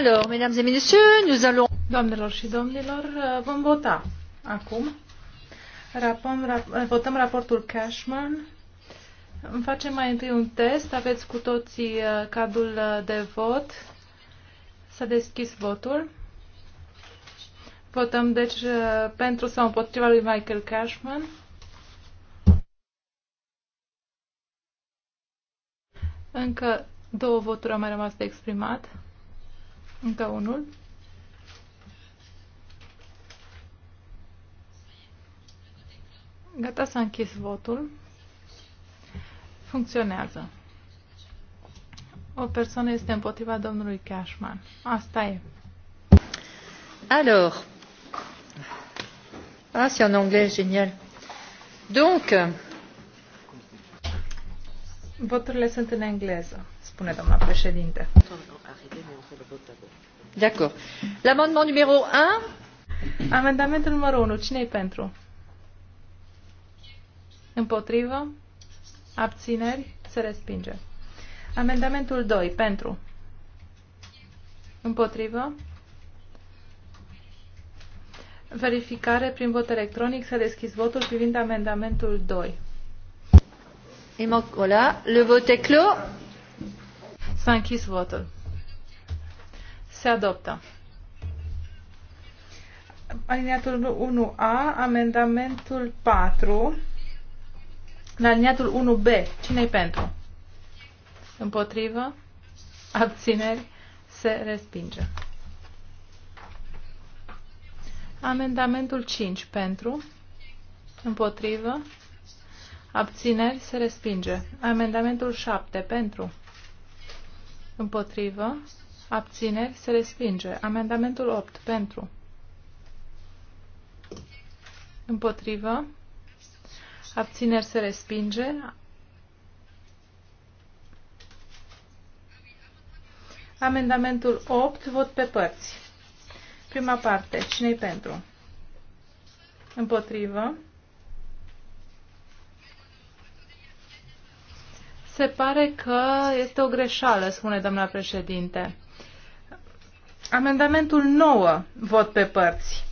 Alors, mesdames et messieurs, nous allons... Doamnelor și domnilor, vom vota acum. Rapom, rap, votăm raportul Cashman. Îmi facem mai întâi un test. Aveți cu toții uh, cadul uh, de vot. Să deschis votul. Votăm, deci, uh, pentru sau împotriva lui Michael Cashman. Încă două voturi au mai rămas de exprimat. Încă unul. Gata, s-a închis votul. Funcționează. O persoană este împotriva domnului Cashman. Asta e. Alors. Ah, c'est en anglais, génial. Donc. Voturile sunt în engleză spune doamna președinte. D'accord. L'amendement numéro 1. Amendamentul numărul 1. Cine-i pentru? Împotrivă? Abțineri? Se respinge. Amendamentul 2. Pentru? Împotrivă? Verificare prin vot electronic. S-a deschis votul privind amendamentul 2. Et voilà, le vote est clos. S-a închis votul. Se adoptă. Aliniatul 1A, amendamentul 4. La aliniatul 1B, cine e pentru? Împotrivă? Abțineri? Se respinge. Amendamentul 5 pentru, împotrivă, abțineri se respinge. Amendamentul 7 pentru, Împotrivă. Abțineri. Se respinge. Amendamentul 8. Pentru. Împotrivă. Abțineri. Se respinge. Amendamentul 8. Vot pe părți. Prima parte. Cine-i pentru? Împotrivă. Se pare că este o greșeală, spune doamna președinte. Amendamentul 9, vot pe părți.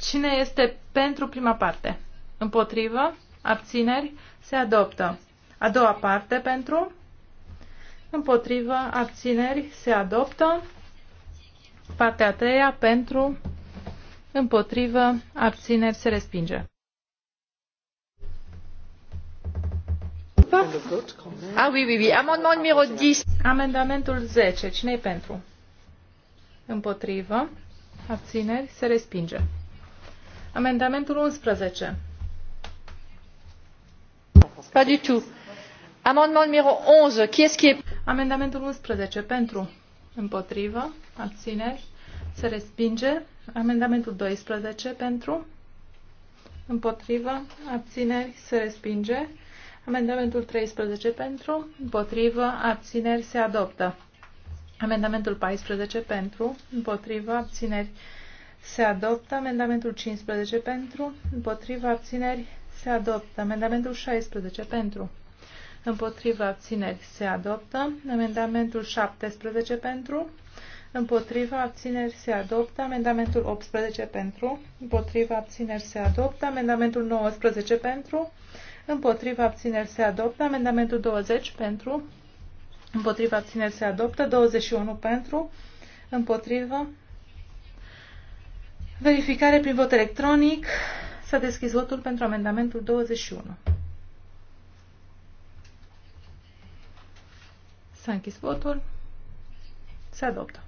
Cine este pentru prima parte? Împotrivă? Abțineri? Se adoptă. A doua parte pentru? Împotrivă? Abțineri? Se adoptă. Partea a treia pentru? Împotrivă? Abțineri? Se respinge. pas Ah oui, oui, oui. Amendement numéro 10. Amendamentul 10. cine e pentru? Împotrivă. Abțineri. Se respinge. Amendamentul 11. Pas du tout. Amendement numéro 11. Qui est-ce qui est... Amendamentul 11. Pentru. Împotrivă. Abțineri. Se respinge. Amendamentul 12. Pentru. Împotrivă. Abțineri. Se respinge. Amendamentul 13 pentru, împotrivă, abțineri se adoptă. Amendamentul 14 pentru, împotrivă, abțineri se adoptă. Amendamentul 15 pentru, împotrivă, abțineri se adoptă. Amendamentul 16 pentru, împotrivă, abțineri se adoptă. Amendamentul 17 pentru, împotrivă, abțineri se adoptă. Amendamentul 18 pentru, împotrivă, abțineri se adoptă. Amendamentul 19 pentru, împotriva abțineri se adoptă. Amendamentul 20 pentru, împotriva abțineri se adoptă. 21 pentru, împotriva. Verificare prin vot electronic. S-a deschis votul pentru amendamentul 21. S-a închis votul. Se adoptă.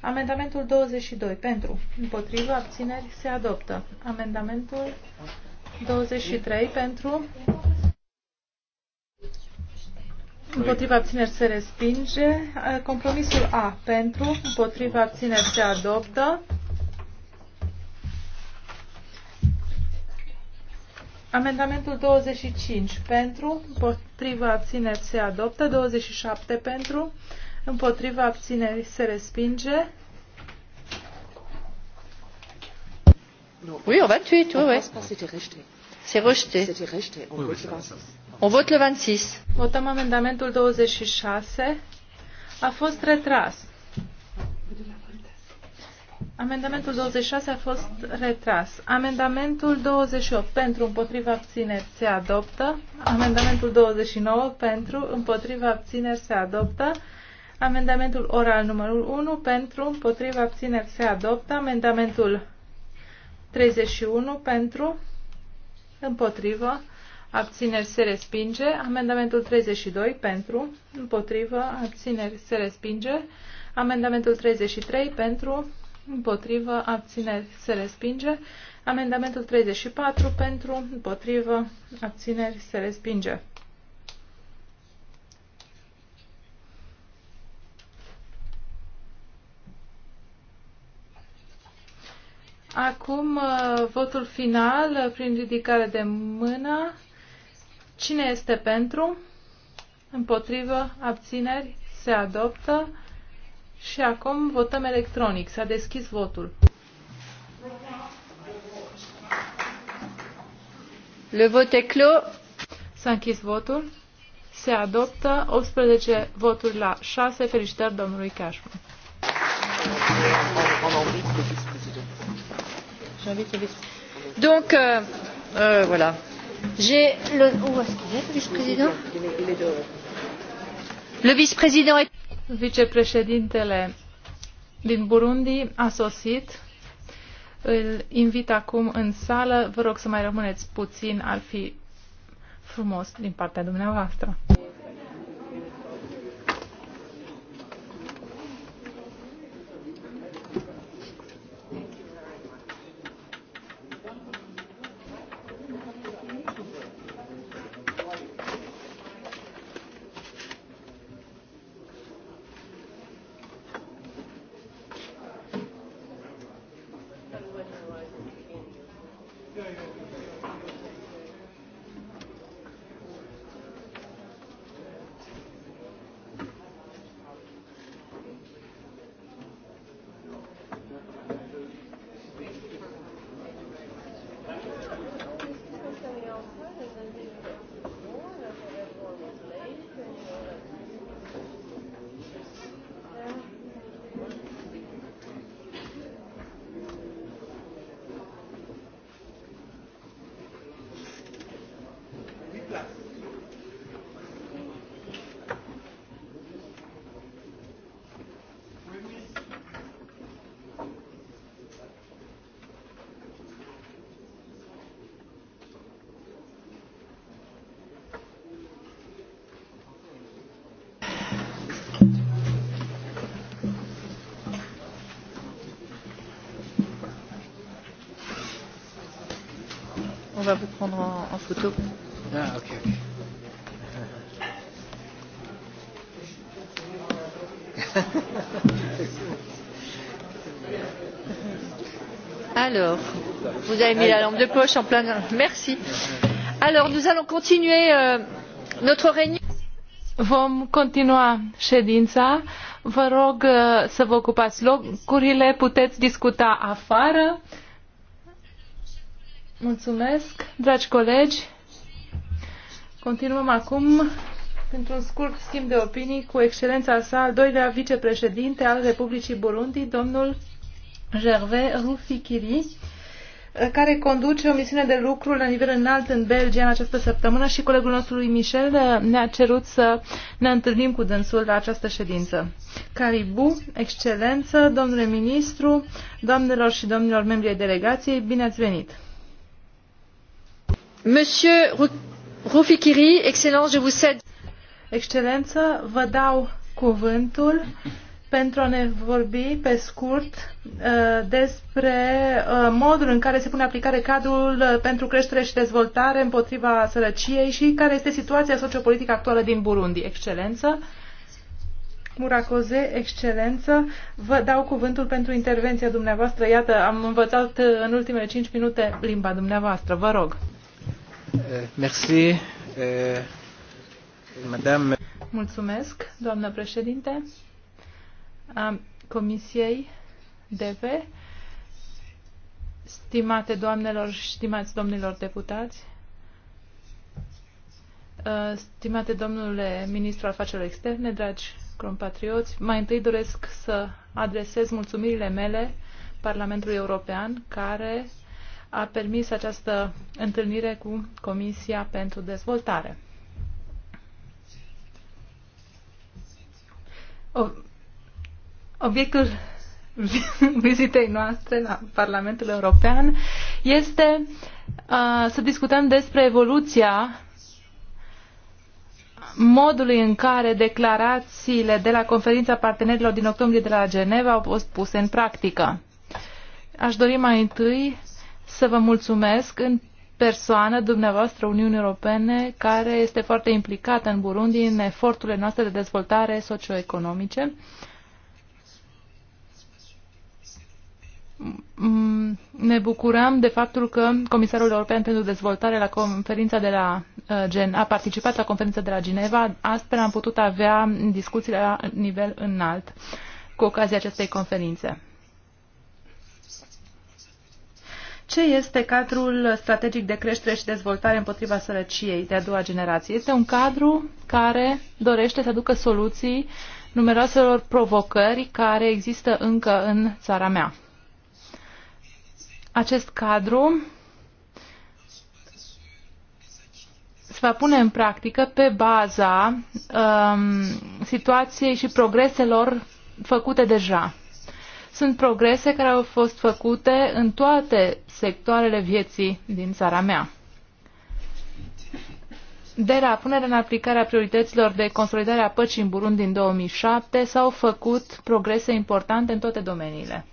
Amendamentul 22. Pentru. Împotrivă. Abțineri. Se adoptă. Amendamentul 23 pentru. Împotriva abțineri se respinge. Compromisul A pentru. Împotriva abțineri se adoptă. Amendamentul 25 pentru, împotriva abțineri se adoptă, 27 pentru, împotriva abțineri se respinge, Oui, en 28, oui, oui. C'était rejeté. C'est rejeté. rejeté. On vote le 26. On vote le 26. Votăm amendamentul 26. A fost retras. Amendamentul 26 a fost retras. Amendamentul 28 pentru împotriva abțineri se adoptă. Amendamentul 29 pentru împotriva abțineri se adoptă. Amendamentul oral numărul 1 pentru împotriva abțineri se adoptă. Amendamentul 31 pentru, împotrivă, abțineri se respinge. Amendamentul 32 pentru, împotrivă, abțineri se respinge. Amendamentul 33 pentru, împotrivă, abțineri se respinge. Amendamentul 34 pentru, împotrivă, abțineri se respinge. Acum uh, votul final uh, prin ridicare de mână. Cine este pentru? Împotrivă? Abțineri? Se adoptă. Și acum votăm electronic. S-a deschis votul. Le vot est clos. S-a închis votul. Se adoptă 18 voturi la 6. Felicitări domnului Cashman. Donc, euh, euh, voilà. J'ai le. Où est-ce qu'il est, le vice-président Le vice-président est. Vicepreședintele din Burundi a sosit. Îl invit acum în sală. Vă rog să mai rămâneți puțin, ar fi frumos din partea dumneavoastră. va vous prendre en, en photo. Ah, ok, ok. Alors, vous avez mis la lampe de poche en plein. Merci. Alors, nous allons continuer euh, notre réunion. Vom continua ședința. Vă rog uh, să vă ocupați locurile, puteți discuta afară. Mulțumesc, dragi colegi. Continuăm acum pentru un scurt schimb de opinii cu excelența sa, al doilea vicepreședinte al Republicii Burundi, domnul Gervais Rufikiri, care conduce o misiune de lucru la nivel înalt în Belgia în această săptămână și colegul nostru lui Michel ne-a cerut să ne întâlnim cu dânsul la această ședință. Caribu, excelență, domnule ministru, doamnelor și domnilor membrii delegației, bine ați venit! Monsieur Rufikiri, excellence je vous cède. Excelență, vă dau cuvântul pentru a ne vorbi pe scurt uh, despre uh, modul în care se pune aplicare cadrul uh, pentru creștere și dezvoltare împotriva sărăciei și care este situația sociopolitică actuală din Burundi. Excelență, Muracoze, excelență, vă dau cuvântul pentru intervenția dumneavoastră. Iată, am învățat în ultimele cinci minute limba dumneavoastră. Vă rog. Eh, eh, Mulțumesc, doamnă președinte a Comisiei DV, stimate doamnelor și stimați domnilor deputați, stimate domnule ministru al afacerilor externe, dragi compatrioți, mai întâi doresc să adresez mulțumirile mele Parlamentului European, care a permis această întâlnire cu Comisia pentru Dezvoltare. Obiectul vizitei noastre la Parlamentul European este să discutăm despre evoluția modului în care declarațiile de la conferința partenerilor din octombrie de la Geneva au fost puse în practică. Aș dori mai întâi să vă mulțumesc în persoană, dumneavoastră, Uniunii Europene, care este foarte implicată în Burundi în eforturile noastre de dezvoltare socioeconomice. Ne bucurăm de faptul că Comisarul European pentru Dezvoltare la conferința de la uh, Gen a participat la conferința de la Geneva. Astfel am putut avea discuții la nivel înalt cu ocazia acestei conferințe. ce este cadrul strategic de creștere și dezvoltare împotriva sărăciei de a doua generație. Este un cadru care dorește să aducă soluții numeroaselor provocări care există încă în țara mea. Acest cadru se va pune în practică pe baza um, situației și progreselor făcute deja. Sunt progrese care au fost făcute în toate sectoarele vieții din țara mea. De la punerea în aplicare a priorităților de consolidare a păcii în Burundi din 2007 s-au făcut progrese importante în toate domeniile.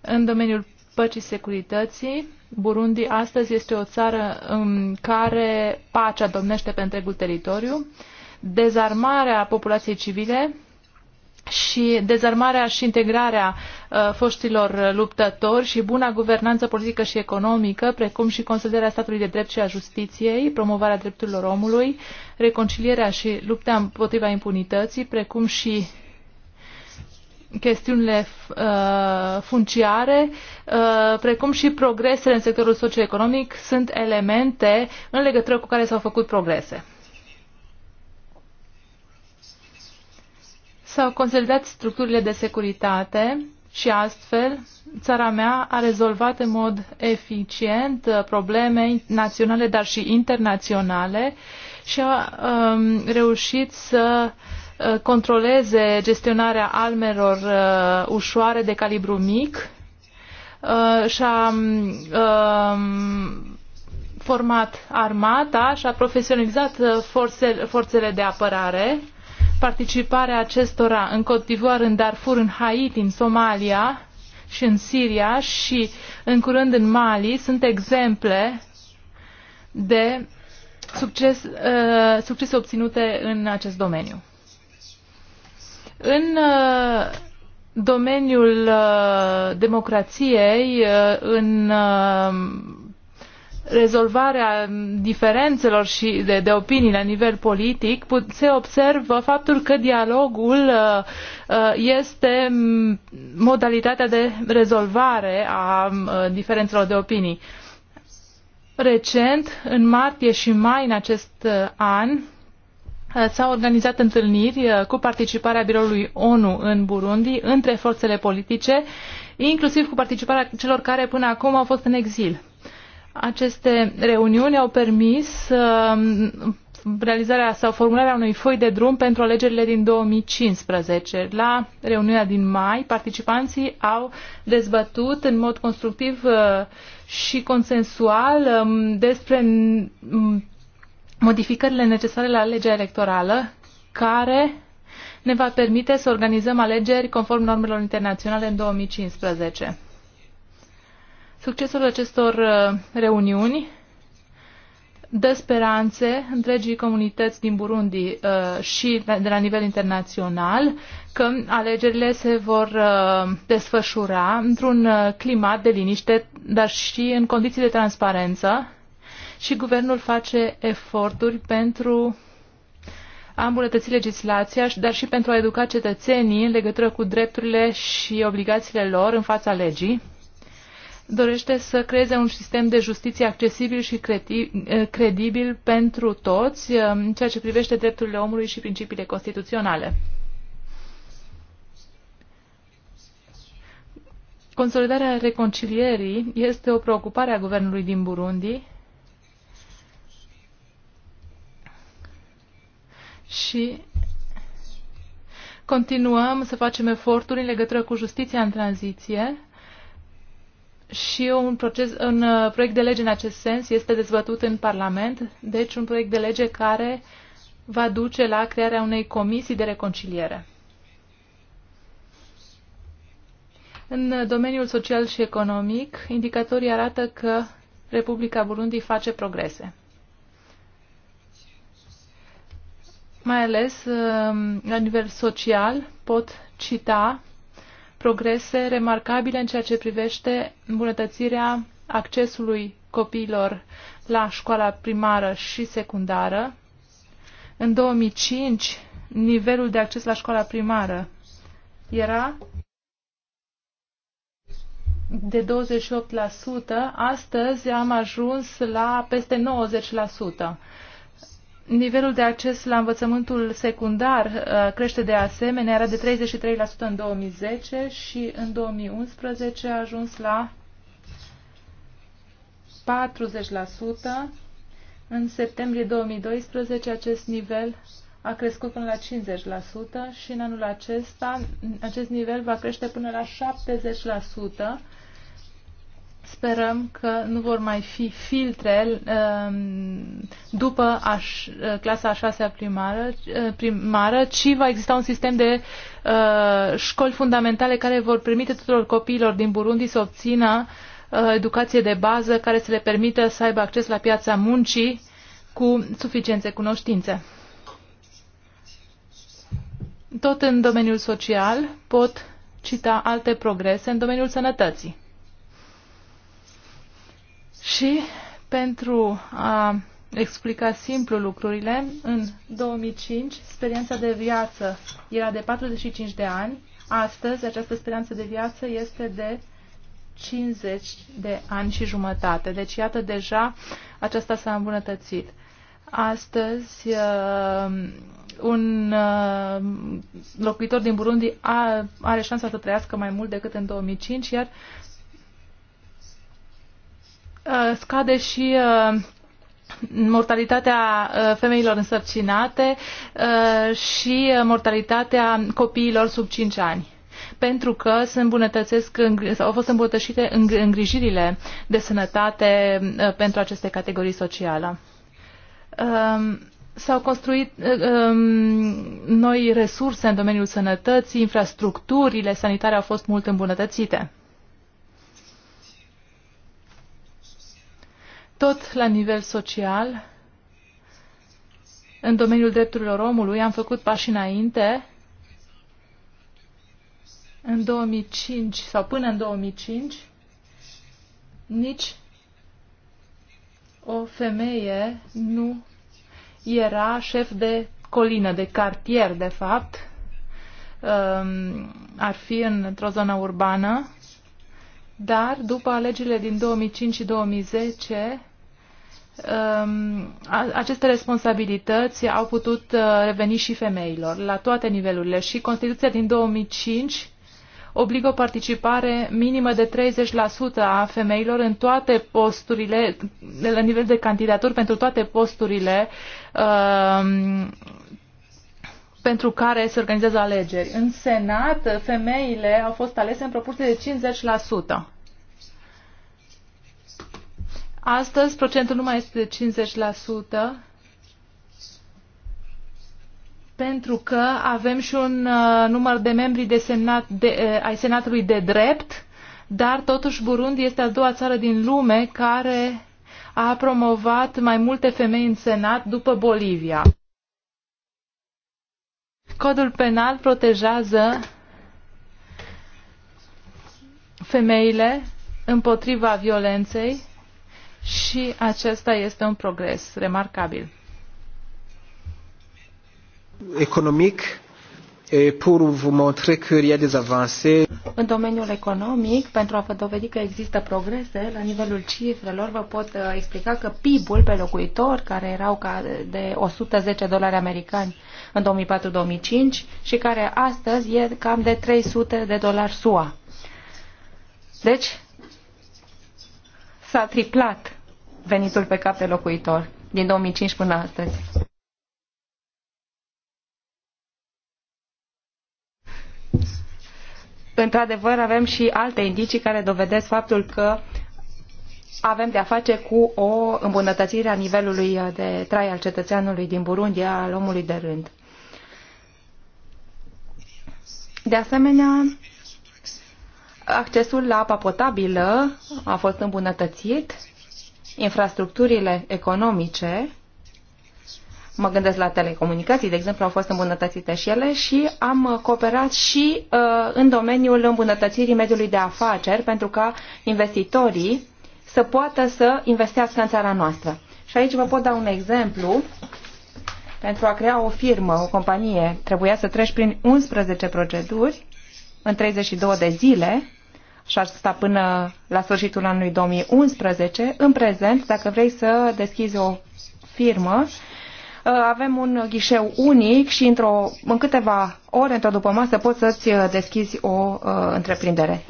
În domeniul păcii securității, Burundi astăzi este o țară în care pacea domnește pe întregul teritoriu, dezarmarea populației civile și dezarmarea și integrarea uh, foștilor luptători și buna guvernanță politică și economică, precum și consolidarea statului de drept și a justiției, promovarea drepturilor omului, reconcilierea și lupta împotriva impunității, precum și chestiunile uh, funciare, uh, precum și progresele în sectorul socioeconomic, sunt elemente în legătură cu care s-au făcut progrese. S-au consolidat structurile de securitate și astfel țara mea a rezolvat în mod eficient uh, probleme naționale, dar și internaționale și a um, reușit să uh, controleze gestionarea almelor uh, ușoare de calibru mic uh, și a um, um, format armata și a profesionalizat uh, forțe, forțele de apărare Participarea acestora în Côte d'Ivoire, în Darfur, în Haiti, în Somalia și în Siria și în curând în Mali sunt exemple de succes, uh, succese obținute în acest domeniu. În uh, domeniul uh, democrației, uh, în uh, rezolvarea diferențelor și de, de opinii la nivel politic, se observă faptul că dialogul uh, uh, este modalitatea de rezolvare a diferențelor de opinii. Recent, în martie și mai în acest uh, an, S-au organizat întâlniri cu participarea biroului ONU în Burundi între forțele politice, inclusiv cu participarea celor care până acum au fost în exil. Aceste reuniuni au permis um, realizarea sau formularea unui foi de drum pentru alegerile din 2015. La reuniunea din mai, participanții au dezbătut în mod constructiv uh, și consensual um, despre um, modificările necesare la legea electorală care ne va permite să organizăm alegeri conform normelor internaționale în 2015. Succesul acestor uh, reuniuni dă speranțe întregii comunități din Burundi uh, și de la nivel internațional că alegerile se vor uh, desfășura într-un climat de liniște, dar și în condiții de transparență și guvernul face eforturi pentru a îmbunătăți legislația, dar și pentru a educa cetățenii în legătură cu drepturile și obligațiile lor în fața legii dorește să creeze un sistem de justiție accesibil și eh, credibil pentru toți, eh, în ceea ce privește drepturile omului și principiile constituționale. Consolidarea reconcilierii este o preocupare a guvernului din Burundi și continuăm să facem eforturi în legătură cu justiția în tranziție și un, proces, un uh, proiect de lege în acest sens este dezbătut în Parlament, deci un proiect de lege care va duce la crearea unei comisii de reconciliere. În domeniul social și economic, indicatorii arată că Republica Burundi face progrese. Mai ales um, la nivel social pot cita progrese remarcabile în ceea ce privește îmbunătățirea accesului copiilor la școala primară și secundară. În 2005, nivelul de acces la școala primară era de 28%, astăzi am ajuns la peste 90%. Nivelul de acces la învățământul secundar uh, crește de asemenea, era de 33% în 2010 și în 2011 a ajuns la 40%. În septembrie 2012 acest nivel a crescut până la 50% și în anul acesta acest nivel va crește până la 70% sperăm că nu vor mai fi filtre um, după aș, clasa a șasea primară, uh, primară, ci va exista un sistem de uh, școli fundamentale care vor permite tuturor copiilor din Burundi să obțină uh, educație de bază care să le permită să aibă acces la piața muncii cu suficiențe cunoștințe. Tot în domeniul social pot cita alte progrese în domeniul sănătății. Și pentru a explica simplu lucrurile, în 2005 experiența de viață era de 45 de ani, astăzi această speranță de viață este de 50 de ani și jumătate. Deci, iată, deja aceasta s-a îmbunătățit. Astăzi, uh, un uh, locuitor din Burundi are șansa să trăiască mai mult decât în 2005, iar Uh, scade și uh, mortalitatea uh, femeilor însărcinate și mortalitatea copiilor sub 5 ani pentru că se îmbunătățesc, au fost îmbunătățite îngrijirile de sănătate pentru aceste categorii sociale. Um, s-au construit um, noi resurse în domeniul sănătății, infrastructurile sanitare au fost mult îmbunătățite. Tot la nivel social, în domeniul drepturilor omului, am făcut pași înainte. În 2005 sau până în 2005, nici o femeie nu era șef de colină, de cartier, de fapt, um, ar fi într-o zonă urbană, dar după alegerile din 2005 și 2010 Um, aceste responsabilități au putut uh, reveni și femeilor la toate nivelurile și Constituția din 2005 obligă o participare minimă de 30% a femeilor în toate posturile, la nivel de candidaturi pentru toate posturile um, pentru care se organizează alegeri. În Senat, femeile au fost alese în proporție de 50%. Astăzi procentul nu mai este de 50% pentru că avem și un uh, număr de membri de semnat de, uh, ai Senatului de drept, dar totuși Burundi este a doua țară din lume care a promovat mai multe femei în Senat după Bolivia. Codul penal protejează femeile împotriva violenței și acesta este un progres remarcabil. Economic, pour vous montrer qu'il y a des avancées. În domeniul economic, pentru a vă dovedi că există progrese, la nivelul cifrelor vă pot uh, explica că PIB-ul pe locuitor, care erau ca de 110 dolari americani în 2004-2005 și care astăzi e cam de 300 de dolari SUA. Deci, s-a triplat venitul pe cap de locuitor din 2005 până astăzi. Într-adevăr, avem și alte indicii care dovedesc faptul că avem de-a face cu o îmbunătățire a nivelului de trai al cetățeanului din Burundi, al omului de rând. De asemenea, accesul la apa potabilă a fost îmbunătățit, infrastructurile economice, mă gândesc la telecomunicații, de exemplu, au fost îmbunătățite și ele și am cooperat și uh, în domeniul îmbunătățirii mediului de afaceri pentru ca investitorii să poată să investească în țara noastră. Și aici vă pot da un exemplu. Pentru a crea o firmă, o companie, trebuia să treci prin 11 proceduri în 32 de zile și sta până la sfârșitul anului 2011. În prezent, dacă vrei să deschizi o firmă, uh, avem un ghișeu unic și într-o, în câteva ore, într-o după masă, poți să-ți uh, deschizi o uh, întreprindere.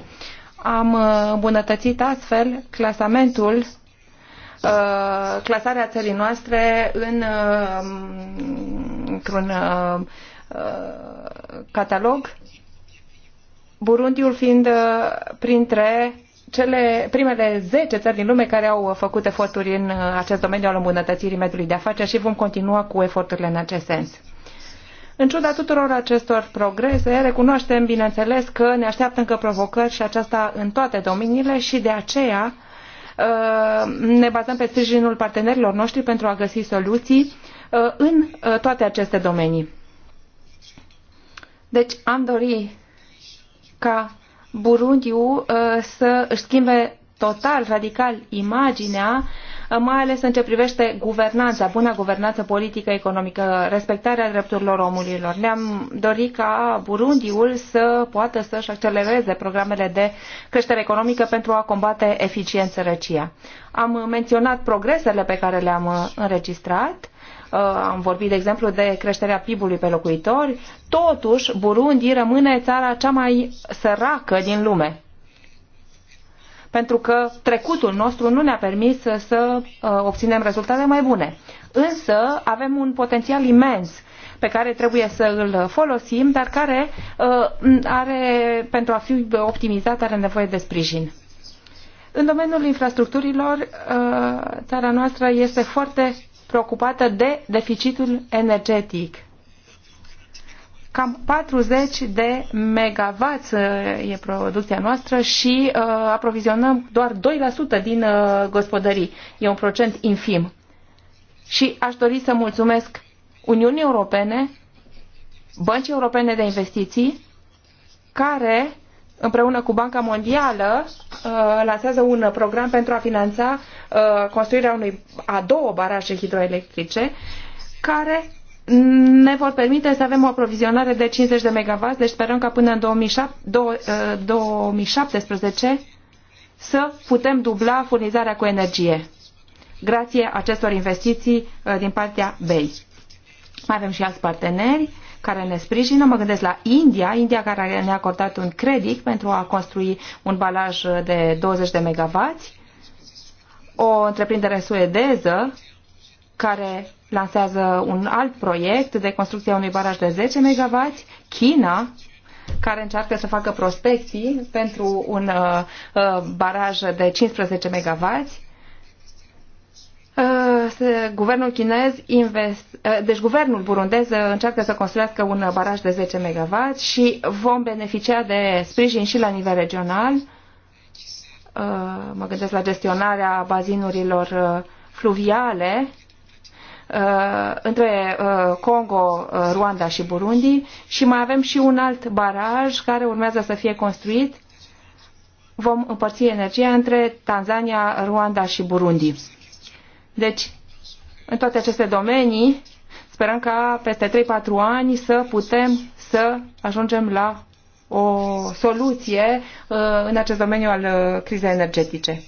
Am uh, îmbunătățit astfel clasamentul, uh, clasarea țării noastre în, uh, într-un uh, catalog Burundiul fiind uh, printre cele primele 10 țări din lume care au uh, făcut eforturi în uh, acest domeniu al îmbunătățirii mediului de afaceri și vom continua cu eforturile în acest sens. În ciuda tuturor acestor progrese, recunoaștem, bineînțeles, că ne așteaptă încă provocări și aceasta în toate domeniile și de aceea ne bazăm pe sprijinul partenerilor noștri pentru a găsi soluții în toate aceste domenii. Deci am dorit ca Burundiu uh, să își schimbe total, radical imaginea, uh, mai ales în ce privește guvernanța, buna guvernanță politică, economică, respectarea drepturilor omului. Ne-am dorit ca Burundiul să poată să-și accelereze programele de creștere economică pentru a combate eficient sărăcia. Am menționat progresele pe care le-am uh, înregistrat Uh, am vorbit, de exemplu, de creșterea PIB-ului pe locuitori, totuși Burundi rămâne țara cea mai săracă din lume. Pentru că trecutul nostru nu ne-a permis să, să uh, obținem rezultate mai bune. Însă avem un potențial imens pe care trebuie să îl folosim, dar care uh, are, pentru a fi optimizat, are nevoie de sprijin. În domeniul infrastructurilor, țara noastră este foarte preocupată de deficitul energetic. Cam 40 de megawatts uh, e producția noastră și uh, aprovizionăm doar 2% din uh, gospodării. E un procent infim. Și aș dori să mulțumesc Uniunii Europene, Băncii Europene de Investiții, care împreună cu Banca Mondială uh, lansează un program pentru a finanța uh, construirea unui a două baraje hidroelectrice care ne vor permite să avem o aprovizionare de 50 de MW, deci sperăm ca până în 2017 uh, să putem dubla furnizarea cu energie grație acestor investiții din partea BEI. Mai avem și alți parteneri care ne sprijină. Mă gândesc la India, India care ne-a acordat un credit pentru a construi un balaj de 20 de megavați, o întreprindere suedeză care lansează un alt proiect de construcție a unui baraj de 10 MW, China, care încearcă să facă prospecții pentru un uh, uh baraj de 15 MW, Uh, guvernul chinez invest... Uh, deci guvernul burundez uh, încearcă să construiască un baraj de 10 MW și vom beneficia de sprijin și la nivel regional. Mă gândesc la gestionarea bazinurilor fluviale între Congo, Rwanda și Burundi și mai avem și un alt baraj care urmează să fie construit. Vom împărți energia între Tanzania, Rwanda și Burundi deci, în toate aceste domenii, sperăm ca peste 3-4 ani să putem să ajungem la o soluție uh, în acest domeniu al uh, crizei energetice.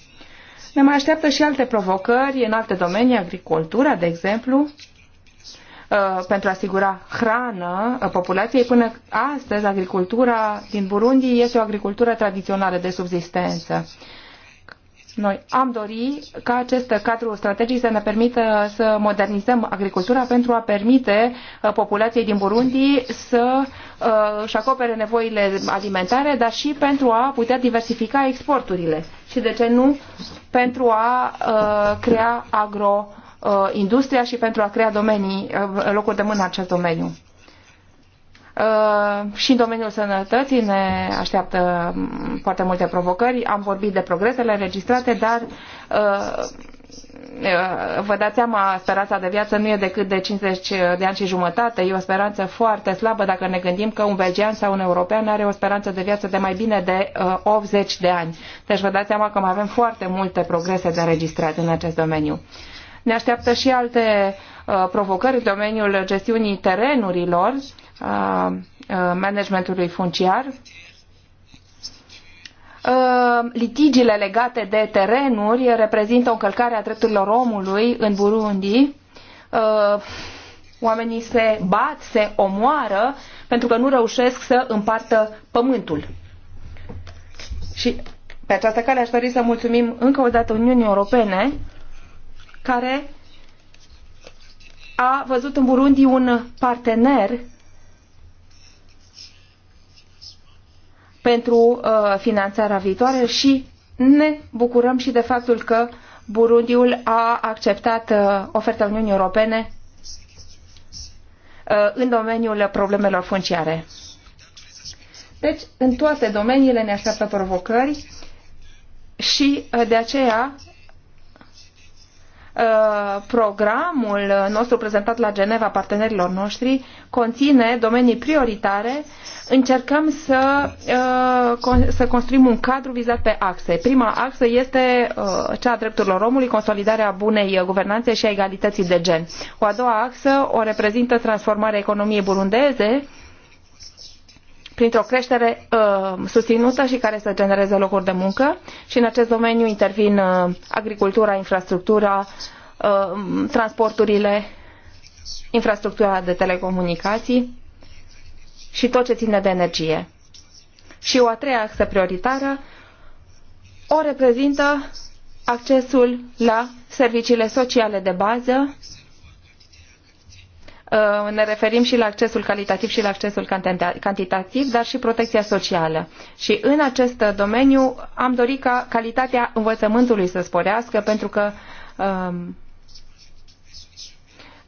Ne mai așteaptă și alte provocări în alte domenii, agricultura, de exemplu, uh, pentru a asigura hrană populației. Până astăzi, agricultura din Burundi este o agricultură tradițională de subzistență. Noi am dori ca acest cadru strategic să ne permită să modernizăm agricultura pentru a permite uh, populației din Burundi să uh, își acopere nevoile alimentare, dar și pentru a putea diversifica exporturile și, de ce nu, pentru a uh, crea agroindustria și pentru a crea domenii, locuri de muncă în acest domeniu. Uh, și în domeniul sănătății ne așteaptă um, foarte multe provocări. Am vorbit de progresele înregistrate, dar uh, uh, vă dați seama, speranța de viață nu e decât de 50 de ani și jumătate. E o speranță foarte slabă dacă ne gândim că un belgian sau un european are o speranță de viață de mai bine de 80 de ani. Deci vă dați seama că mai avem foarte multe progrese de înregistrat în acest domeniu. Ne așteaptă și alte provocări în domeniul gestiunii terenurilor managementului funciar. Litigiile legate de terenuri reprezintă o încălcare a drepturilor omului în Burundi. Oamenii se bat, se omoară pentru că nu reușesc să împartă pământul. Și pe această cale aș dori să mulțumim încă o dată Uniunii Europene care a văzut în Burundi un partener pentru uh, finanțarea viitoare și ne bucurăm și de faptul că Burundiul a acceptat uh, oferta Uniunii Europene uh, în domeniul problemelor funciare. Deci, în toate domeniile ne așteaptă provocări și de aceea Uh, programul nostru prezentat la Geneva partenerilor noștri conține domenii prioritare. Încercăm să, uh, să construim un cadru vizat pe axe. Prima axă este uh, cea a drepturilor omului, consolidarea bunei guvernanțe și a egalității de gen. O a doua axă o reprezintă transformarea economiei burundeze, printr-o creștere uh, susținută și care să genereze locuri de muncă și în acest domeniu intervin uh, agricultura, infrastructura, uh, transporturile, infrastructura de telecomunicații și tot ce ține de energie. Și o a treia axă prioritară o reprezintă accesul la serviciile sociale de bază Uh, ne referim și la accesul calitativ și la accesul cantitativ, dar și protecția socială. Și în acest domeniu am dorit ca calitatea învățământului să sporească, pentru că um,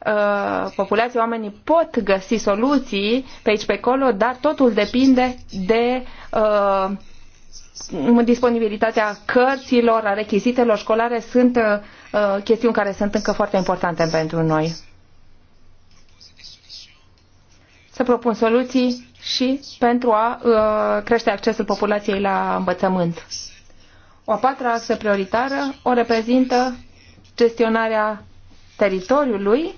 uh, populația, oamenii pot găsi soluții pe aici, pe acolo, dar totul depinde de uh, disponibilitatea cărților, a rechizitelor școlare. Sunt uh, chestiuni care sunt încă foarte importante pentru noi să propun soluții și pentru a uh, crește accesul populației la învățământ. O a patra axă prioritară o reprezintă gestionarea teritoriului,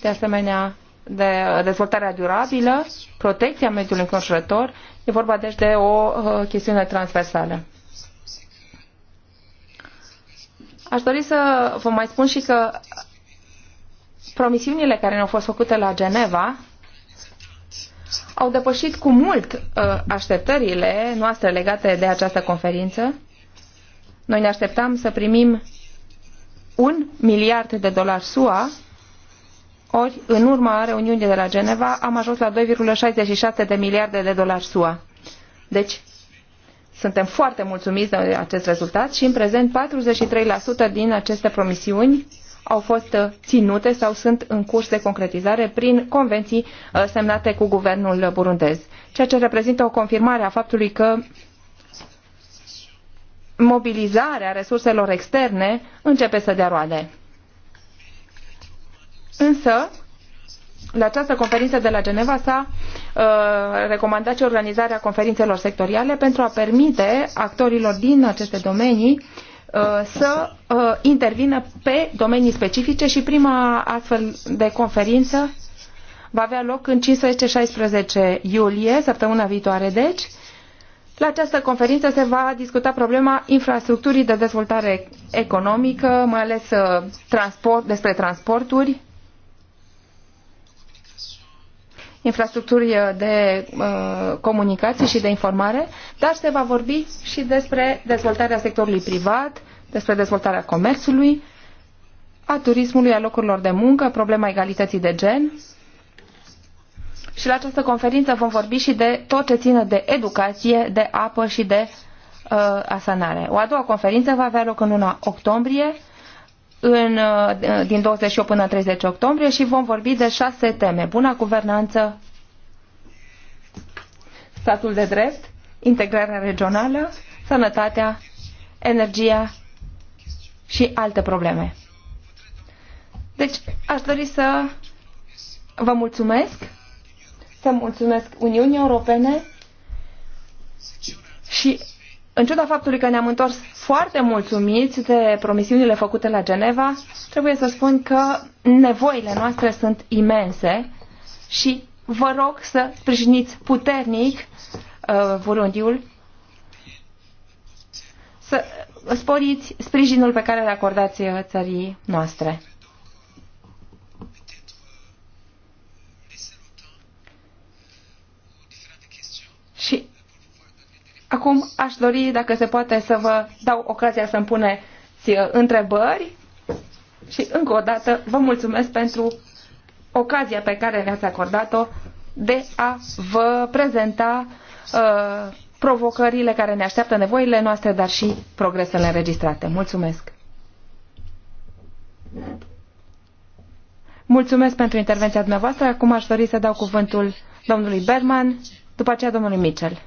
de asemenea de dezvoltarea durabilă, protecția mediului înconjurător. E vorba deci de o uh, chestiune transversală. Aș dori să vă mai spun și că promisiunile care ne-au fost făcute la Geneva au depășit cu mult uh, așteptările noastre legate de această conferință. Noi ne așteptam să primim un miliard de dolari SUA, ori în urma reuniunii de la Geneva am ajuns la 2,66 de miliarde de dolari SUA. Deci, suntem foarte mulțumiți de acest rezultat și în prezent 43% din aceste promisiuni au fost uh, ținute sau sunt în curs de concretizare prin convenții uh, semnate cu guvernul burundez, ceea ce reprezintă o confirmare a faptului că mobilizarea resurselor externe începe să dea roade. Însă, la această conferință de la Geneva s-a uh, recomandat și organizarea conferințelor sectoriale pentru a permite actorilor din aceste domenii Uh, să uh, intervină pe domenii specifice și prima astfel de conferință va avea loc în 15-16 iulie, săptămâna viitoare, deci. La această conferință se va discuta problema infrastructurii de dezvoltare economică, mai ales uh, transport, despre transporturi, infrastructuri uh, de uh, comunicații și de informare, dar se va vorbi și despre dezvoltarea sectorului privat, despre dezvoltarea comerțului, a turismului, a locurilor de muncă, problema egalității de gen. Și la această conferință vom vorbi și de tot ce ține de educație, de apă și de uh, asanare. O a doua conferință va avea loc în luna octombrie în, uh, din 28 până 30 octombrie și vom vorbi de șase teme. Buna guvernanță, statul de drept, integrarea regională, sănătatea, energia și alte probleme. Deci, aș dori să vă mulțumesc, să mulțumesc Uniunii Europene și, în ciuda faptului că ne-am întors foarte mulțumiți de promisiunile făcute la Geneva. Trebuie să spun că nevoile noastre sunt imense și vă rog să sprijiniți puternic uh, Burundiul, să sporiți sprijinul pe care îl acordați uh, țării noastre. Acum aș dori, dacă se poate, să vă dau ocazia să-mi puneți uh, întrebări și încă o dată vă mulțumesc pentru ocazia pe care ne-ați acordat-o de a vă prezenta uh, provocările care ne așteaptă, nevoile noastre, dar și progresele înregistrate. Mulțumesc! Mulțumesc pentru intervenția dumneavoastră. Acum aș dori să dau cuvântul domnului Berman, după aceea domnului Mitchell.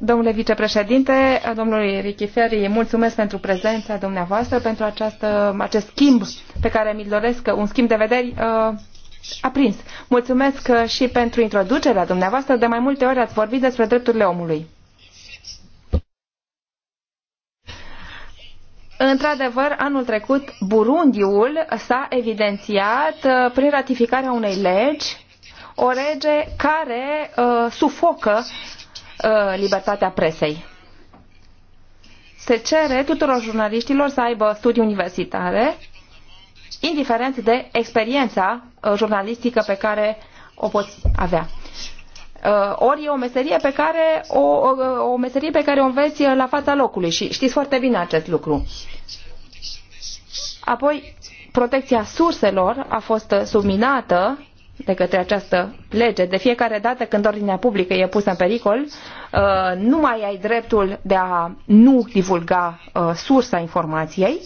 Domnule vicepreședinte, domnului Richiferi, mulțumesc pentru prezența dumneavoastră, pentru această, acest schimb pe care mi-l doresc, un schimb de vederi uh, aprins. Mulțumesc și pentru introducerea dumneavoastră. De mai multe ori ați vorbit despre drepturile omului Într-adevăr, anul trecut, Burundiul s-a evidențiat uh, prin ratificarea unei legi, o lege care uh, sufocă uh, libertatea presei. Se cere tuturor jurnaliștilor să aibă studii universitare, indiferent de experiența uh, jurnalistică pe care o poți avea. Uh, ori e o meserie pe care o, o, uh, o meserie pe care o înveți uh, la fața locului și știți foarte bine acest lucru. Apoi, protecția surselor a fost subminată de către această lege. De fiecare dată când ordinea publică e pusă în pericol, nu mai ai dreptul de a nu divulga sursa informației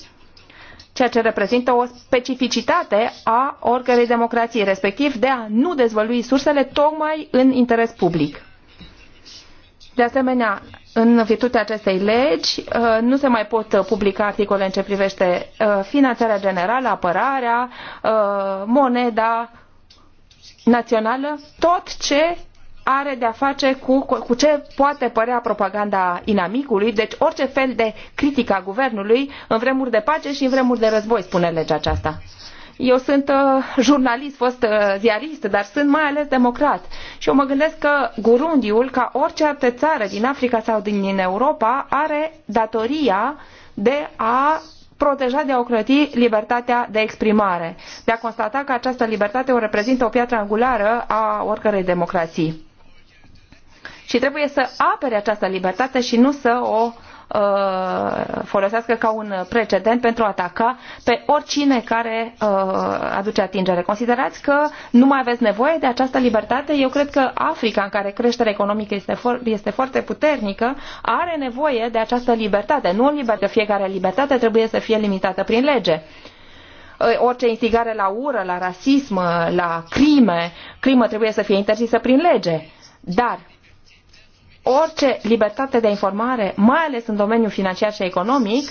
ceea ce reprezintă o specificitate a oricărei democrații, respectiv de a nu dezvălui sursele tocmai în interes public. De asemenea, în virtutea acestei legi, uh, nu se mai pot publica articole în ce privește uh, finanțarea generală, apărarea, uh, moneda națională, tot ce are de-a face cu, cu ce poate părea propaganda inamicului, deci orice fel de critică a guvernului în vremuri de pace și în vremuri de război, spune legea aceasta. Eu sunt uh, jurnalist, fost uh, ziarist, dar sunt mai ales democrat. Și eu mă gândesc că Gurundiul, ca orice altă țară din Africa sau din Europa, are datoria de a proteja de a ocrăti libertatea de exprimare, de a constata că această libertate o reprezintă o piatră angulară a oricărei democrații și trebuie să apere această libertate și nu să o uh, folosească ca un precedent pentru a ataca pe oricine care uh, aduce atingere. Considerați că nu mai aveți nevoie de această libertate? Eu cred că Africa, în care creșterea economică este, fo- este foarte puternică, are nevoie de această libertate. Nu o libertate, fiecare libertate trebuie să fie limitată prin lege uh, orice instigare la ură, la rasism, la crime, crimă trebuie să fie interzisă prin lege. Dar orice libertate de informare, mai ales în domeniul financiar și economic,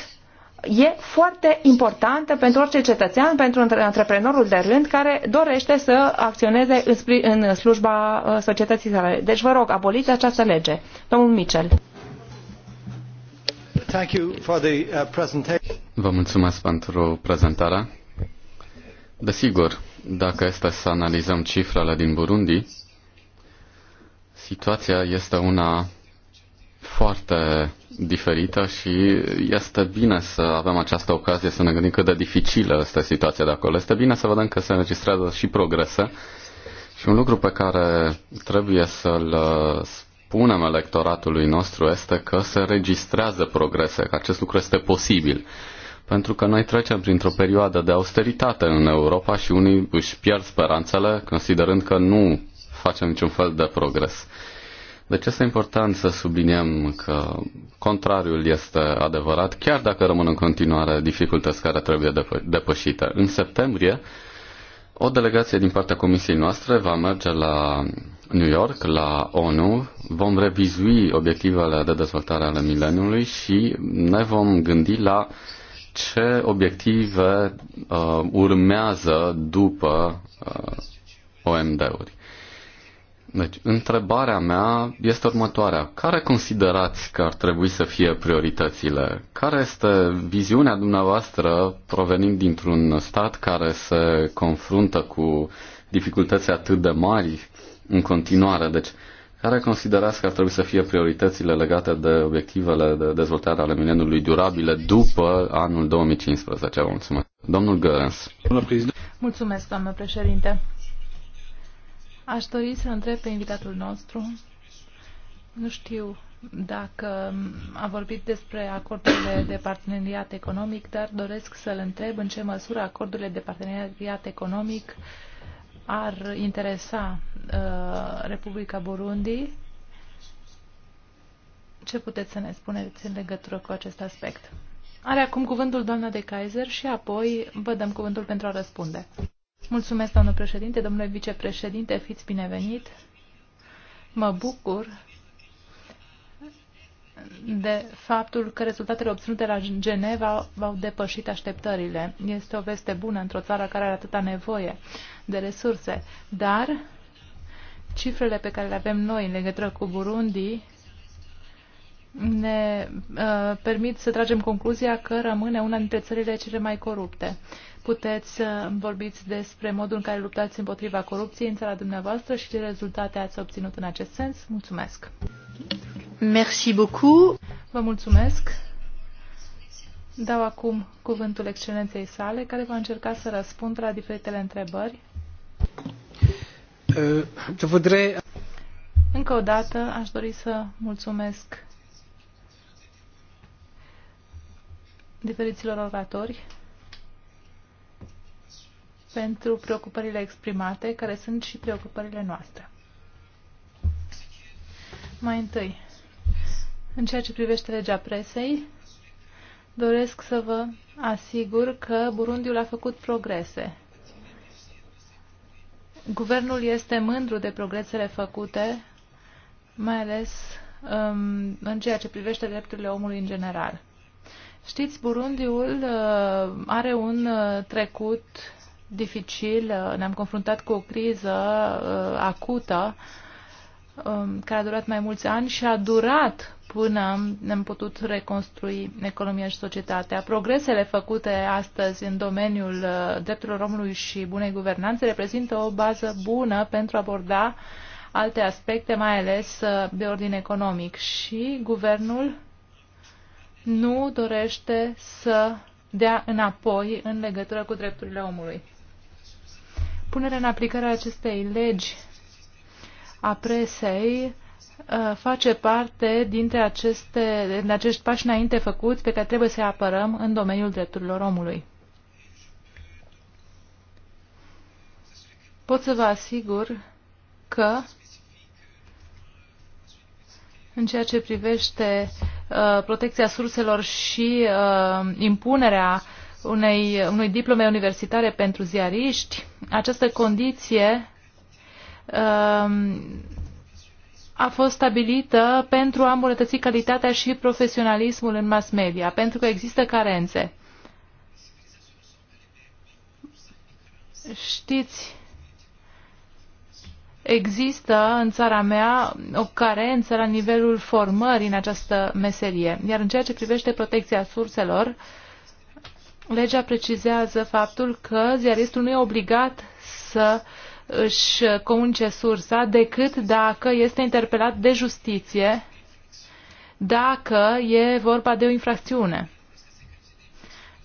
e foarte importantă pentru orice cetățean, pentru antreprenorul de rând care dorește să acționeze în slujba uh, societății sale. Deci vă rog, aboliți această lege. Domnul Mitchell. Uh, vă mulțumesc pentru prezentarea. Desigur, dacă este să analizăm cifrele din Burundi, Situația este una foarte diferită și este bine să avem această ocazie să ne gândim cât de dificilă este situația de acolo. Este bine să vedem că se înregistrează și progrese și un lucru pe care trebuie să-l uh, spunem electoratului nostru este că se registrează progrese, că acest lucru este posibil. Pentru că noi trecem printr-o perioadă de austeritate în Europa și unii își pierd speranțele considerând că nu facem niciun fel de progres. Deci este important să subliniem că contrariul este adevărat, chiar dacă rămân în continuare dificultăți care trebuie depă- depășite. În septembrie, o delegație din partea comisiei noastre va merge la New York, la ONU, vom revizui obiectivele de dezvoltare ale mileniului și ne vom gândi la ce obiective uh, urmează după uh, OMD-uri. Deci, întrebarea mea este următoarea. Care considerați că ar trebui să fie prioritățile? Care este viziunea dumneavoastră provenind dintr-un stat care se confruntă cu dificultăți atât de mari în continuare? Deci, care considerați că ar trebui să fie prioritățile legate de obiectivele de dezvoltare ale mileniului durabile după anul 2015? mulțumesc. Domnul Gărens. Mulțumesc, doamnă președinte. Aș dori să întreb pe invitatul nostru. Nu știu dacă a vorbit despre acordurile de parteneriat economic, dar doresc să-l întreb în ce măsură acordurile de parteneriat economic ar interesa uh, Republica Burundi. Ce puteți să ne spuneți în legătură cu acest aspect? Are acum cuvântul doamna de Kaiser și apoi vă dăm cuvântul pentru a răspunde. Mulțumesc, domnul președinte, domnule vicepreședinte, fiți binevenit. Mă bucur de faptul că rezultatele obținute la Geneva v-au depășit așteptările. Este o veste bună într-o țară care are atâta nevoie de resurse, dar cifrele pe care le avem noi în legătură cu Burundi ne uh, permit să tragem concluzia că rămâne una dintre țările cele mai corupte puteți să vorbiți despre modul în care luptați împotriva corupției în țara dumneavoastră și ce rezultate ați obținut în acest sens. Mulțumesc! Merci beaucoup! Vă mulțumesc! Dau acum cuvântul excelenței sale, care va încerca să răspundă la diferitele întrebări. Uh, voudrais... Încă o dată aș dori să mulțumesc diferiților oratori pentru preocupările exprimate, care sunt și preocupările noastre. Mai întâi, în ceea ce privește legea presei, doresc să vă asigur că Burundiul a făcut progrese. Guvernul este mândru de progresele făcute, mai ales um, în ceea ce privește drepturile omului în general. Știți, Burundiul uh, are un uh, trecut dificil, uh, ne-am confruntat cu o criză uh, acută um, care a durat mai mulți ani și a durat până ne-am putut reconstrui economia și societatea. Progresele făcute astăzi în domeniul uh, drepturilor omului și bunei guvernanțe reprezintă o bază bună pentru a aborda alte aspecte, mai ales de ordin economic. Și guvernul nu dorește să dea înapoi în legătură cu drepturile omului. Punerea în aplicare a acestei legi a presei uh, face parte dintre aceste, din acești pași înainte făcuți pe care trebuie să-i apărăm în domeniul drepturilor omului. Pot să vă asigur că în ceea ce privește uh, protecția surselor și uh, impunerea uh, unei, unui diplome universitare pentru ziariști, această condiție um, a fost stabilită pentru a îmbunătăți calitatea și profesionalismul în mass media, pentru că există carențe. Știți, există în țara mea o carență la nivelul formării în această meserie. Iar în ceea ce privește protecția surselor, uh, legea precizează faptul că ziaristul nu e obligat să își comunice sursa decât dacă este interpelat de justiție, dacă e vorba de o infracțiune.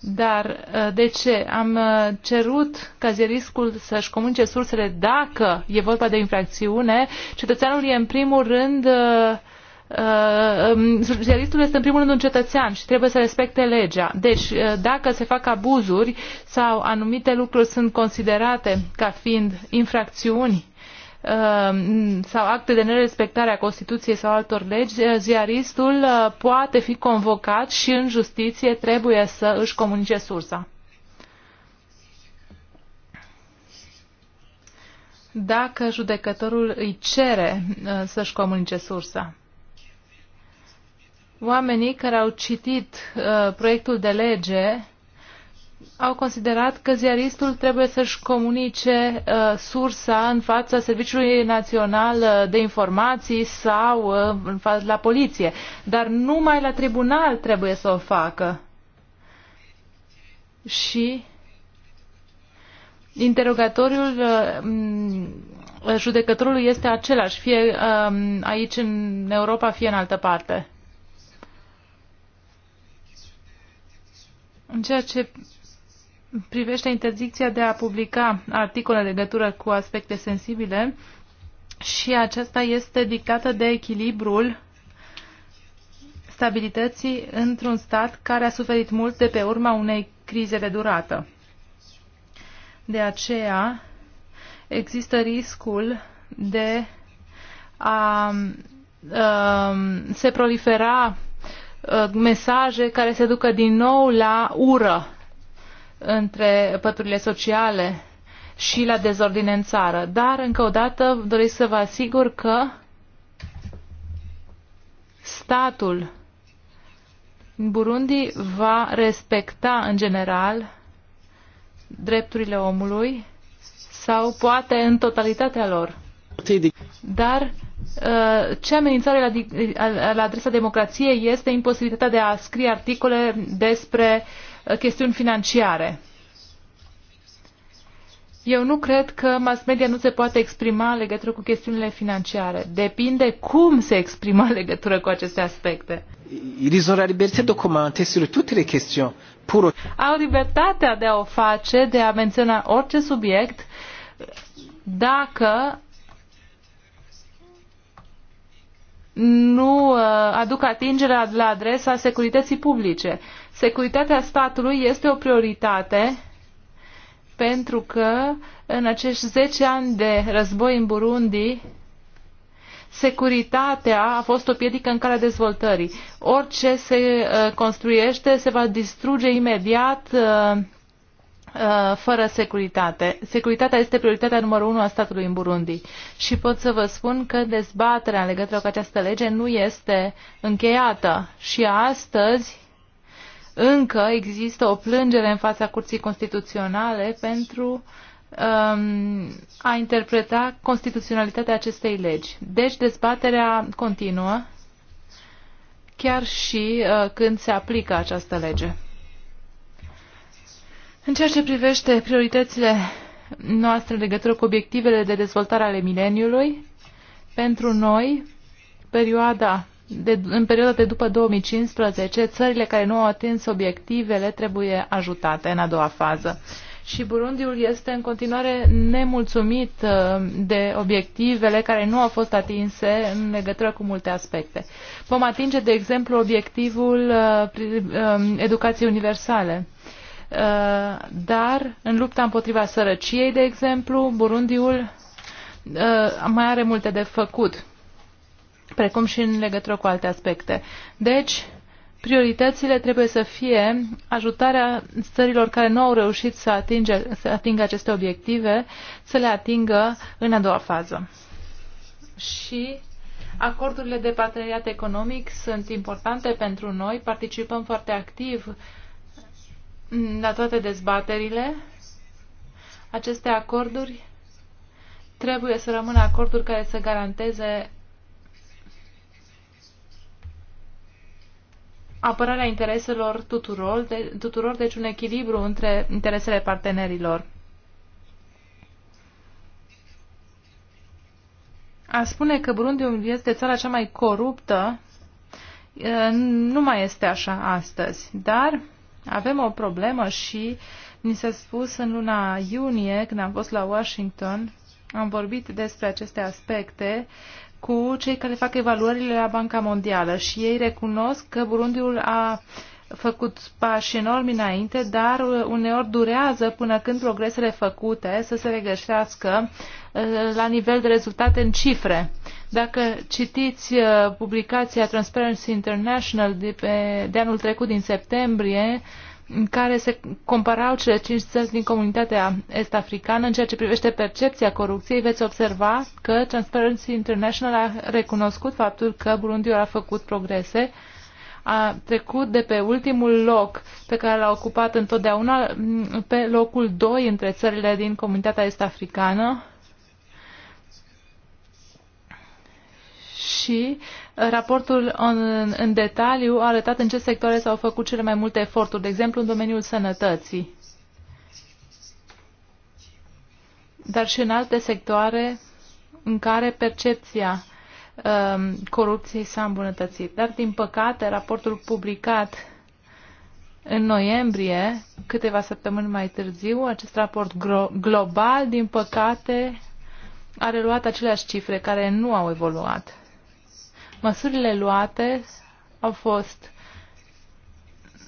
Dar uh, de ce? Am uh, cerut ca ziariscul să-și comunice sursele dacă e vorba de infracțiune. Cetățeanul e în primul rând uh, jurnalistul uh, um, este în primul rând un cetățean și trebuie să respecte legea. Deci, uh, dacă se fac abuzuri sau anumite lucruri sunt considerate ca fiind infracțiuni uh, sau acte de nerespectare a Constituției sau altor legi, ziaristul poate fi convocat și în justiție trebuie să își comunice sursa. Dacă judecătorul îi cere să-și comunice sursa. Oamenii care au citit uh, proiectul de lege au considerat că ziaristul trebuie să-și comunice uh, sursa în fața Serviciului Național uh, de Informații sau uh, în fața la poliție, dar numai la tribunal trebuie să o facă. Și interogatoriul uh, judecătorului este același, fie uh, aici în Europa, fie în altă parte. În ceea ce privește interdicția de a publica articole în legătură cu aspecte sensibile, și aceasta este dictată de echilibrul stabilității într-un stat care a suferit mult de pe urma unei crize de durată. De aceea există riscul de a, a um, se prolifera Uh, mesaje care se ducă din nou la ură între păturile sociale și la dezordine în țară. Dar, încă o dată, doresc să vă asigur că statul Burundi va respecta, în general, drepturile omului sau poate în totalitatea lor. Dar Uh, ce amenințare la, la adresa democrației este imposibilitatea de a scrie articole despre uh, chestiuni financiare. Eu nu cred că mass media nu se poate exprima în legătură cu chestiunile financiare. Depinde cum se exprimă în legătură cu aceste aspecte. Ils ont la de commenter sur toate les Au libertatea de a o face, de a menționa orice subiect, dacă nu uh, aduc atingerea la adresa securității publice. Securitatea statului este o prioritate pentru că în acești 10 ani de război în Burundi, securitatea a fost o piedică în calea dezvoltării. Orice se uh, construiește se va distruge imediat uh, Uh, fără securitate. Securitatea este prioritatea numărul unu a statului în Burundi. Și pot să vă spun că dezbaterea legătură cu această lege nu este încheiată. Și astăzi încă există o plângere în fața Curții Constituționale pentru um, a interpreta constituționalitatea acestei legi. Deci dezbaterea continuă chiar și uh, când se aplică această lege. În ceea ce privește prioritățile noastre în legătură cu obiectivele de dezvoltare ale mileniului, pentru noi, perioada de, în perioada de după 2015, țările care nu au atins obiectivele trebuie ajutate în a doua fază. Și Burundiul este în continuare nemulțumit uh, de obiectivele care nu au fost atinse în legătură cu multe aspecte. Vom atinge, de exemplu, obiectivul uh, um, educației universale Uh, dar în lupta împotriva sărăciei, de exemplu, Burundiul uh, mai are multe de făcut, precum și în legătură cu alte aspecte. Deci, prioritățile trebuie să fie ajutarea țărilor care nu au reușit să, atinge, să atingă aceste obiective, să le atingă în a doua fază. Și acordurile de parteneriat economic sunt importante pentru noi, participăm foarte activ Mm, la toate dezbaterile, aceste acorduri trebuie să rămână acorduri care să garanteze apărarea intereselor tuturor, de, tuturor, deci un echilibru între interesele partenerilor. A spune că Burundi este țara cea mai coruptă nu mai este așa astăzi, dar avem o problemă și mi s-a spus în luna iunie, când am fost la Washington, am vorbit despre aceste aspecte cu cei care fac evaluările la Banca Mondială și ei recunosc că Burundiul a uh, făcut pași enormi înainte, dar uh, uneori durează până când progresele făcute să se regăsească uh, la nivel de rezultate în cifre. Dacă citiți uh, publicația Transparency International de, pe, de anul trecut din septembrie, în care se comparau cele cinci țări din comunitatea est-africană în ceea ce privește percepția corupției, veți observa că Transparency International a recunoscut faptul că Burundiul a făcut progrese a trecut de pe ultimul loc pe care l-a ocupat întotdeauna mm, pe locul 2 între țările din comunitatea est-africană și uh, raportul în, în detaliu a arătat în ce sectoare s-au făcut cele mai multe eforturi, de exemplu în domeniul sănătății, dar și în alte sectoare în care percepția Um, corupției s-a îmbunătățit. Dar, din păcate, raportul publicat în noiembrie, câteva săptămâni mai târziu, acest raport global, din păcate, a reluat aceleași cifre care nu au evoluat. Măsurile luate au fost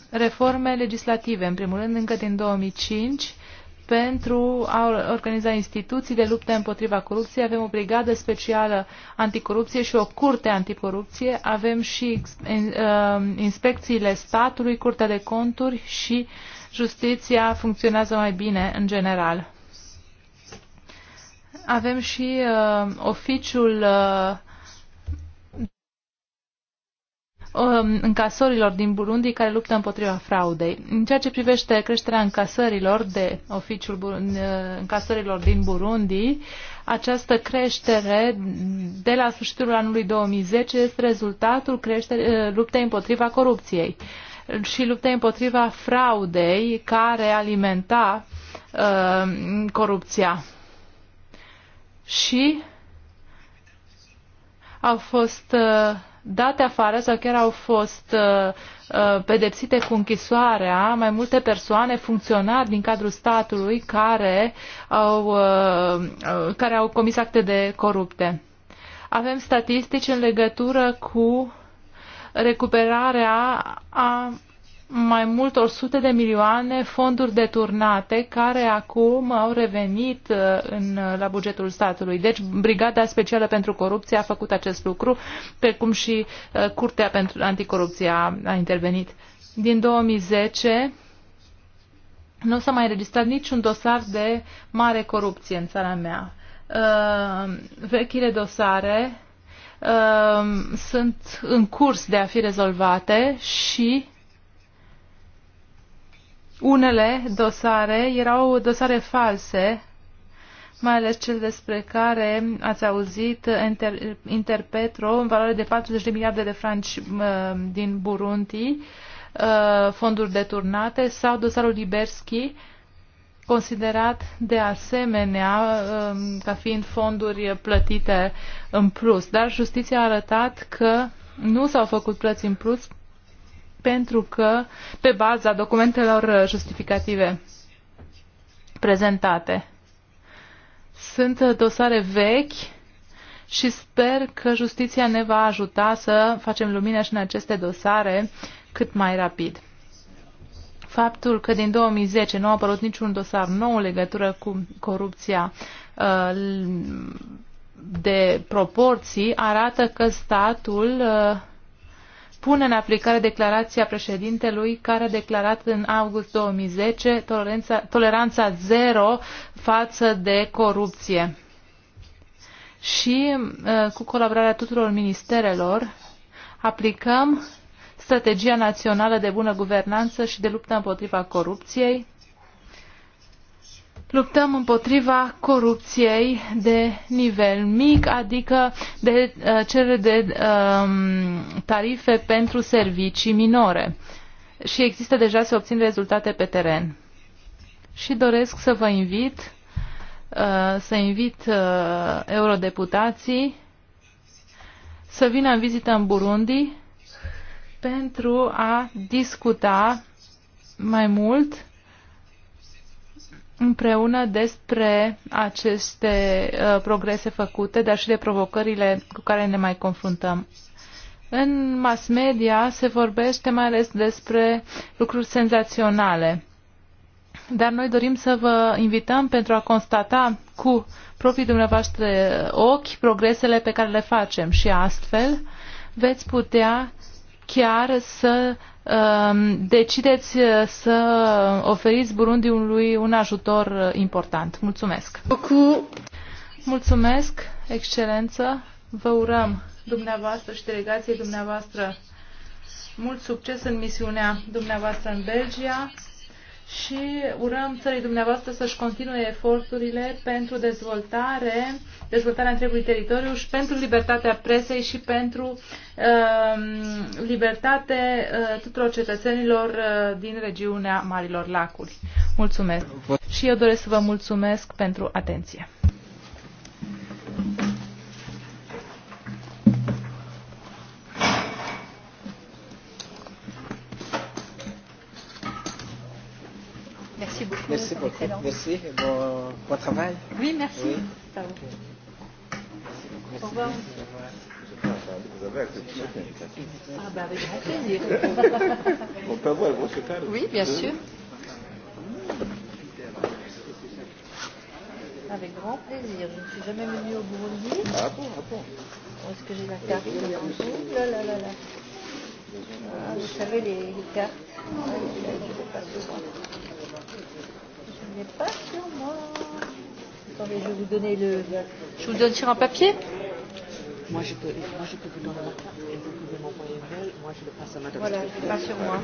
reforme legislative, în primul rând încă din 2005, pentru a organiza instituții de luptă împotriva corupției. Avem o brigadă specială anticorupție și o curte anticorupție. Avem și uh, inspecțiile statului, curtea de conturi și justiția funcționează mai bine în general. Avem și uh, oficiul uh, Um, încasorilor din Burundi care luptă împotriva fraudei. În ceea ce privește creșterea încasărilor de oficiul uh, încasorilor din Burundi, această creștere de la sfârșitul anului 2010 este rezultatul uh, luptei împotriva corupției și luptei împotriva fraudei care alimenta uh, corupția. Și au fost uh, date afară sau chiar au fost uh, uh, pedepsite cu închisoarea mai multe persoane, funcționari din cadrul statului care au, uh, care au comis acte de corupte. Avem statistici în legătură cu recuperarea a mai multor sute de milioane fonduri deturnate care acum au revenit uh, în, uh, la bugetul statului. Deci Brigada Specială pentru Corupție a făcut acest lucru, precum și uh, Curtea pentru Anticorupție a, a intervenit. Din 2010 nu s-a mai registrat niciun dosar de mare corupție în țara mea. Vechile dosare sunt în curs de a fi rezolvate și unele dosare erau dosare false, mai ales cel despre care ați auzit Inter, Interpetro în valoare de 40 de miliarde de franci din Burundi, uh, fonduri deturnate, sau dosarul Liberski, considerat de asemenea um, ca fiind fonduri plătite în plus. Dar justiția a arătat că nu s-au făcut plăți în plus pentru că pe baza documentelor uh, justificative prezentate. Sunt uh, dosare vechi și sper că justiția ne va ajuta să facem lumină și în aceste dosare cât mai rapid. Faptul că din 2010 nu a apărut niciun dosar nou în legătură cu corupția uh, de proporții arată că statul pune în aplicare declarația președintelui care a declarat în august 2010 toleranța, toleranța zero față de corupție. Și uh, cu colaborarea tuturor ministerelor aplicăm strategia națională de bună guvernanță și de luptă împotriva corupției, luptăm împotriva corupției de nivel mic, adică de uh, cele de um, tarife pentru servicii minore. Și există deja, se obțin rezultate pe teren. Și doresc să vă invit, uh, să invit uh, eurodeputații să vină în vizită în Burundi pentru a discuta mai mult împreună despre aceste uh, progrese făcute, dar și de provocările cu care ne mai confruntăm. În mass media se vorbește mai ales despre lucruri senzaționale, dar noi dorim să vă invităm pentru a constata cu proprii dumneavoastră ochi progresele pe care le facem și astfel veți putea chiar să Um, decideți uh, să oferiți Burundiului un ajutor uh, important. Mulțumesc! Mulțumesc, excelență! Vă urăm dumneavoastră și delegației dumneavoastră mult succes în misiunea dumneavoastră în Belgia și urăm țării dumneavoastră să-și continue eforturile pentru dezvoltare dezvoltarea întregului teritoriu și pentru libertatea presei și pentru um, libertate uh, tuturor cetățenilor uh, din regiunea Marilor Lacuri. Mulțumesc! Și eu doresc să vă mulțumesc pentru atenție. Merci beaucoup. Merci beaucoup. Merci. Bon, bon travail. Oui, merci. Oui. Ah bah avec grand plaisir. On peut avoir le gros Oui, bien sûr. Avec grand plaisir. Je ne suis jamais venue au Burundi. Ah bon, ah bon. est-ce que j'ai la carte de Là, là, là, là. Ah, vous savez, les, les cartes, je n'ai pas sur moi. Je n'ai pas sur moi. Attendez, je vais vous donner le. Je vous donne sur un papier Moi, je peux, moi, je peux vous donner ma carte et vous pouvez m'envoyer un mail. Moi, je le passe à madame. Voilà, je passe sur moi.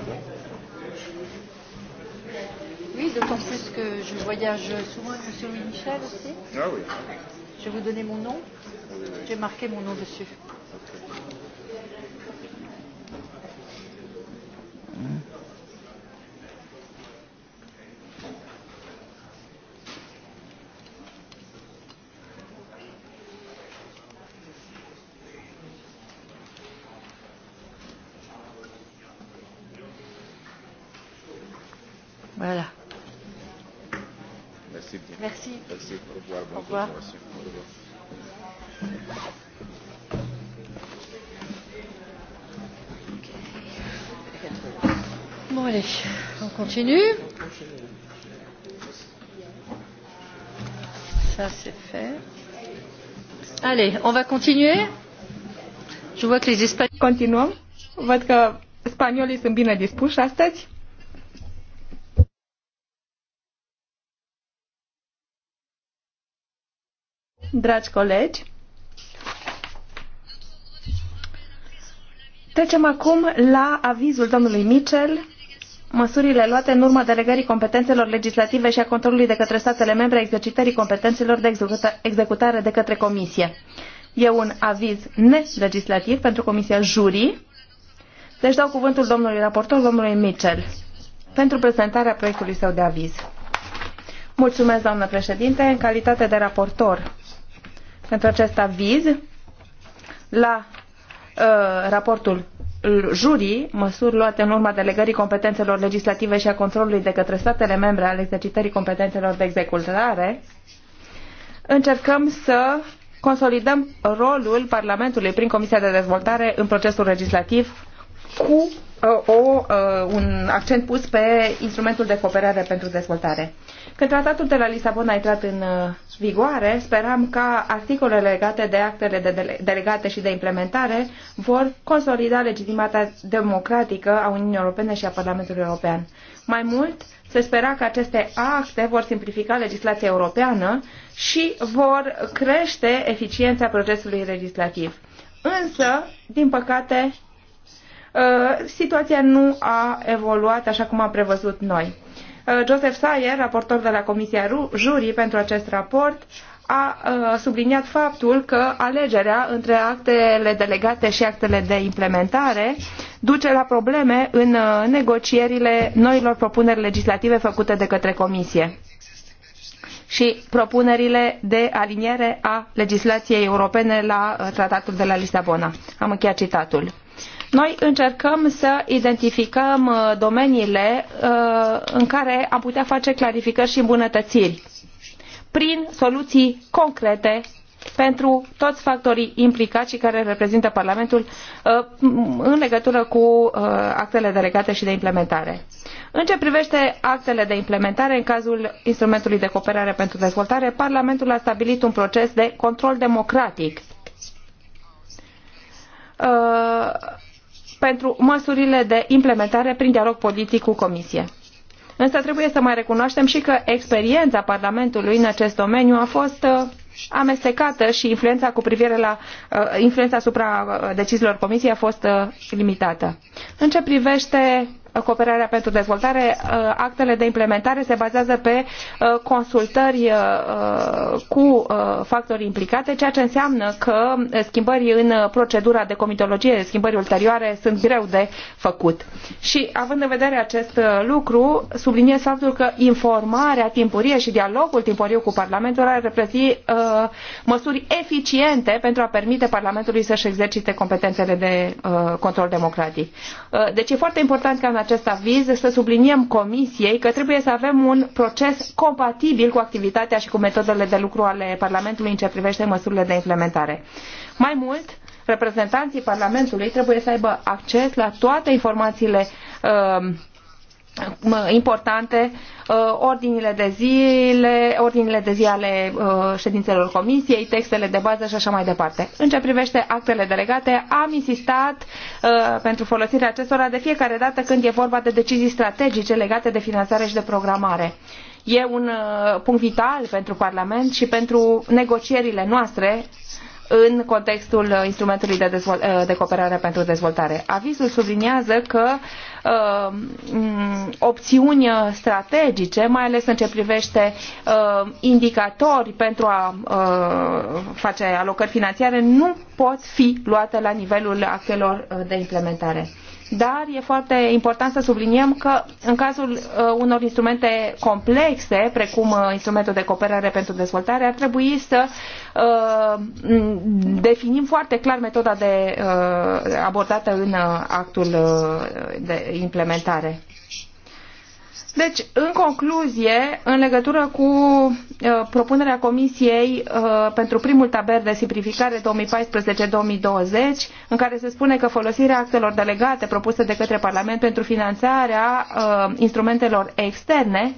Oui, d'autant plus que je voyage souvent avec M. Louis Michel aussi. Ah oui. Je vais vous donner mon nom. Oui, oui. J'ai marqué mon nom dessus. Okay. Hmm. continue. Ça, c'est fait. Allez, on va continuer. Je vois que les Espagnols... Continuons. Je Continuăm. Văd că spaniolii sunt bine dispuși astăzi. Dragi colegi, trecem acum la avizul domnului Mitchell măsurile luate în urma delegării competențelor legislative și a controlului de către statele membre a exercitării competențelor de executare de către Comisie. E un aviz nelegislativ pentru Comisia juri. Deci dau cuvântul domnului raportor, domnului Mitchell, pentru prezentarea proiectului său de aviz. Mulțumesc, doamnă președinte, în calitate de raportor pentru acest aviz la uh, raportul jurii, măsuri luate în urma delegării competențelor legislative și a controlului de către statele membre al exercitării competențelor de executare, încercăm să consolidăm rolul Parlamentului prin Comisia de Dezvoltare în procesul legislativ cu o, uh, un accent pus pe instrumentul de cooperare pentru dezvoltare. Când tratatul de la Lisabona a intrat în uh, vigoare, speram ca articolele legate de actele de delegate și de implementare vor consolida legitimitatea democratică a Uniunii Europene și a Parlamentului European. Mai mult, se spera că aceste acte vor simplifica legislația europeană și vor crește eficiența procesului legislativ. Însă, din păcate, Uh, situația nu a evoluat așa cum am prevăzut noi. Uh, Joseph Sayer, raportor de la Comisia Jurii pentru acest raport, a uh, subliniat faptul că alegerea între actele delegate și actele de implementare duce la probleme în negocierile noilor propuneri legislative făcute de către Comisie și propunerile de aliniere a legislației europene la tratatul de la Lisabona. Am încheiat citatul. Noi încercăm să identificăm uh, domeniile uh, în care am putea face clarificări și îmbunătățiri prin soluții concrete pentru toți factorii implicați și care reprezintă Parlamentul uh, în legătură cu actele delegate și de implementare. În ce privește actele de implementare, în cazul instrumentului de cooperare pentru dezvoltare, Parlamentul a stabilit un proces de control democratic pentru măsurile de implementare prin dialog politic cu Comisie. Însă trebuie să mai recunoaștem și că experiența Parlamentului în acest domeniu a fost uh, amestecată și influența cu privire la uh, influența asupra uh, deciziilor Comisiei a fost limitată. În ce privește cooperarea pentru dezvoltare, uh, actele de implementare se bazează pe uh, consultări uh, cu factorii implicate, ceea ce înseamnă că schimbări în procedura de comitologie, schimbări ulterioare sunt greu de făcut. Și având în vedere acest lucru, subliniez faptul că informarea timpurie și dialogul timpuriu cu Parlamentul ar reprezi măsuri eficiente pentru a permite Parlamentului să-și exercite competențele de control democratic. Deci e foarte important ca în acest aviz să subliniem Comisiei că trebuie să avem un proces compatibil cu activitatea și cu metodele de lucru ale Parlamentului în ce privește măsurile de implementare. Mai mult, reprezentanții Parlamentului trebuie să aibă acces la toate informațiile uh, importante uh, ordinile de zile, ordinile de zi ale uh, ședințelor comisiei, textele de bază și așa mai departe. În ce privește actele delegate, am insistat uh, pentru folosirea acestora de fiecare dată când e vorba de decizii strategice legate de finanțare și de programare. E un punct vital pentru Parlament și pentru negocierile noastre în contextul instrumentului de, de, cooperare pentru dezvoltare. Avizul subliniază că uh, mm, opțiuni strategice, mai ales în ce privește uh, indicatori pentru a uh, face alocări financiare, nu pot fi luate la nivelul actelor uh, de implementare dar e foarte important să subliniem că în cazul uh, unor instrumente complexe, precum uh, instrumentul de cooperare pentru dezvoltare, ar trebui să uh, definim foarte clar metoda de abordată în actul de implementare. Deci, în concluzie, în legătură cu uh, propunerea Comisiei uh, pentru primul taber de simplificare 2014-2020, în care se spune că folosirea actelor delegate propuse de către Parlament pentru finanțarea uh, instrumentelor externe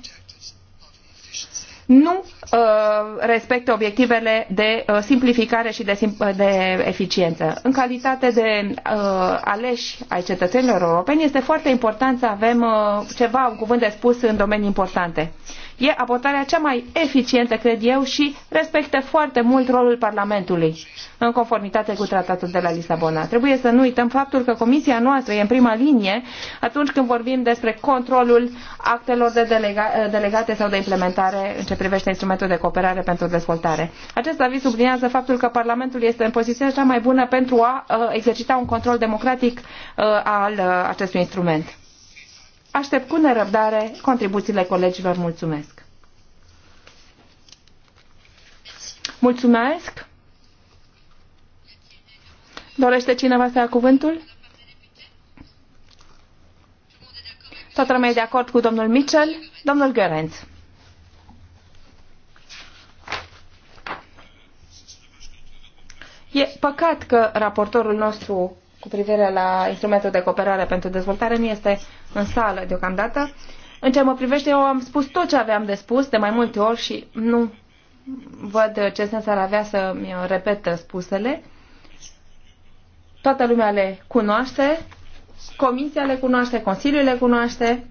nu uh, respectă obiectivele de uh, simplificare și de, uh, de eficiență. În calitate de aleși ai cetățenilor europeni, este foarte important să avem ceva, un cuvânt de spus în domenii importante. E abordarea cea mai eficientă, cred eu, și respectă foarte mult rolul Parlamentului în conformitate cu tratatul de la Lisabona. Trebuie să nu uităm faptul că comisia noastră e în prima linie atunci când vorbim despre controlul actelor de delega delegate sau de implementare în ce privește instrumentul de cooperare pentru dezvoltare. Acest aviz subliniază faptul că Parlamentul este în poziția cea mai bună pentru a uh, exercita un control democratic uh, al uh, acestui instrument. Aștept cu nerăbdare contribuțiile colegilor. Mulțumesc! Mulțumesc! Dorește cineva să ia cuvântul? Toată lumea e de acord cu domnul Mitchell. Domnul Gerenț. E păcat că raportorul nostru cu privire la instrumentul de cooperare pentru dezvoltare nu este în sală deocamdată. În ce mă privește, eu am spus tot ce aveam de spus de mai multe ori și nu văd ce sens ar avea să-mi repet spusele. Toată lumea le cunoaște, Comisia le cunoaște, Consiliul le cunoaște.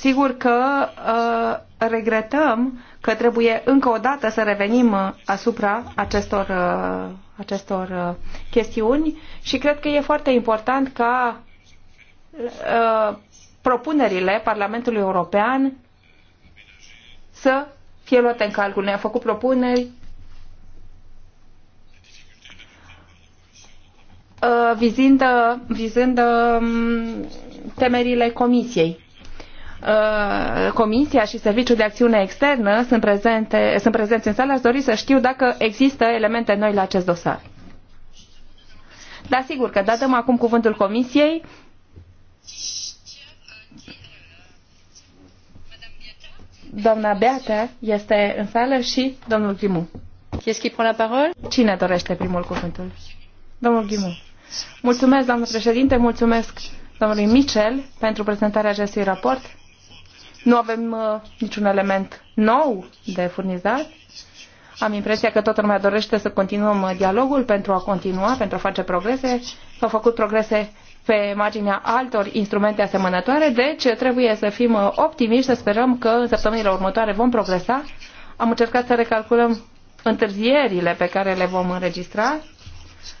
Sigur că uh, regretăm că trebuie încă o dată să revenim ă, asupra acestor, uh, acestor uh, chestiuni și cred că e foarte important ca uh, propunerile Parlamentului European să fie luate în calcul. Ne-a făcut propuneri vizând, vizând temerile Comisiei Uh, Comisia și Serviciul de Acțiune Externă sunt, prezente, sunt prezenți în sală, aș dori să știu dacă există elemente noi la acest dosar. Da, sigur că da, dăm acum cuvântul Comisiei. Doamna Beata este în sală și domnul Grimu. Cine dorește primul cuvântul? Domnul Grimu. Mulțumesc, doamnă președinte, mulțumesc domnului Michel pentru prezentarea acestui raport. Nu avem uh, niciun element nou de furnizat. Am impresia că toată lumea dorește să continuăm uh, dialogul pentru a continua, pentru a face progrese. S-au făcut progrese pe marginea altor instrumente asemănătoare, deci uh, trebuie să fim uh, optimiști, să sperăm că în săptămânile următoare vom progresa. Am încercat să recalculăm întârzierile pe care le vom înregistra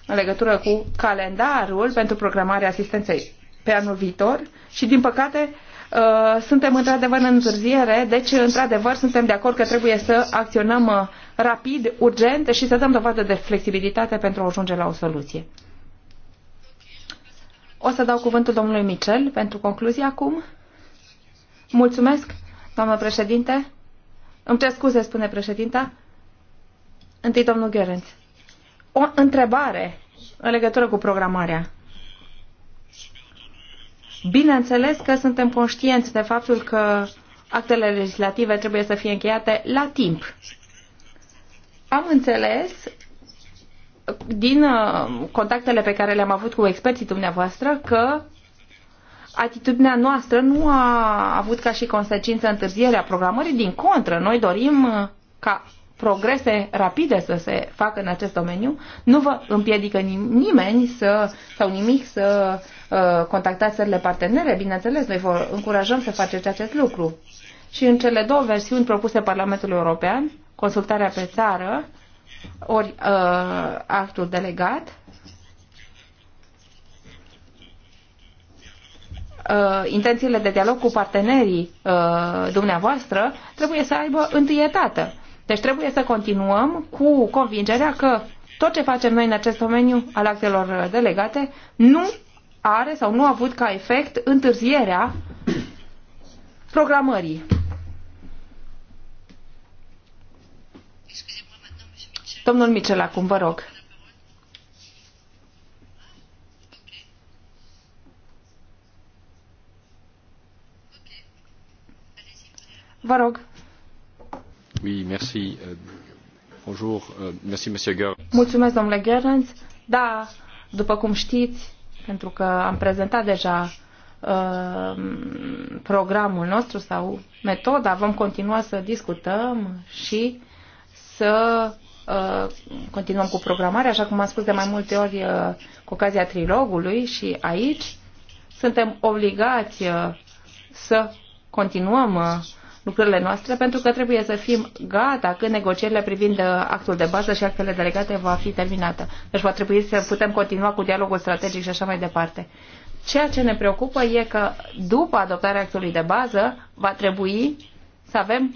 în legătură cu calendarul pentru programarea asistenței pe anul viitor și, din păcate, Uh, suntem într-adevăr în întârziere, deci într-adevăr suntem de acord că trebuie să acționăm uh, rapid, urgent și să dăm dovadă de flexibilitate pentru a ajunge la o soluție. O să dau cuvântul domnului Michel pentru concluzie acum. Mulțumesc, doamnă președinte. Îmi cer scuze, spune președinta. Întâi, domnul Gherenț. O întrebare în legătură cu programarea. Bineînțeles că suntem conștienți de faptul că actele legislative trebuie să fie încheiate la timp. Am înțeles din uh, contactele pe care le-am avut cu experții dumneavoastră că atitudinea noastră nu a avut ca și consecință întârzierea programării. Din contră, noi dorim uh, ca progrese rapide să se facă în acest domeniu. Nu vă împiedică nimeni să, sau nimic să uh, Uh, contactați țările partenere, bineînțeles, noi vă încurajăm să faceți acest lucru. Și în cele două versiuni propuse Parlamentului European, consultarea pe țară, ori uh, actul delegat, uh, intențiile de dialog cu partenerii uh, dumneavoastră trebuie să aibă întâietate. Deci trebuie să continuăm cu convingerea că tot ce facem noi în acest domeniu al actelor delegate nu are sau nu a avut ca efect întârzierea programării. Domnul Michel, acum vă rog. Vă rog. Oui, merci. Euh, bonjour. Euh, merci, monsieur Gerens. Mulțumesc, domnule Gerens. Da, după cum știți, pentru că am prezentat deja uh, programul nostru sau metoda, vom continua să discutăm și să uh, continuăm cu programarea, așa cum am spus de mai multe ori uh, cu ocazia trilogului și aici suntem obligați să continuăm lucrările noastre, pentru că trebuie să fim gata când negocierile privind uh, actul de bază și actele delegate va fi terminată. Deci va trebui să putem continua cu dialogul strategic și așa mai departe. Ceea ce ne preocupă e că după adoptarea actului de bază va trebui să avem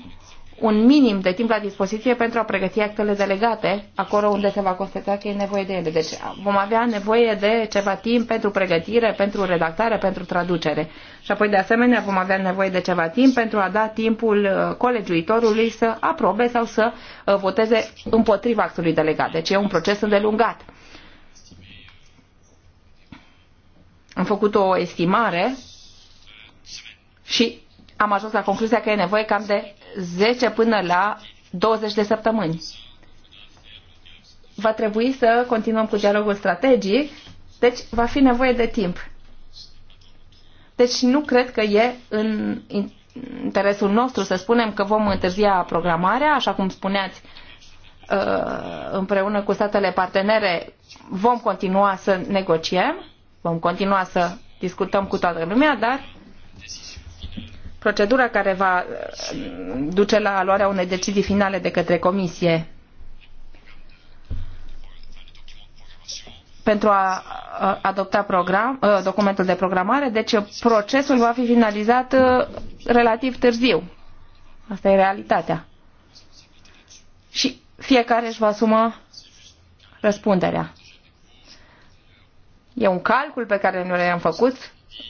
un minim de timp la dispoziție pentru a pregăti actele delegate, acolo unde se va constata că e nevoie de ele. Deci vom avea nevoie de ceva timp pentru pregătire, pentru redactare, pentru traducere. Și apoi, de asemenea, vom avea nevoie de ceva timp pentru a da timpul uh, colegiuitorului să aprobe sau să uh, voteze împotriva actului delegat. Deci e un proces îndelungat. Am făcut o estimare și am ajuns la concluzia că e nevoie cam de 10 până la 20 de săptămâni. Va trebui să continuăm cu dialogul strategic, deci va fi nevoie de timp. Deci nu cred că e în interesul nostru să spunem că vom întârzia programarea, așa cum spuneați, uh, împreună cu statele partenere vom continua să negociem, vom continua să discutăm cu toată lumea, dar procedura care va uh, duce la luarea unei decizii finale de către Comisie pentru a adopta program, uh, documentul de programare, deci procesul va fi finalizat uh, relativ târziu. Asta e realitatea. Și fiecare își va asuma răspunderea. E un calcul pe care noi l-am făcut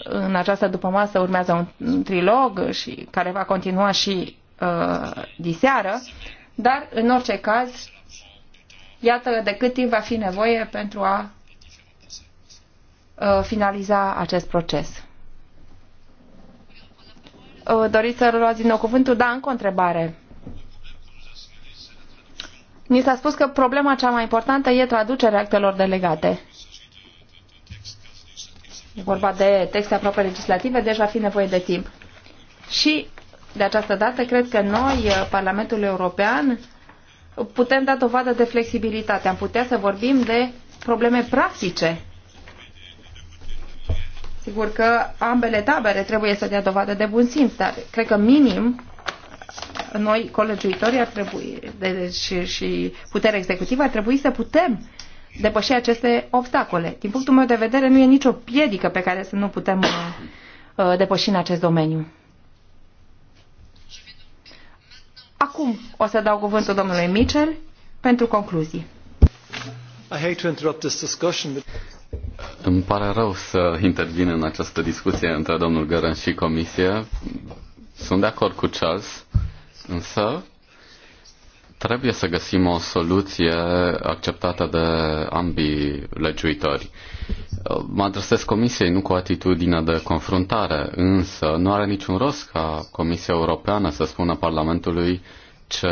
în această dupămasă urmează un trilog și care va continua și uh, diseară, dar în orice caz, iată de cât timp va fi nevoie pentru a uh, finaliza acest proces. Uh, doriți să luați din nou cuvântul? Da, încă o întrebare. Ni s-a spus că problema cea mai importantă e traducerea actelor delegate. E vorba de texte aproape legislative, deci va fi nevoie de timp. Și de această dată cred că noi, Parlamentul European, putem da dovadă de flexibilitate. Am putea să vorbim de probleme practice. Sigur că ambele tabere trebuie să dea dovadă de bun simț, dar cred că minim noi, colegiuitorii, ar trebui, de, și puterea executivă, ar trebui să putem depăși aceste obstacole. Din punctul meu de vedere, nu e nicio piedică pe care să nu putem uh, uh, depăși în acest domeniu. Acum o să dau cuvântul domnului Mitchell pentru concluzii. I hate to interrupt this discussion, but... Îmi pare rău să intervin în această discuție între domnul Gărân și Comisie. Sunt de acord cu Charles, însă Trebuie să găsim o soluție acceptată de ambii legiuitori. Mă adresez Comisiei nu cu o atitudine de confruntare, însă nu are niciun rost ca Comisia Europeană să spună Parlamentului ce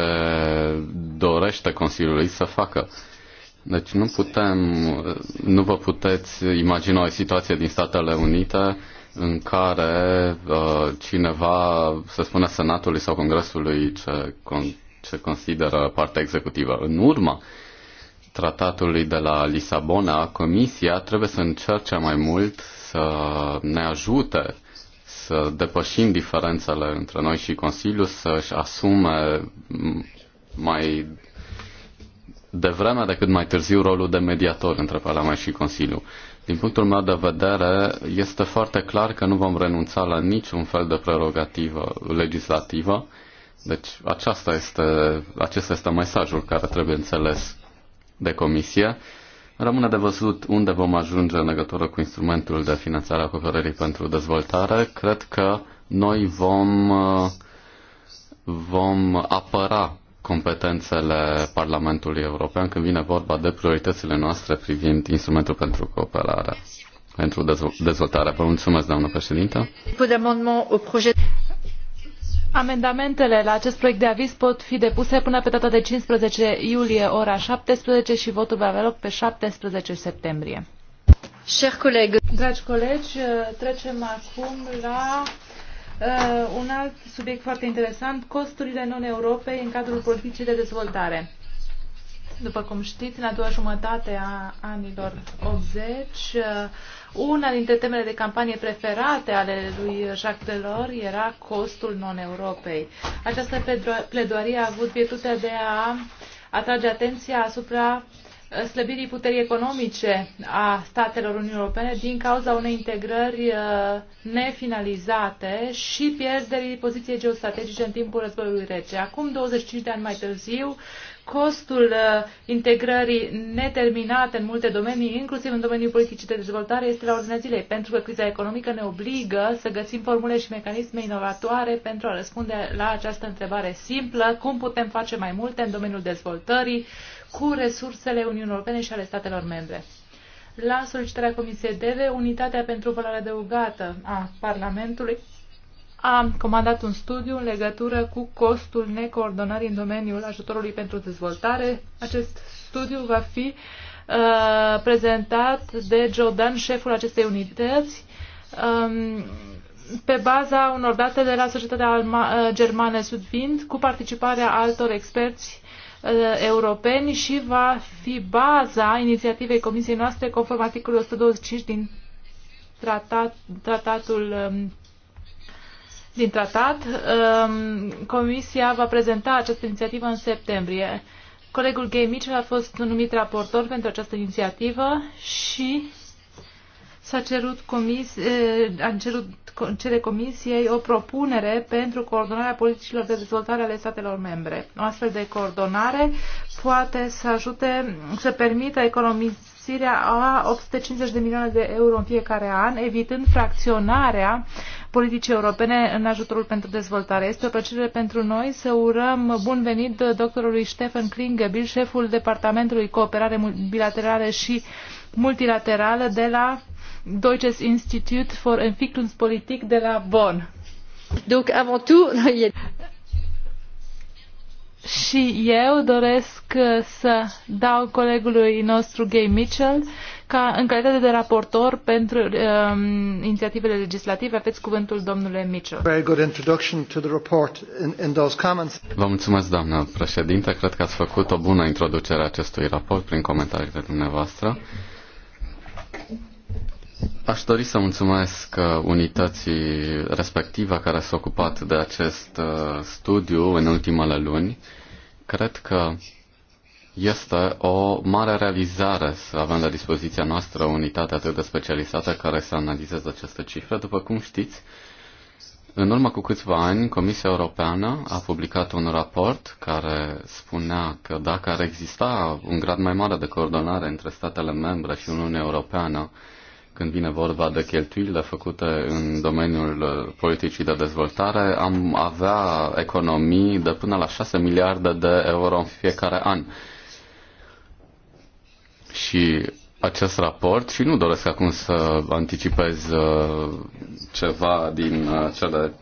dorește Consiliului să facă. Deci nu putem, nu vă puteți imagina o situație din Statele Unite în care uh, cineva să spună Senatului sau Congresului ce, con, ce consideră partea executivă. În urma tratatului de la Lisabona, Comisia trebuie să încerce mai mult să ne ajute să depășim diferențele între noi și Consiliu, să-și asume mai devreme decât mai târziu rolul de mediator între Parlament și Consiliu. Din punctul meu de vedere, este foarte clar că nu vom renunța la niciun fel de prerogativă legislativă deci aceasta este, acesta este mesajul care trebuie înțeles de comisie. Rămâne de văzut unde vom ajunge în legătură cu instrumentul de finanțare a cooperării pentru dezvoltare. Cred că noi vom, vom apăra competențele Parlamentului European când vine vorba de prioritățile noastre privind instrumentul pentru cooperare pentru dezvoltare. Vă mulțumesc, doamnă președintă. Amendamentele la acest proiect de aviz pot fi depuse până pe data de 15 iulie, ora 17 și votul va avea loc pe 17 septembrie. Chers colegi. Dragi colegi, uh, trecem acum la uh, un alt subiect foarte interesant, costurile non-europei în cadrul politicii de dezvoltare. După cum știți, în a doua jumătate a anilor 80, uh, una dintre temele de campanie preferate ale lui Jacques Delors era costul non-Europei. Această pledoarie a avut virtutea de a atrage atenția asupra uh, slăbirii puterii economice a statelor Uniunii Europene din cauza unei integrări uh, nefinalizate și pierderii poziției geostrategice în timpul războiului rece. Acum 25 de ani mai târziu, Costul uh, integrării neterminate în multe domenii, inclusiv în domeniul politicii de dezvoltare, este la ordinea zilei, pentru că criza economică ne obligă să găsim formule și mecanisme inovatoare pentru a răspunde la această întrebare simplă, cum putem face mai multe în domeniul dezvoltării cu resursele Uniunii Europene și ale statelor membre. La solicitarea Comisiei DEVE, Unitatea pentru valoarea Adăugată a Parlamentului a comandat un studiu în legătură cu costul necoordonării în domeniul ajutorului pentru dezvoltare. Acest studiu va fi uh, prezentat de Jordan, șeful acestei unități, um, pe baza unor date de la Societatea Alma uh, Germană Sudvind, cu participarea altor experți uh, europeni și va fi baza inițiativei Comisiei noastre conform articolului 125 din tratat, tratatul um, din tratat. Ehm, Comisia va prezenta această inițiativă în septembrie. Colegul Gay Mitchell a fost numit raportor pentru această inițiativă și s-a cerut, comis, a cerut cere comisiei o propunere pentru coordonarea politicilor de dezvoltare ale statelor membre. O astfel de coordonare poate să ajute să permită economisirea a 850 de milioane de euro în fiecare an, evitând fracționarea politicii europene în ajutorul pentru dezvoltare. Este o plăcere pentru noi să urăm bun venit doctorului Stefan Klingebil, șeful Departamentului Cooperare Bilaterale și Multilaterală de la Deutsches Institut for Entwicklungspolitik de la Bonn. Donc, avant tout, și eu doresc să dau colegului nostru Gay Mitchell ca, în calitate de raportor pentru um, inițiativele legislative. Aveți cuvântul, domnule Mitchell. Very good introduction to the report in, in those comments. Vă mulțumesc, doamnă președinte. Cred că ați făcut o bună introducere a acestui raport prin comentariile dumneavoastră. Aș dori să mulțumesc uh, unității respective care s-a ocupat de acest uh, studiu în ultimele luni. Cred că este o mare realizare să avem la dispoziția noastră o unitate atât de specializată care să analizeze aceste cifre. După cum știți, în urmă cu câțiva ani, Comisia Europeană a publicat un raport care spunea că dacă ar exista un grad mai mare de coordonare între statele membre și Uniunea Europeană, când vine vorba de cheltuielile făcute în domeniul politicii de dezvoltare, am avea economii de până la 6 miliarde de euro în fiecare an și acest raport și nu doresc acum să anticipez uh, ceva din uh, cele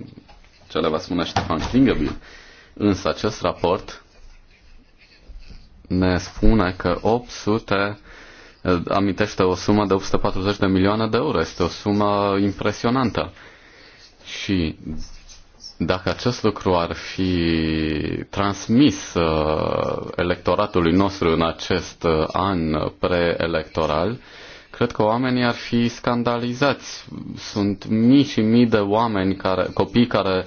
ce le va spune Ștefan Klingebil, însă acest raport ne spune că 800 uh, amintește o sumă de 840 de milioane de euro. Este o sumă impresionantă. Și dacă acest lucru ar fi transmis uh, electoratului nostru în acest uh, an preelectoral, cred că oamenii ar fi scandalizați. Sunt mii și mii de oameni, care, copii care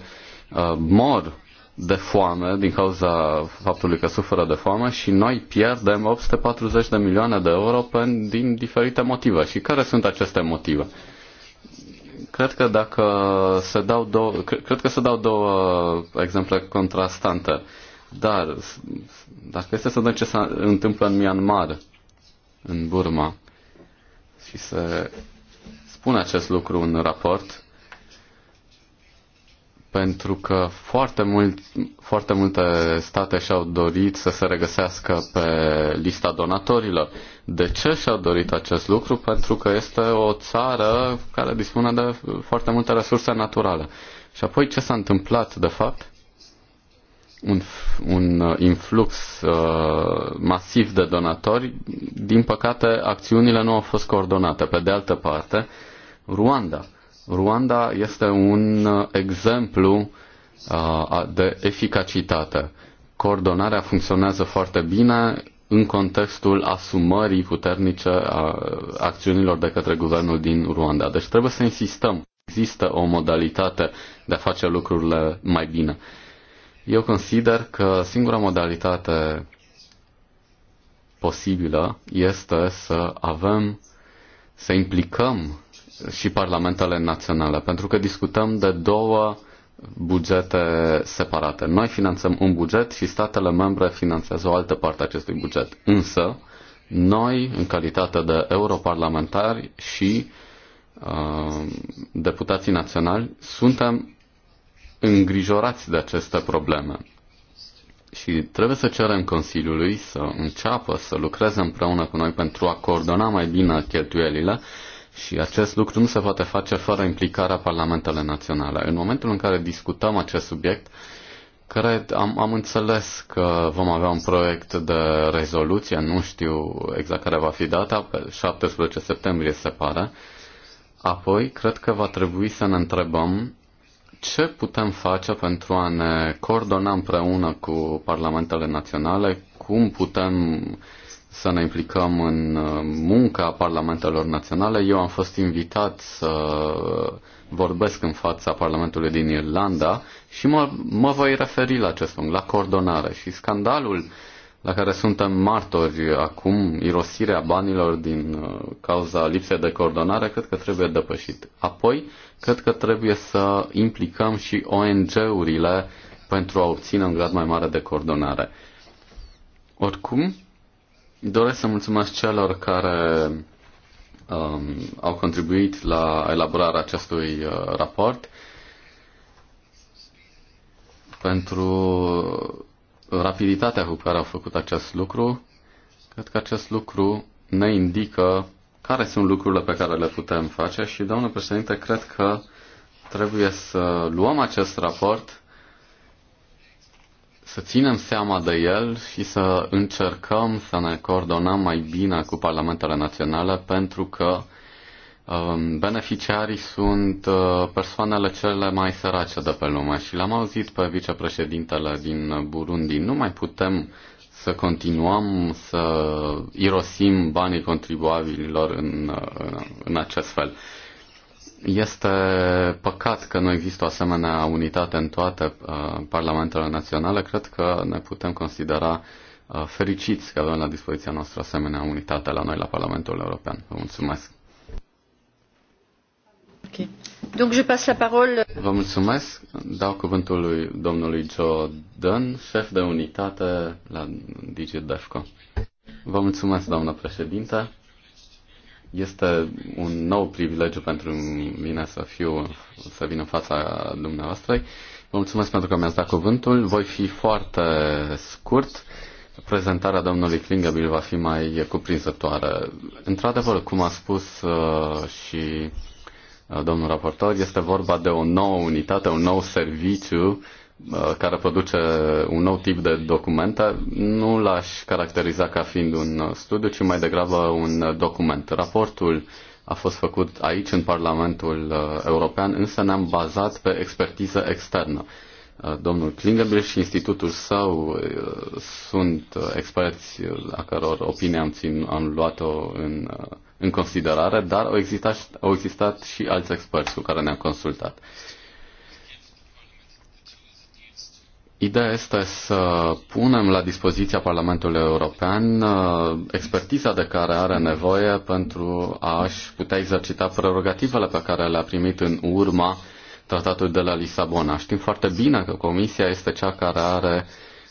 uh, mor de foame din cauza faptului că suferă de foame și noi pierdem 840 de milioane de euro pe, din diferite motive. Și care sunt aceste motive? cred că dacă se dau două, cred că se dau două uh, exemple contrastante. Dar dacă este să vedem ce se întâmplă în Myanmar, în Burma, și se spune acest lucru în raport, pentru că foarte, mult, foarte multe state și-au dorit să se regăsească pe lista donatorilor. De ce și-au dorit acest lucru? Pentru că este o țară care dispune de foarte multe resurse naturale. Și apoi ce s-a întâmplat, de fapt? Un, un influx uh, masiv de donatori. Din păcate, acțiunile nu au fost coordonate. Pe de altă parte, Ruanda Ruanda este un uh, exemplu uh, de eficacitate. Coordonarea funcționează foarte bine în contextul asumării puternice a acțiunilor de către guvernul din Ruanda. Deci trebuie să insistăm. Există o modalitate de a face lucrurile mai bine. Eu consider că singura modalitate posibilă este să avem, să implicăm și parlamentele naționale, pentru că discutăm de două bugete separate. Noi finanțăm un buget și statele membre finanțează o altă parte a acestui buget. Însă, noi, în calitate de europarlamentari și uh, deputații naționali, suntem îngrijorați de aceste probleme. Și trebuie să cerem Consiliului să înceapă să lucreze împreună cu noi pentru a coordona mai bine cheltuielile și acest lucru nu se poate face fără implicarea parlamentelor naționale. În momentul în care discutăm acest subiect, cred, am, am înțeles că vom avea un proiect de rezoluție, nu știu exact care va fi data, pe 17 septembrie se pare. Apoi, cred că va trebui să ne întrebăm ce putem face pentru a ne coordona împreună cu parlamentele naționale, cum putem uh, să ne implicăm în uh, munca parlamentelor naționale. Eu am fost invitat să vorbesc în fața Parlamentului din Irlanda și mă, mă voi referi la acest punct, la coordonare. Și scandalul la care suntem martori acum, irosirea banilor din uh, cauza lipsei de coordonare, cred că trebuie depășit. Apoi, cred că trebuie să implicăm și ONG-urile pentru a obține un grad mai mare de coordonare. Oricum, Doresc să mulțumesc celor care um, au contribuit la elaborarea acestui uh, raport pentru rapiditatea cu care au făcut acest lucru. Cred că acest lucru ne indică care sunt lucrurile pe care le putem face și, domnule președinte, cred că trebuie să luăm acest raport să ținem seama de el și să încercăm să ne coordonăm mai bine cu parlamentele naționale pentru că um, Beneficiarii sunt uh, persoanele cele mai sărace de pe lume și l-am auzit pe vicepreședintele din Burundi. Nu mai putem să continuăm să irosim banii contribuabililor în, uh, în acest fel. Este păcat că nu există o asemenea unitate în toate uh, parlamentele naționale. Cred că ne putem considera uh, fericiți că avem la dispoziția noastră asemenea unitate la noi, la Parlamentul European. Vă mulțumesc. Okay. Donc je passe la parole. Vă mulțumesc. Dau cuvântul lui domnului Joe Dunn, șef de unitate la DG DEFCO. Vă mulțumesc, doamnă președinte. Este un nou privilegiu pentru mine să fiu, să vin în fața dumneavoastră. Vă mulțumesc pentru că mi-ați dat cuvântul. Voi fi foarte scurt. Prezentarea domnului Klingabil va fi mai cuprinzătoare. Într-adevăr, cum a spus uh, și uh, domnul raportor, este vorba de o nouă unitate, un nou serviciu Uh, care produce un nou tip de documente, nu l-aș caracteriza ca fiind un uh, studiu, ci mai degrabă un uh, document. Raportul a fost făcut aici, în Parlamentul European, însă ne-am bazat pe expertiză externă. Domnul Klingebrich și institutul său sunt experți la căror opinie am, țin, am luat-o în, în considerare, dar au existat, au existat și alți experți cu care ne-am consultat. Ideea este să punem la dispoziția Parlamentului European uh, expertiza de care are nevoie pentru a-și putea exercita prerogativele pe care le-a primit în urma tratatului de la Lisabona. Știm foarte bine că Comisia este cea care are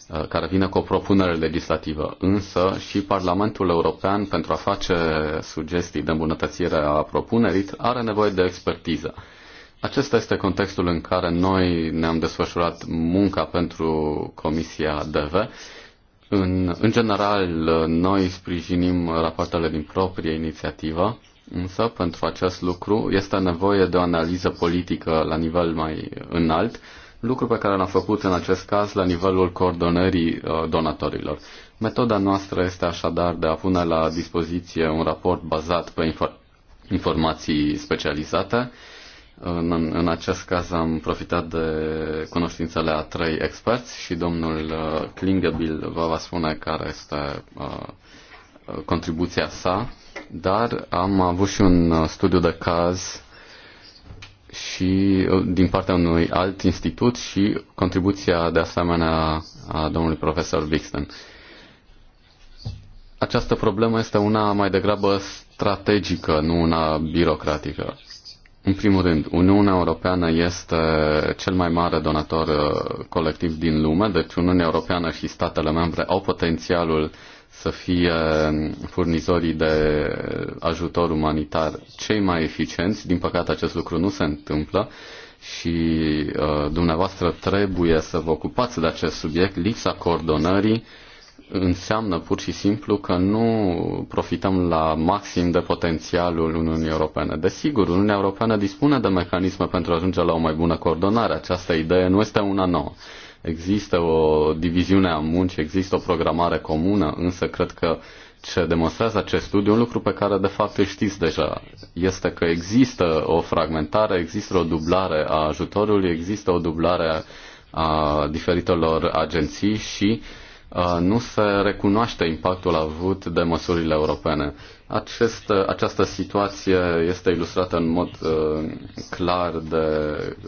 uh, care vine cu o propunere legislativă, însă și Parlamentul European, pentru a face sugestii de îmbunătățire a propunerii, are nevoie de expertiză. Acesta este contextul în care noi ne-am desfășurat munca pentru Comisia DV. În, în general, noi sprijinim rapoartele din proprie inițiativă, însă pentru acest lucru este nevoie de o analiză politică la nivel mai înalt, lucru pe care l-am făcut în acest caz la nivelul coordonării uh, donatorilor. Metoda noastră este așadar de a pune la dispoziție un raport bazat pe infor- informații specializate, în, în acest caz am profitat de cunoștințele a trei experți și domnul uh, Klingebil vă va spune care este uh, contribuția sa, dar am avut și un uh, studiu de caz și din partea unui alt institut și contribuția de asemenea a domnului profesor Wixton. Această problemă este una mai degrabă strategică, nu una birocratică. În primul rând, Uniunea Europeană este cel mai mare donator uh, colectiv din lume, deci Uniunea Europeană și statele membre au potențialul să fie um, furnizorii de ajutor umanitar cei mai eficienți. Din păcate, acest lucru nu se întâmplă și uh, dumneavoastră trebuie să vă ocupați de acest subiect, lipsa coordonării înseamnă pur și simplu că nu profităm la maxim de potențialul Uniunii Europene. Desigur, Uniunea Europeană dispune de mecanisme pentru a ajunge la o mai bună coordonare. Această idee nu este una nouă. Există o diviziune a muncii, există o programare comună, însă cred că ce demonstrează acest studiu, un lucru pe care de fapt îl știți deja, este că există o fragmentare, există o dublare a ajutorului, există o dublare a diferitelor agenții și uh, Uh, nu se recunoaște impactul avut de măsurile europene. Acest, uh, această situație este ilustrată în mod uh, clar de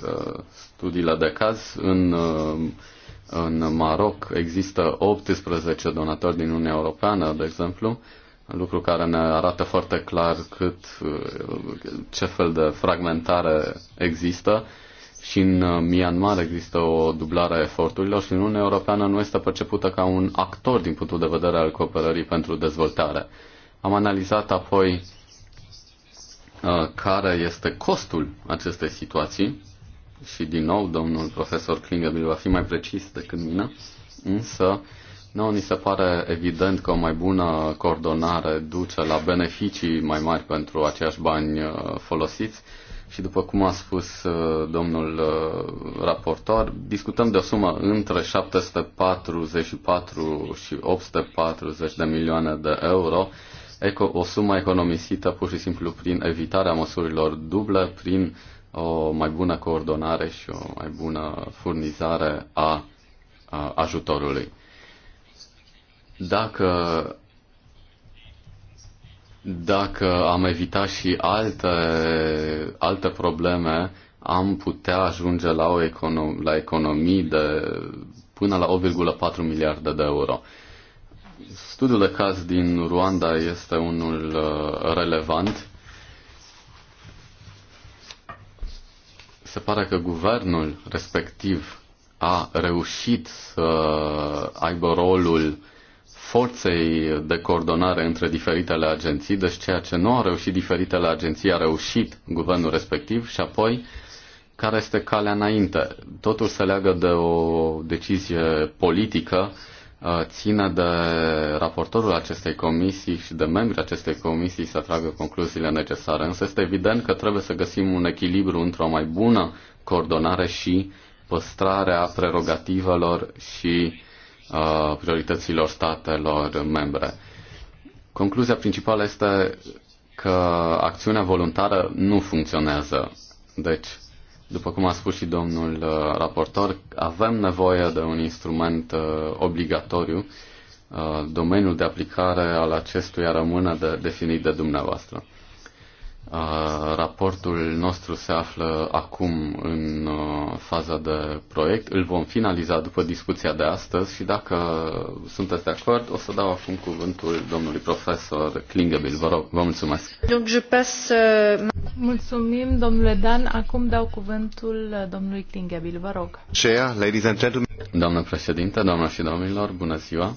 uh, studiile de caz. În, uh, în Maroc există 18 donatori din Uniunea Europeană, de exemplu, lucru care ne arată foarte clar cât, uh, ce fel de fragmentare există și în uh, Myanmar există o dublare a eforturilor și Uniunea Europeană nu este percepută ca un actor din punctul de vedere al cooperării pentru dezvoltare. Am analizat apoi uh, care este costul acestei situații și din nou domnul profesor Klingerbil va fi mai precis decât mine, însă nu ni se pare evident că o mai bună coordonare duce la beneficii mai mari pentru aceiași bani uh, folosiți și după cum a spus uh, domnul uh, raportor, discutăm de o sumă între 744 și 840 de milioane de euro, eco o sumă economisită pur și simplu prin evitarea măsurilor duble, prin o mai bună coordonare și o mai bună furnizare a ajutorului. Dacă dacă am evitat și alte, alte probleme, am putea ajunge la, o econom- la economii de până la 8,4 miliarde de euro. Studiul de caz din Ruanda este unul uh, relevant. Se pare că guvernul respectiv a reușit să aibă rolul forței de coordonare între diferitele agenții, deci ceea ce nu au reușit diferitele agenții a reușit guvernul respectiv și apoi care este calea înainte. Totul se leagă de o decizie politică, uh, ține de raportorul acestei comisii și de membrii acestei comisii să tragă concluziile necesare. Însă este evident că trebuie să găsim un echilibru într-o mai bună coordonare și păstrarea prerogativelor și uh, priorităților statelor membre. Concluzia principală este că acțiunea voluntară nu funcționează. Deci, după cum a spus și domnul uh, raportor, avem nevoie de un instrument uh, obligatoriu. Uh, domeniul de aplicare al acestuia rămâne de, definit de dumneavoastră. Raportul nostru se află acum în faza de proiect. Îl vom finaliza după discuția de astăzi și dacă sunteți de acord, o să dau acum cuvântul domnului profesor Klingebil. Vă rog, vă mulțumesc. Euh, Mulțumim, domnule Dan. Acum dau cuvântul domnului Klingebil. Vă rog. ladies and gentlemen. Doamnă președinte, doamnă și domnilor, bună ziua.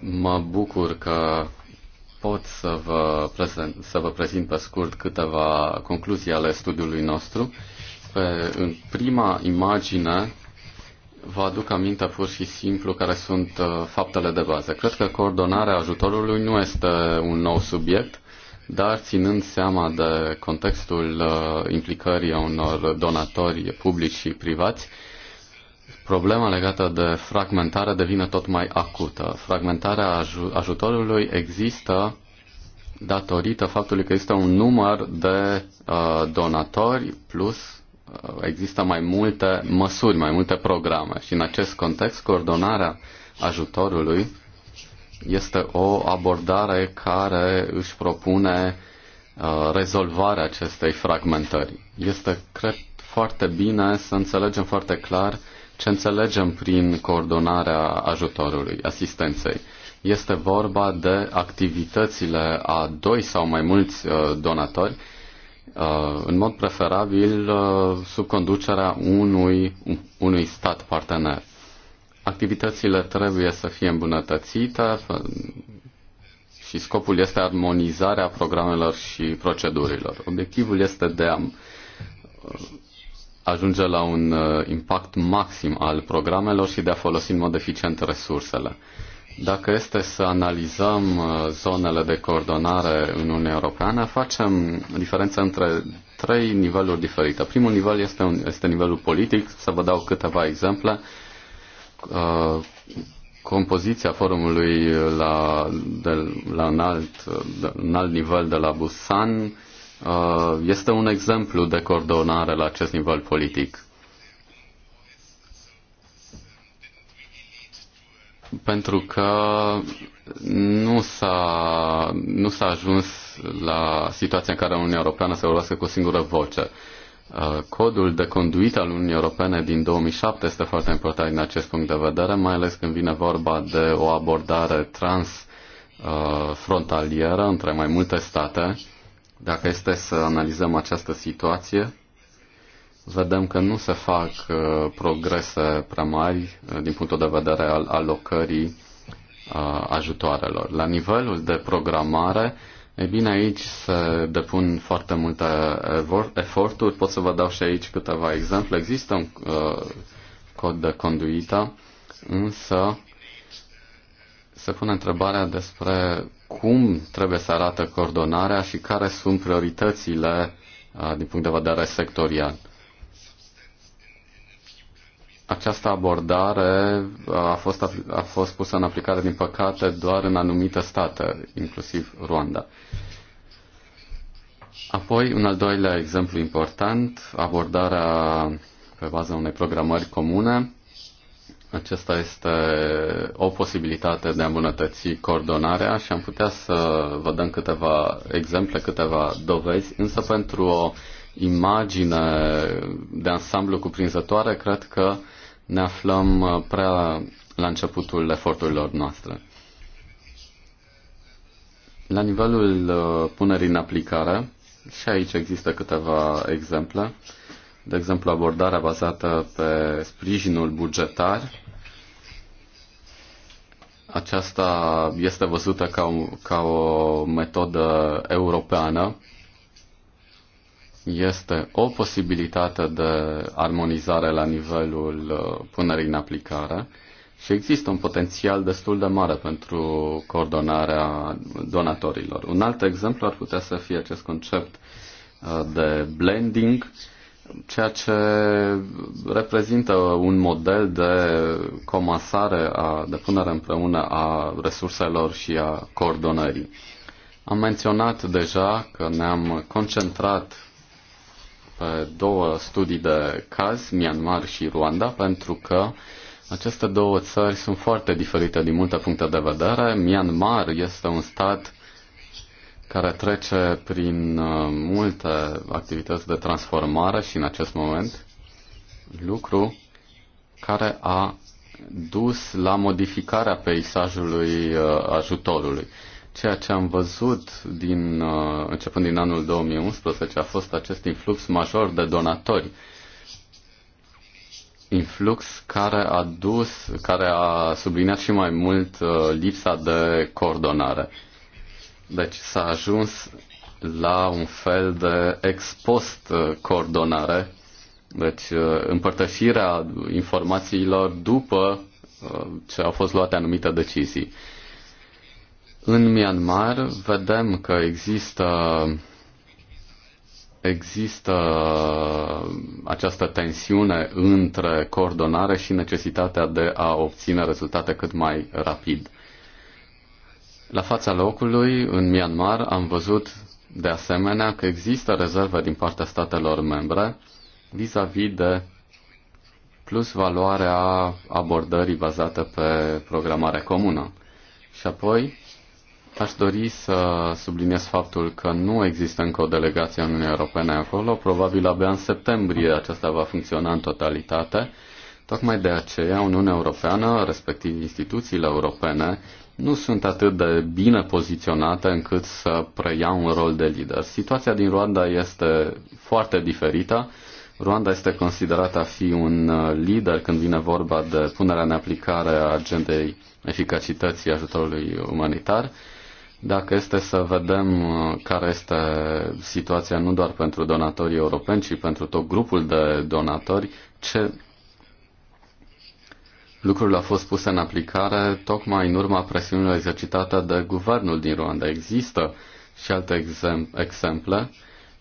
Mă bucur că pot să vă, prezent, să vă prezint pe scurt câteva concluzii ale studiului nostru. Pe, în prima imagine vă aduc aminte pur și simplu care sunt uh, faptele de bază. Cred că coordonarea ajutorului nu este un nou subiect, dar ținând seama de contextul uh, implicării a unor donatori publici și privați, problema legată de fragmentare devine tot mai acută. Fragmentarea aj- ajutorului există datorită faptului că există un număr de uh, donatori plus uh, există mai multe măsuri, mai multe programe și în acest context coordonarea ajutorului este o abordare care își propune uh, rezolvarea acestei fragmentări. Este, cred, foarte bine să înțelegem foarte clar ce înțelegem prin coordonarea ajutorului, asistenței? Este vorba de activitățile a doi sau mai mulți uh, donatori, uh, în mod preferabil uh, sub conducerea unui, unui stat partener. Activitățile trebuie să fie îmbunătățite și scopul este armonizarea programelor și procedurilor. Obiectivul este de a ajunge la un uh, impact maxim al programelor și de a folosi în mod eficient resursele. Dacă este să analizăm uh, zonele de coordonare în Uniunea Europeană, facem diferența între trei niveluri diferite. Primul nivel este, un, este nivelul politic, să vă dau câteva exemple. Uh, compoziția forumului la, de, la un, alt, de, un alt nivel de la Busan, Uh, este un exemplu de coordonare la acest nivel politic. Pentru că nu s-a, nu s-a ajuns la situația în care Uniunea Europeană se vorbească cu o singură voce. Uh, codul de conduită al Uniunii Europene din 2007 este foarte important din acest punct de vedere, mai ales când vine vorba de o abordare transfrontalieră uh, între mai multe state dacă este să analizăm această situație, vedem că nu se fac uh, progrese prea mari uh, din punctul de vedere al alocării uh, ajutoarelor. La nivelul de programare, e bine, aici se depun foarte multe eforturi. Pot să vă dau și aici câteva exemple. Există un cod de conduită, însă se pune întrebarea despre cum trebuie să arată coordonarea și care sunt prioritățile uh, din punct de vedere sectorial. Această abordare uh, a fost, a fost pusă în aplicare, din păcate, doar în anumite state, inclusiv Rwanda. Apoi, un al doilea exemplu important, abordarea pe baza unei programări comune, acesta este o posibilitate de a îmbunătăți coordonarea și am putea să vă dăm câteva exemple, câteva dovezi, însă pentru o imagine de ansamblu cuprinzătoare, cred că ne aflăm prea la începutul eforturilor noastre. La nivelul uh, punerii în aplicare, și aici există câteva exemple, de exemplu, abordarea bazată pe sprijinul bugetar. Aceasta este văzută ca ca o metodă europeană. Este o posibilitate de armonizare la nivelul uh, punerii în aplicare și există un potențial destul de mare pentru coordonarea donatorilor. Un alt exemplu ar putea să fie acest concept uh, de blending, ceea ce reprezintă un model de comasare, a, de punere împreună a resurselor și a coordonării. Am menționat deja că ne-am concentrat pe două studii de caz, Myanmar și Rwanda, pentru că aceste două țări sunt foarte diferite din multe puncte de vedere. Myanmar este un stat care trece prin uh, multe activități de transformare și în acest moment, lucru care a dus la modificarea peisajului uh, ajutorului. Ceea ce am văzut din, uh, începând din anul 2011 a fost acest influx major de donatori influx care a dus, care a subliniat și mai mult lipsa de coordonare. Deci s-a ajuns la un fel de ex-post uh, coordonare, deci uh, împărtășirea informațiilor după uh, ce au fost luate anumite decizii. În Myanmar vedem că există există această tensiune între coordonare și necesitatea de a obține rezultate cât mai rapid. La fața locului, în Myanmar, am văzut de asemenea că există rezerve din partea statelor membre vis-a-vis -vis de plus valoarea abordării bazate pe programare comună. Și apoi aș dori să subliniez faptul că nu există încă o delegație în Uniunii Europene acolo, probabil abia în septembrie aceasta va funcționa în totalitate. Tocmai de aceea Uniunea Europeană, respectiv instituțiile europene, nu sunt atât de bine poziționate încât să preia un rol de lider. Situația din Rwanda este foarte diferită. Rwanda este considerată a fi un uh, lider când vine vorba de punerea în aplicare a agendei eficacității ajutorului umanitar. Dacă este să vedem uh, care este situația nu doar pentru donatorii europeni, ci pentru tot grupul de donatori, ce Lucrul a fost pus în aplicare tocmai în urma presiunilor exercitate de guvernul din Rwanda. Există și alte exemple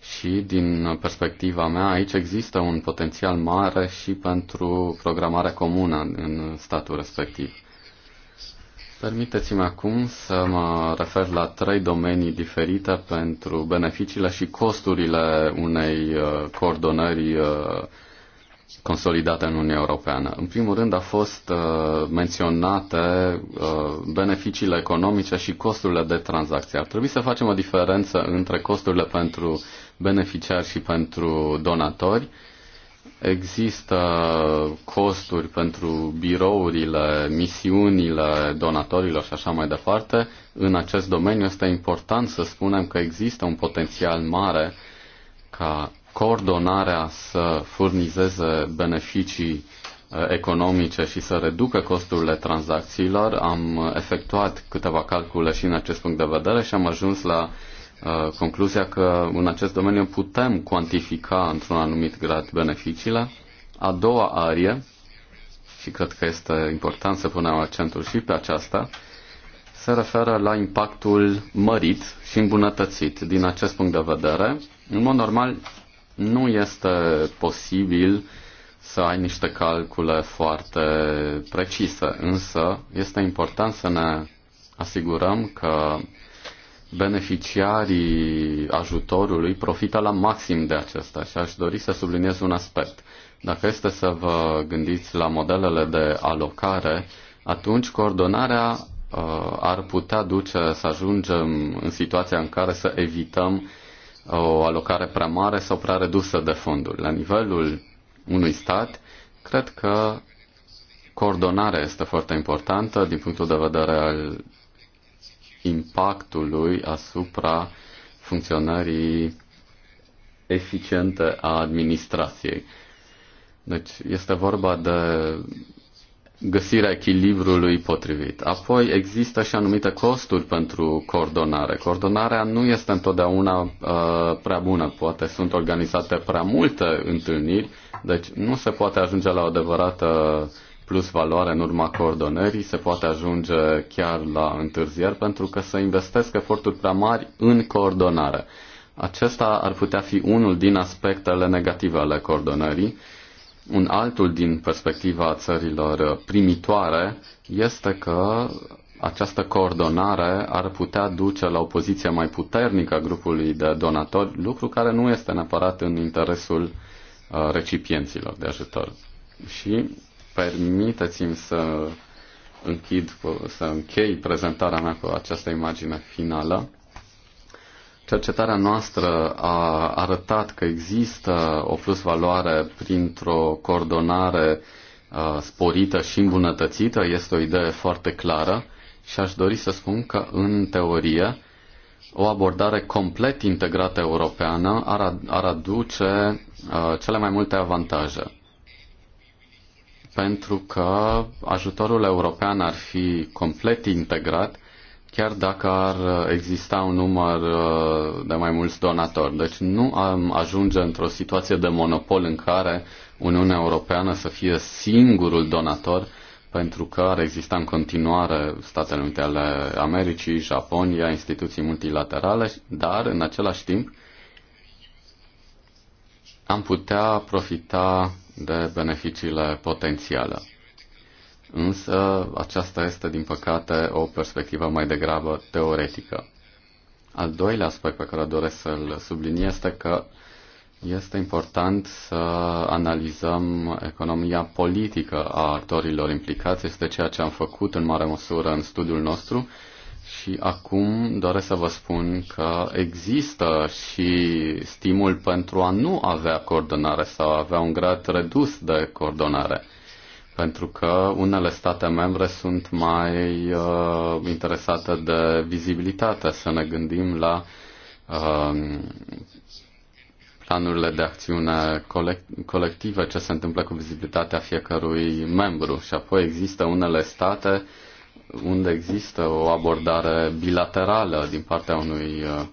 și din perspectiva mea aici există un potențial mare și pentru programarea comună în statul respectiv. Permiteți-mi acum să mă refer la trei domenii diferite pentru beneficiile și costurile unei uh, coordonări uh, consolidată în Uniunea Europeană. În primul rând a fost uh, menționate uh, beneficiile economice și costurile de tranzacție. Ar trebui să facem o diferență între costurile pentru beneficiari și pentru donatori. Există costuri pentru birourile, misiunile donatorilor și așa mai departe. În acest domeniu este important să spunem că există un potențial mare ca coordonarea să furnizeze beneficii eh, economice și să reducă costurile tranzacțiilor. Am efectuat câteva calcule și în acest punct de vedere și am ajuns la eh, concluzia că în acest domeniu putem cuantifica într-un anumit grad beneficiile. A doua arie, și cred că este important să punem accentul și pe aceasta, se referă la impactul mărit și îmbunătățit. Din acest punct de vedere, în mod normal, nu este posibil să ai niște calcule foarte precise, însă este important să ne asigurăm că beneficiarii ajutorului profită la maxim de acesta și aș dori să subliniez un aspect. Dacă este să vă gândiți la modelele de alocare, atunci coordonarea uh, ar putea duce să ajungem în situația în care să evităm o alocare prea mare sau prea redusă de fonduri. La nivelul unui stat, cred că coordonarea este foarte importantă din punctul de vedere al impactului asupra funcționării eficiente a administrației. Deci este vorba de găsirea echilibrului potrivit. Apoi există și anumite costuri pentru coordonare. Coordonarea nu este întotdeauna uh, prea bună, poate sunt organizate prea multe întâlniri, deci nu se poate ajunge la o adevărată plus valoare în urma coordonării, se poate ajunge chiar la întârzieri pentru că se investesc eforturi prea mari în coordonare. Acesta ar putea fi unul din aspectele negative ale coordonării un altul din perspectiva țărilor primitoare este că această coordonare ar putea duce la o poziție mai puternică a grupului de donatori, lucru care nu este neapărat în interesul uh, recipienților de ajutor. Și permiteți-mi să închid, să închei prezentarea mea cu această imagine finală. Cercetarea noastră a arătat că există o plusvaloare printr-o coordonare uh, sporită și îmbunătățită. Este o idee foarte clară și aș dori să spun că, în teorie, o abordare complet integrată europeană ar, ar aduce uh, cele mai multe avantaje. Pentru că ajutorul european ar fi complet integrat chiar dacă ar exista un număr uh, de mai mulți donatori. Deci nu am ajunge într-o situație de monopol în care Uniunea Europeană să fie singurul donator, pentru că ar exista în continuare Statele Unite ale Americii, Japonia, instituții multilaterale, dar în același timp am putea profita de beneficiile potențiale însă aceasta este, din păcate, o perspectivă mai degrabă teoretică. Al doilea aspect pe care doresc să-l subliniez este că este important să analizăm economia politică a actorilor implicați. Este ceea ce am făcut în mare măsură în studiul nostru și acum doresc să vă spun că există și stimul pentru a nu avea coordonare sau a avea un grad redus de coordonare pentru că unele state membre sunt mai uh, interesate de vizibilitate. Să ne gândim la uh, planurile de acțiune colect- colective, ce se întâmplă cu vizibilitatea fiecărui membru. Și apoi există unele state unde există o abordare bilaterală din partea unui, uh,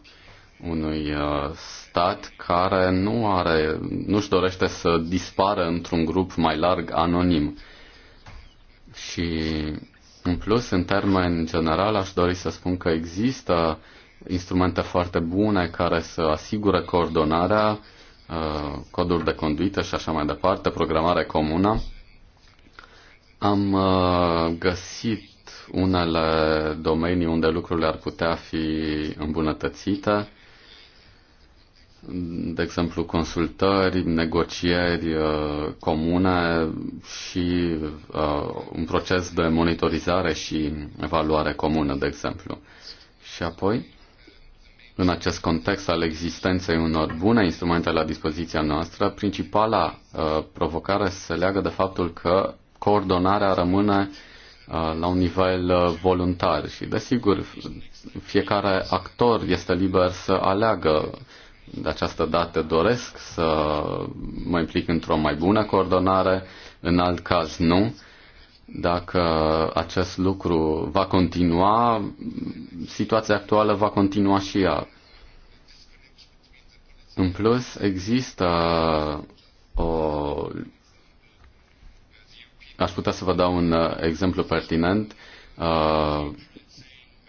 unui uh, stat care nu are, nu-și dorește să dispară într-un grup mai larg anonim. Și, în plus, în termen general, aș dori să spun că există instrumente foarte bune care să asigure coordonarea, uh, coduri de conduită și așa mai departe, programare comună. Am uh, găsit unele domenii unde lucrurile ar putea fi îmbunătățite de exemplu, consultări, negocieri uh, comune și uh, un proces de monitorizare și evaluare comună, de exemplu. Și apoi, în acest context al existenței unor bune instrumente la dispoziția noastră, principala uh, provocare se leagă de faptul că coordonarea rămâne la un nivel voluntar și, desigur, fiecare actor este liber să aleagă de această dată doresc să mă implic într-o mai bună coordonare, în alt caz nu. Dacă acest lucru va continua, situația actuală va continua și ea. În plus, există o. Aș putea să vă dau un uh, exemplu pertinent. Uh,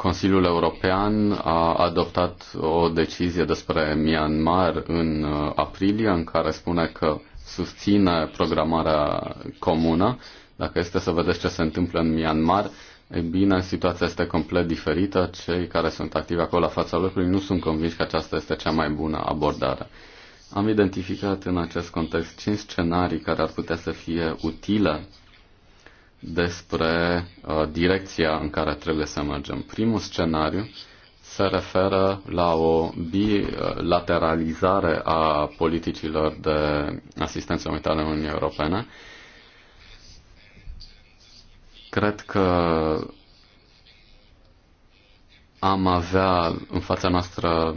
Consiliul European a adoptat o decizie despre Myanmar în uh, aprilie, în care spune că susține programarea comună. Dacă este să vedeți ce se întâmplă în Myanmar, e bine, situația este complet diferită. Cei care sunt activi acolo la fața locului nu sunt convinși că aceasta este cea mai bună abordare. Am identificat în acest context cinci scenarii care ar putea să fie utile despre uh, direcția în care trebuie să mergem. Primul scenariu se referă la o bilateralizare uh, a politicilor de asistență umanitară în Uniunea Europeană. Cred că am avea în fața noastră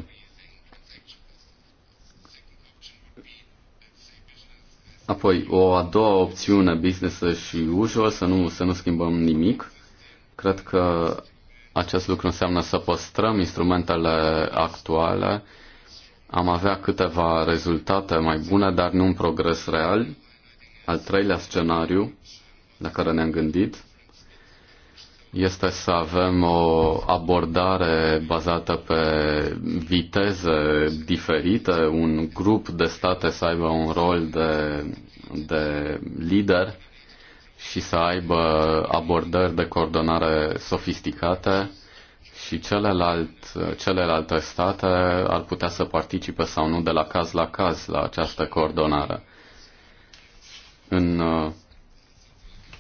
Apoi, o a doua opțiune, business și usual, să nu, să nu schimbăm nimic. Cred că acest lucru înseamnă să păstrăm instrumentele actuale. Am avea câteva rezultate mai bune, dar nu un progres real. Al treilea scenariu la care ne-am gândit este să avem o abordare bazată pe viteze diferite, un grup de state să aibă un rol de, de lider și să aibă abordări de coordonare sofisticate și celelalt, celelalte state ar putea să participe sau nu de la caz la caz la această coordonare. În uh,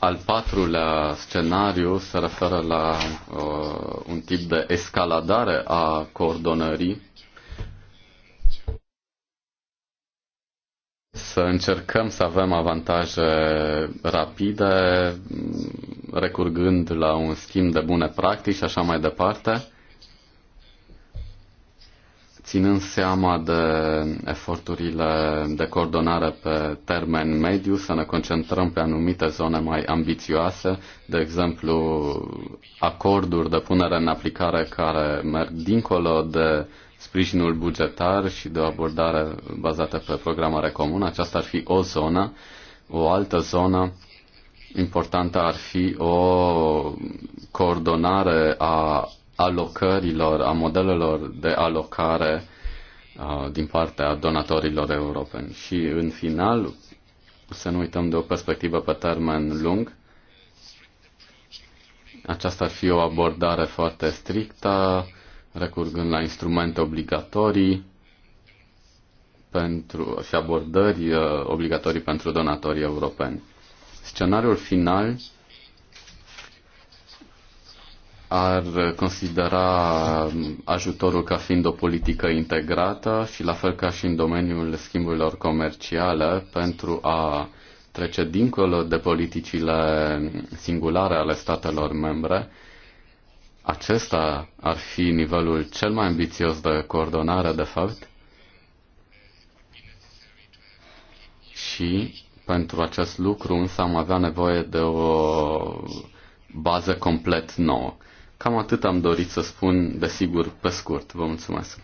al patrulea scenariu se referă la uh, un tip de escaladare a coordonării. Să încercăm să avem avantaje rapide, recurgând la un schimb de bune practici și așa mai departe ținând seama de eforturile de coordonare pe termen mediu, să ne concentrăm pe anumite zone mai ambițioase, de exemplu acorduri de punere în aplicare care merg dincolo de sprijinul bugetar și de o abordare bazată pe programare comună. Aceasta ar fi o zonă. O altă zonă importantă ar fi o coordonare a alocărilor, a modelelor de alocare din partea donatorilor europeni. Și în final, să nu uităm de o perspectivă pe termen lung, aceasta ar fi o abordare foarte strictă, recurgând la instrumente obligatorii pentru, și abordări uh, obligatorii pentru donatorii europeni. Scenariul final ar considera ajutorul ca fiind o politică integrată și la fel ca și în domeniul schimburilor comerciale pentru a trece dincolo de politicile singulare ale statelor membre. Acesta ar fi nivelul cel mai ambițios de coordonare, de fapt, și pentru acest lucru însă am avea nevoie de o bază complet nouă. Cam atât am dorit să spun, desigur, pe scurt. Vă mulțumesc.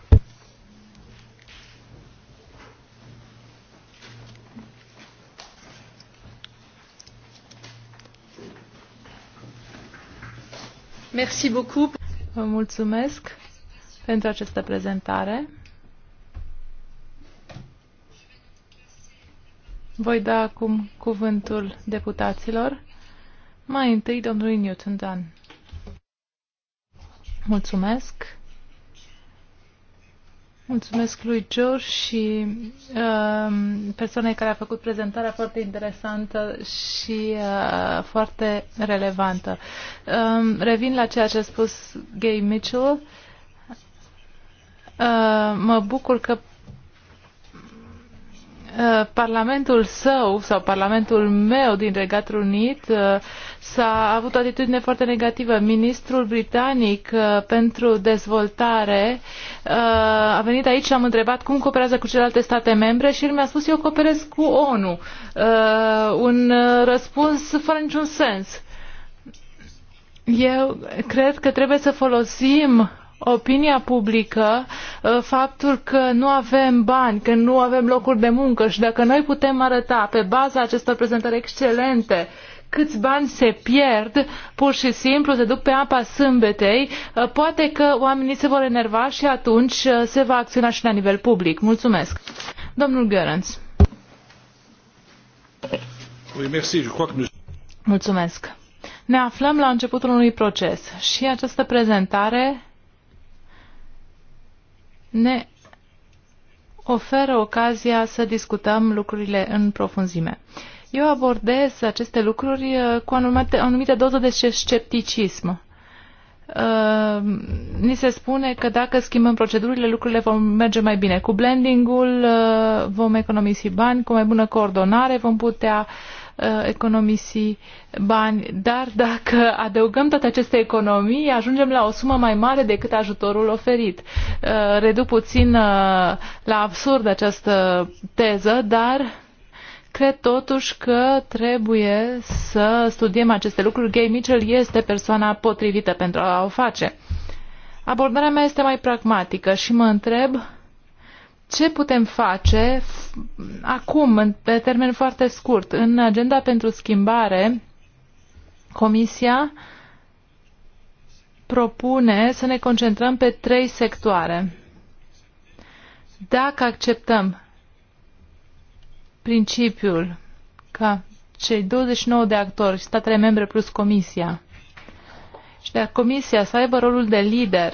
Merci beaucoup. Vă mulțumesc pentru această prezentare. Voi da acum cuvântul deputaților. Mai întâi domnului Newton Dan. Mulțumesc. Mulțumesc lui George și uh, persoanei care a făcut prezentarea foarte interesantă și uh, foarte relevantă. Uh, revin la ceea ce a spus Gay Mitchell. Uh, mă bucur că Eh, Parlamentul său sau Parlamentul meu din Regatul Unit eh, s-a avut o atitudine foarte negativă. Ministrul britanic eh, pentru dezvoltare a venit aici și am întrebat cum cooperează cu celelalte state membre și el mi-a spus eu cooperez cu ONU. Un răspuns fără niciun sens. Eu cred că trebuie să folosim opinia publică uh, faptul că nu avem bani, că nu avem locuri de muncă și dacă noi putem arăta pe baza acestor prezentări excelente câți bani se pierd, pur și simplu se duc pe apa sâmbetei, uh, poate că oamenii se vor enerva și atunci uh, se va acționa și la nivel public. Mulțumesc. Domnul Görens. Mulțumesc. Ne aflăm la începutul unui proces și această prezentare ne oferă ocazia să discutăm lucrurile în profunzime. Eu abordez aceste lucruri uh, cu anumite, anumite doză de scepticism. Uh, ni se spune că dacă schimbăm procedurile, lucrurile vor merge mai bine. Cu blending-ul uh, vom economisi bani, cu mai bună coordonare vom putea uh, Uh, economisi bani, dar dacă adăugăm toate aceste economii, ajungem la o sumă mai mare decât ajutorul oferit. Uh, reduc puțin uh, la absurd această teză, dar cred totuși că trebuie să studiem aceste lucruri. Gay Mitchell este persoana potrivită pentru a o face. Abordarea mea este mai pragmatică și mă întreb ce putem face acum, pe termen foarte scurt. În agenda pentru schimbare, Comisia propune să ne concentrăm pe trei sectoare. Dacă acceptăm principiul ca cei 29 de actori, statele membre plus Comisia, și dacă Comisia să aibă rolul de lider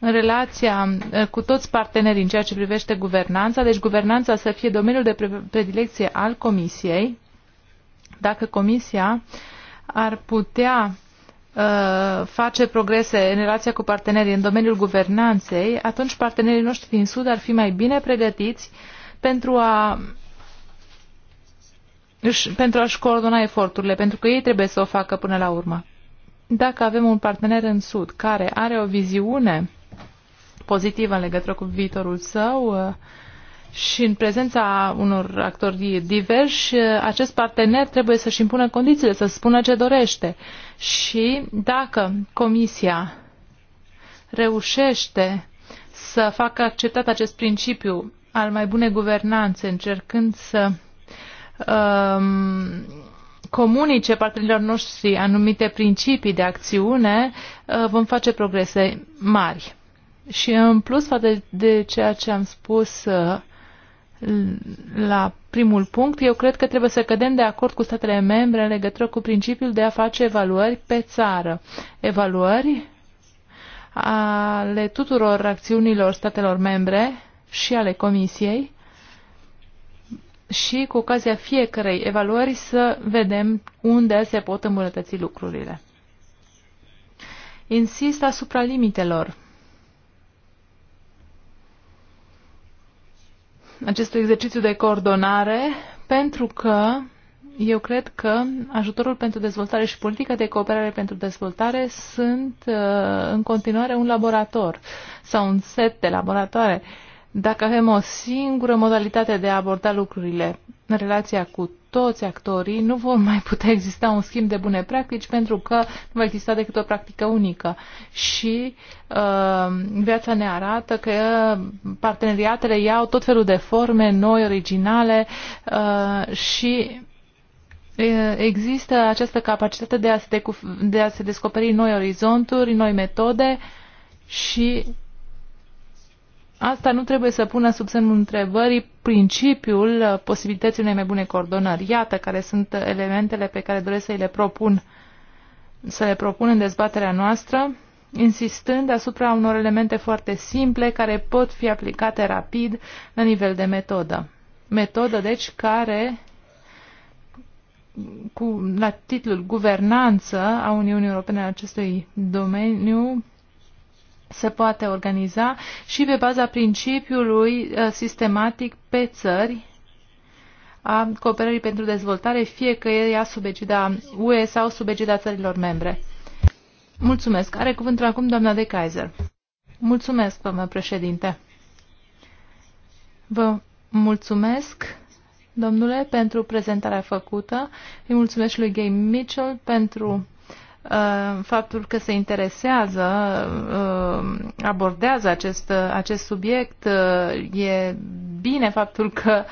în relația eh, cu toți partenerii în ceea ce privește guvernanța, deci guvernanța să fie domeniul de predilecție al Comisiei, dacă Comisia ar putea eh, face progrese în relația cu partenerii în domeniul guvernanței, atunci partenerii noștri din Sud ar fi mai bine pregătiți pentru a pentru a-și coordona eforturile, pentru că ei trebuie să o facă până la urmă. Dacă avem un partener în Sud care are o viziune pozitivă în legătură cu viitorul său uh, și în prezența unor actori diversi, uh, acest partener trebuie să-și impună condițiile, să spună ce dorește. Și dacă Comisia reușește să facă acceptat acest principiu al mai bune guvernanțe, încercând să um, comunice partenerilor noștri anumite principii de acțiune, uh, vom face progrese mari. Și în plus față de ceea ce am spus uh, la primul punct, eu cred că trebuie să cădem de acord cu statele membre în legătură cu principiul de a face evaluări pe țară. Evaluări ale tuturor acțiunilor statelor membre și ale Comisiei și cu ocazia fiecarei evaluări să vedem unde se pot îmbunătăți lucrurile. Insist asupra limitelor acest exercițiu de coordonare pentru că eu cred că ajutorul pentru dezvoltare și politica de cooperare pentru dezvoltare sunt uh, în continuare un laborator sau un set de laboratoare. Dacă avem o singură modalitate de a aborda lucrurile în relația cu toți actorii, nu vor mai putea exista un schimb de bune practici pentru că nu va exista decât o practică unică. Și uh, viața ne arată că parteneriatele iau tot felul de forme noi, originale uh, și uh, există această capacitate de a, se de a se descoperi noi orizonturi, noi metode și asta nu trebuie să pună sub semnul întrebării principiul uh, posibilității unei mai bune coordonări. Iată care sunt elementele pe care doresc să le propun, să le propun în dezbaterea noastră, insistând asupra unor elemente foarte simple care pot fi aplicate rapid la nivel de metodă. Metodă, deci, care cu, la titlul Guvernanță a Uniunii Europene în acestui domeniu se poate organiza și pe baza principiului uh, sistematic pe țări a cooperării pentru dezvoltare, fie că ea sub egida UE sau sub egida țărilor membre. Mulțumesc. Are cuvântul acum doamna de Kaiser. Mulțumesc, domnule președinte. Vă mulțumesc, domnule, pentru prezentarea făcută. Îi mulțumesc lui Gay Mitchell pentru Uh, faptul că se interesează, uh, abordează acest, uh, acest subiect. E bine faptul că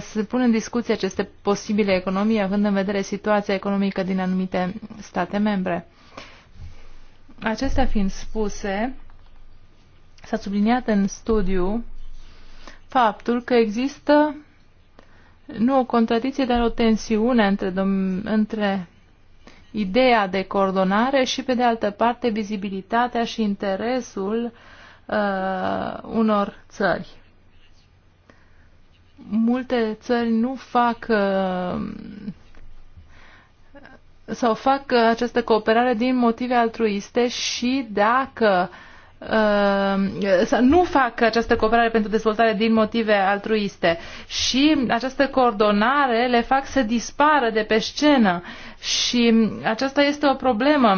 se pun în discuție aceste posibile economii, având în vedere situația economică din anumite state membre. Acestea fiind spuse, s-a subliniat în studiu faptul că există nu o contradicție, dar o tensiune între, între ideea de coordonare și, pe de altă parte, vizibilitatea și interesul uh, unor țări. Multe țări nu fac uh, sau fac uh, această cooperare din motive altruiste și dacă uh, să nu fac această cooperare pentru dezvoltare din motive altruiste și această coordonare le fac să dispară de pe scenă și aceasta este o problemă,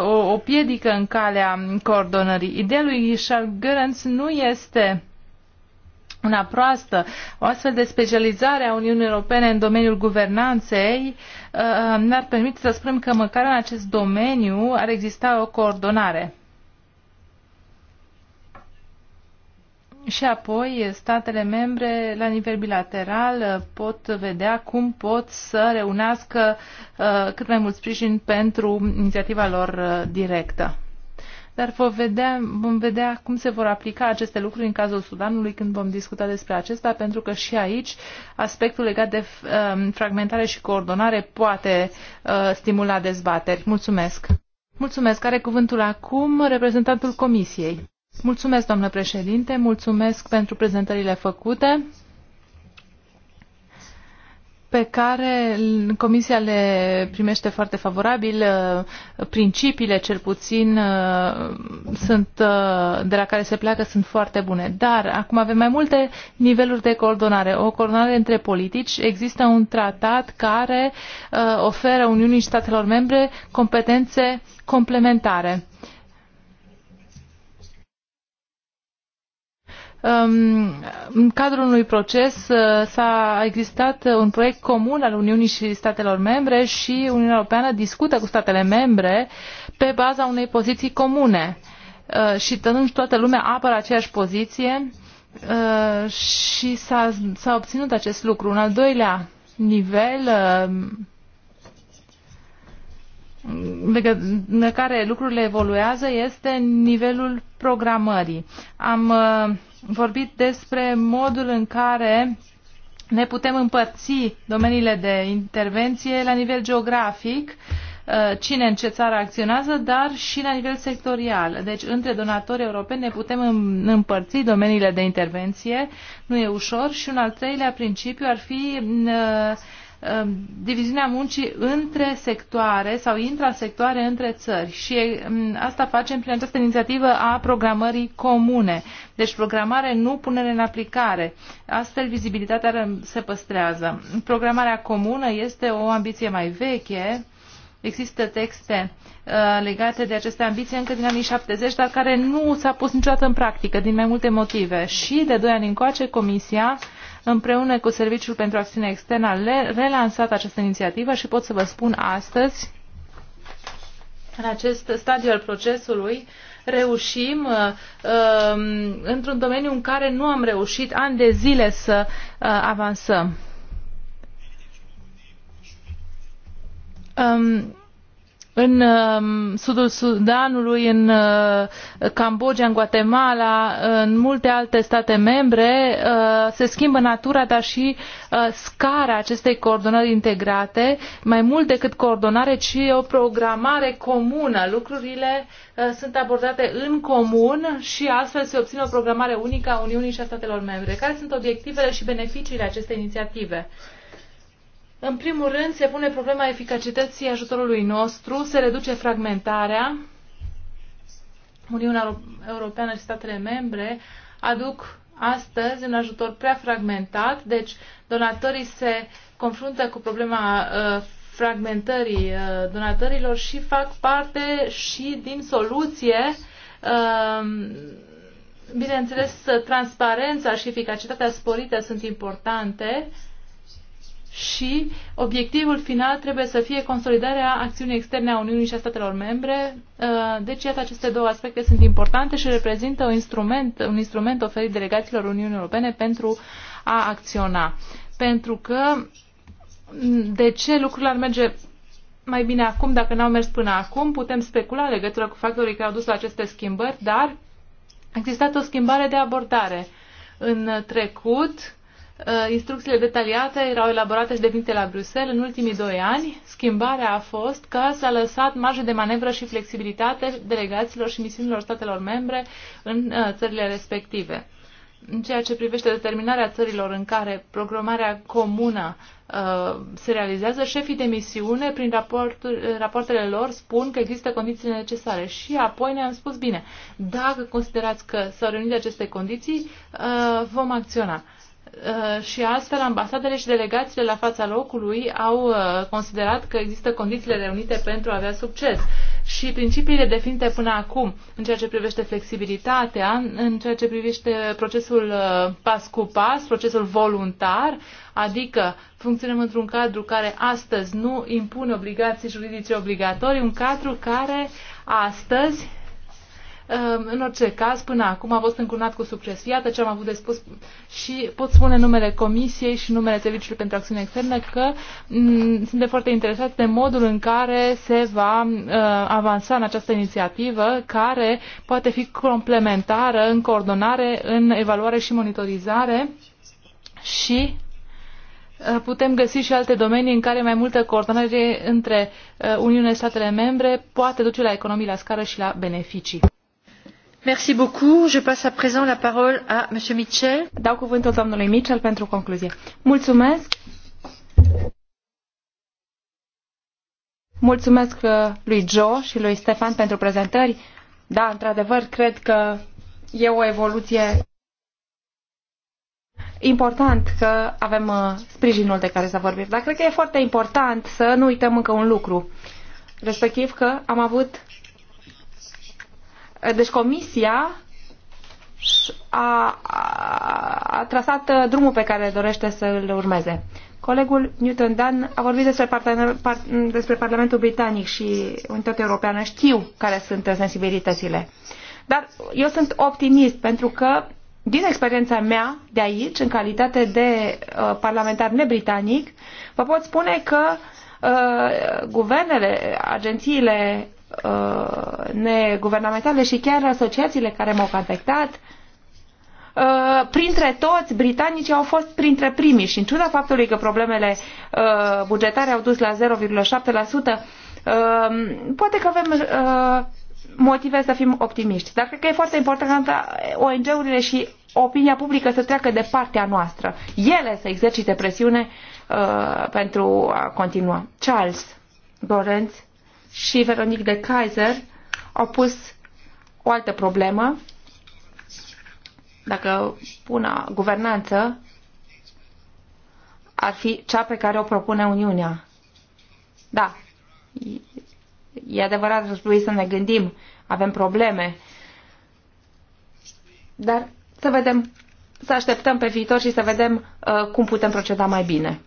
o, o piedică în calea coordonării. Ideea lui Charles Gerenț nu este una proastă. O astfel de specializare a Uniunii Europene în domeniul guvernanței uh, uh, ne-ar permite să spunem că măcar în acest domeniu ar exista o coordonare. Și apoi statele membre la nivel bilateral pot vedea cum pot să reunească uh, cât mai mult sprijin pentru inițiativa lor uh, directă. Dar vom vedea, vom vedea cum se vor aplica aceste lucruri în cazul Sudanului când vom discuta despre acesta, pentru că și aici aspectul legat de um, fragmentare și coordonare poate uh, stimula dezbateri. Mulțumesc! Mulțumesc! Are cuvântul acum reprezentantul Comisiei. Mulțumesc, domnule președinte, mulțumesc pentru prezentările făcute pe care Comisia le primește foarte favorabil. Principiile, cel puțin, sunt, de la care se pleacă sunt foarte bune. Dar acum avem mai multe niveluri de coordonare. O coordonare între politici. Există un tratat care uh, oferă Uniunii și statelor membre competențe complementare. în cadrul unui proces uh, s-a existat un proiect comun al Uniunii și statelor membre și Uniunea Europeană discută cu statele membre pe baza unei poziții comune. Uh, și atunci toată lumea apără aceeași poziție uh, și s-a obținut acest lucru. Un al doilea nivel Adică, în care lucrurile evoluează este nivelul programării. Am uh, vorbit despre modul în care ne putem împărți domeniile de intervenție la nivel geografic, uh, cine în ce țară acționează, dar și la nivel sectorial. Deci, între donatori europeni ne putem împărți domeniile de intervenție, nu e ușor. Și un al treilea principiu ar fi uh, Um, diviziunea muncii între sectoare sau intrasectoare între țări și um, asta facem prin această inițiativă a programării comune. Deci programare, nu punere în aplicare. Astfel vizibilitatea se păstrează. Programarea comună este o ambiție mai veche. Există texte uh, legate de aceste ambiții încă din anii 70, dar care nu s-a pus niciodată în practică, din mai multe motive. Și de doi ani încoace, Comisia uh, împreună cu Serviciul pentru Acțiune Externă a relansat această inițiativă și pot să vă spun astăzi, în acest stadiu al procesului, reușim uh, um, într-un domeniu în care nu am reușit ani de zile să uh, avansăm. Um, în um, sudul Sudanului, în uh, Cambodgia, în Guatemala, în multe alte state membre, uh, se schimbă natura, dar și uh, scara acestei coordonări integrate, mai mult decât coordonare, ci o programare comună. Lucrurile sunt abordate în comun și astfel se obține o programare unică a Uniunii și a statelor membre. Care sunt obiectivele și beneficiile acestei inițiative? În primul rând, se pune problema eficacității ajutorului nostru, se reduce fragmentarea. Uniunea Europeană și statele membre aduc astăzi un ajutor prea fragmentat, deci donatorii se confruntă cu problema uh, fragmentării uh, donatorilor și fac parte și din soluție. Uh, bineînțeles, transparența și eficacitatea sporită sunt importante. Uh, și obiectivul final trebuie să fie consolidarea acțiunii externe a Uniunii și a statelor membre. Uh, deci, iată, aceste două aspecte sunt importante și reprezintă un instrument, un instrument oferit delegaților Uniunii Europene pentru a acționa. Pentru că de ce lucrurile ar merge mai bine acum dacă n-au mers până acum, putem specula legătură cu factorii care au dus la aceste schimbări, dar a existat o schimbare de abordare. În trecut, Uh, instrucțiile detaliate erau elaborate și definite la Bruxelles în ultimii doi ani. Schimbarea a fost că s-a lăsat marge de manevră și flexibilitate delegațiilor și misiunilor statelor membre în uh, țările respective. În ceea ce privește determinarea țărilor în care programarea comună uh, se realizează, șefii de misiune, prin rapoartele lor, spun că există condițiile necesare. Și apoi ne-am spus, bine, dacă considerați că s-au reunit aceste condiții, vom acționa. Uh, și astfel ambasadele și delegațiile la fața locului au uh, considerat că există condițiile reunite pentru a avea succes. Și principiile definite până acum, în ceea ce privește flexibilitatea, în ceea ce privește procesul uh, pas cu pas, procesul voluntar, adică funcționăm într-un cadru care astăzi nu impune obligații juridice obligatorii, un cadru care astăzi Ehm, în orice caz, până acum a fost încurnat cu succes. Iată ce am avut de spus și pot spune numele Comisiei și numele Serviciului pentru Acțiune Externă că mm, suntem foarte interesat de modul în care se va eh, avansa în această inițiativă care poate fi complementară în coordonare, în evaluare și monitorizare și eh, putem găsi și alte domenii în care mai multă coordonare între eh, Uniune și statele membre poate duce la economii la scară și la beneficii. Mulțumesc. Mulțumesc uh, lui Joe și lui Stefan pentru prezentări. Da, într-adevăr, cred că e o evoluție important că avem uh, sprijinul de care s-a vorbit, dar cred că e foarte important să nu uităm încă un lucru, respectiv că am avut deci comisia a, a, a trasat uh, drumul pe care dorește să îl urmeze. Colegul Newton Dan a vorbit despre, partener, par, despre Parlamentul Britanic și Unitatea Europeană. Știu care sunt uh, sensibilitățile. Dar eu sunt optimist pentru că din experiența mea de aici, în calitate de uh, parlamentar nebritanic, vă pot spune că uh, guvernele, agențiile Uh, neguvernamentale și chiar asociațiile care m-au contactat uh, printre toți, britanicii au fost printre primii și în ciuda faptului că problemele uh, bugetare au dus la 0,7%, poate că avem motive să fim optimiști. Dar cred că e foarte important ca ONG-urile și opinia publică să treacă de partea noastră. Ele să exercite presiune pentru a continua. Charles Gorenz și Veronique de Kaiser au pus o altă problemă. Dacă una guvernanță ar fi cea pe care o propune Uniunea. Da, e adevărat, ar trebui să ne gândim, avem probleme. Dar să vedem, să așteptăm pe viitor și să vedem uh, cum putem proceda mai bine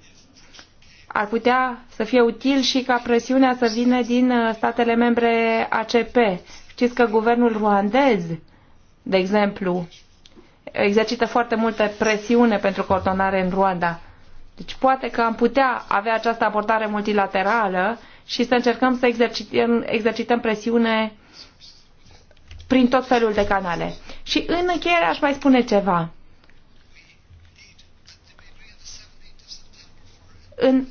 ar putea să fie util și ca presiunea să vină din uh, statele membre ACP. Știți că guvernul ruandez, de exemplu, exercită foarte multă presiune pentru coordonare în Ruanda. Deci poate că am putea avea această abordare multilaterală și să încercăm să exercităm, exercităm presiune prin tot felul de canale. Și în încheiere aș mai spune ceva. În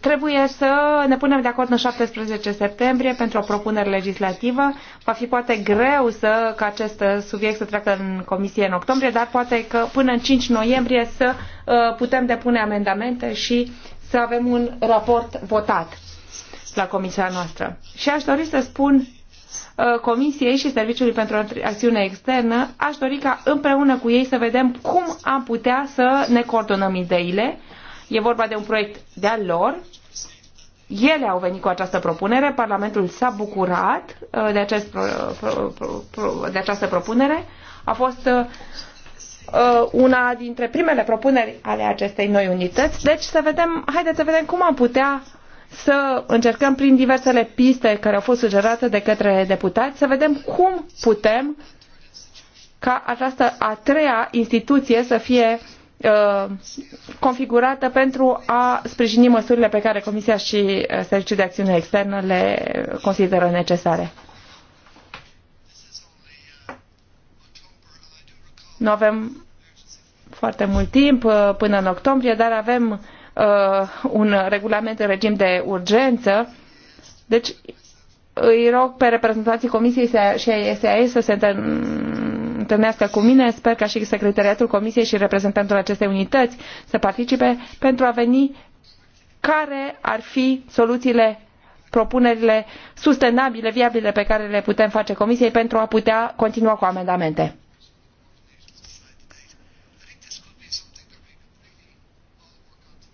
Trebuie să ne punem de acord în 17 septembrie pentru o propunere legislativă. Va fi poate greu să, ca acest subiect să treacă în comisie în octombrie, dar poate că până în 5 noiembrie să uh, putem depune amendamente și să avem un raport votat la comisia noastră. Și aș dori să spun uh, Comisiei și Serviciului pentru Acțiune Externă, aș dori ca împreună cu ei să vedem cum am putea să ne coordonăm ideile E vorba de un proiect de-al lor. Ele au venit cu această propunere, Parlamentul s-a bucurat uh, de, acest pro, pro, pro, de această propunere. A fost uh, uh, una dintre primele propuneri ale acestei noi unități. Deci să vedem, haideți să vedem cum am putea să încercăm prin diversele piste care au fost sugerate de către deputați, să vedem cum putem ca această a treia instituție să fie Uh, configurată pentru a sprijini măsurile pe care Comisia și uh, Serviciul de Acțiune Externă le consideră necesare. Nu avem foarte mult timp uh, până în octombrie, dar avem uh, un regulament în regim de urgență. Deci îi rog pe reprezentanții Comisiei și a SAE să se întâlnească cu mine. Sper ca și secretariatul Comisiei și reprezentantul acestei unități să participe pentru a veni care ar fi soluțiile propunerile sustenabile, viabile pe care le putem face Comisiei pentru a putea continua cu amendamente.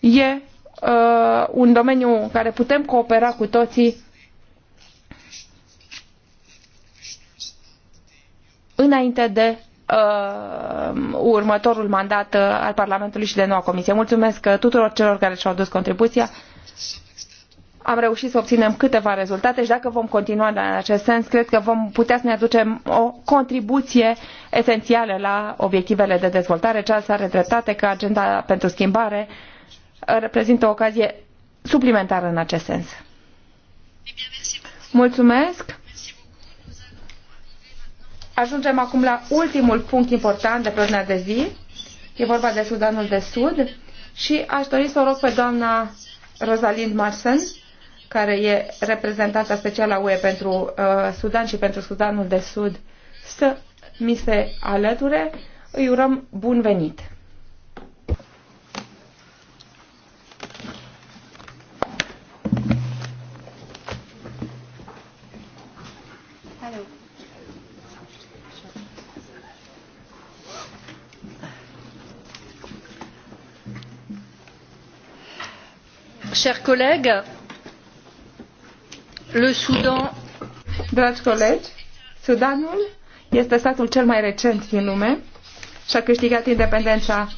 E uh, un domeniu în care putem coopera cu toții înainte de uh, următorul mandat uh, al Parlamentului și de noua Comisie. Mulțumesc uh, tuturor celor care și-au dus contribuția. Am reușit să obținem câteva rezultate și dacă vom continua în acest sens, cred că vom putea să ne aducem o contribuție esențială la obiectivele de dezvoltare. Cealaltă are dreptate că agenda pentru schimbare uh, reprezintă o ocazie suplimentară în acest sens. Mulțumesc! Ajungem acum la ultimul punct important de pe de zi. E vorba de Sudanul de Sud și aș dori să o rog pe doamna Rosalind Marsen, care e reprezentanta specială a UE pentru uh, Sudan și pentru Sudanul de Sud, să mi se alăture. Îi urăm bun venit! chers collègues, le Soudan. Dragi colegi, Sudanul este statul cel mai recent din lume și a câștigat independența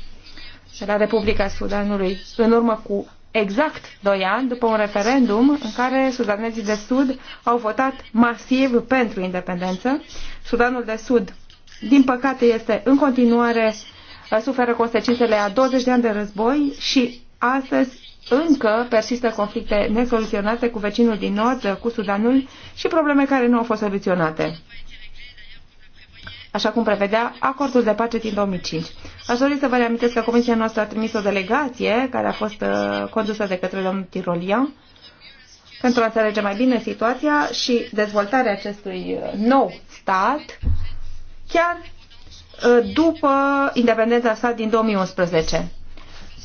de la Republica Sudanului în urmă cu exact doi ani după un referendum în care sudanezii de sud au votat masiv pentru independență. Sudanul de Sud, din păcate, este în continuare suferă consecințele a 20 de ani de război și astăzi încă persistă conflicte nesoluționate cu vecinul din nord, cu Sudanul și probleme care nu au fost soluționate așa cum prevedea acordul de pace din 2005. Aș dori să vă reamintesc că comisia noastră a trimis o delegație care a fost uh, condusă de către domnul Tirolian pentru a înțelege mai bine situația și dezvoltarea acestui uh, nou stat chiar uh, după independența sa din 2011.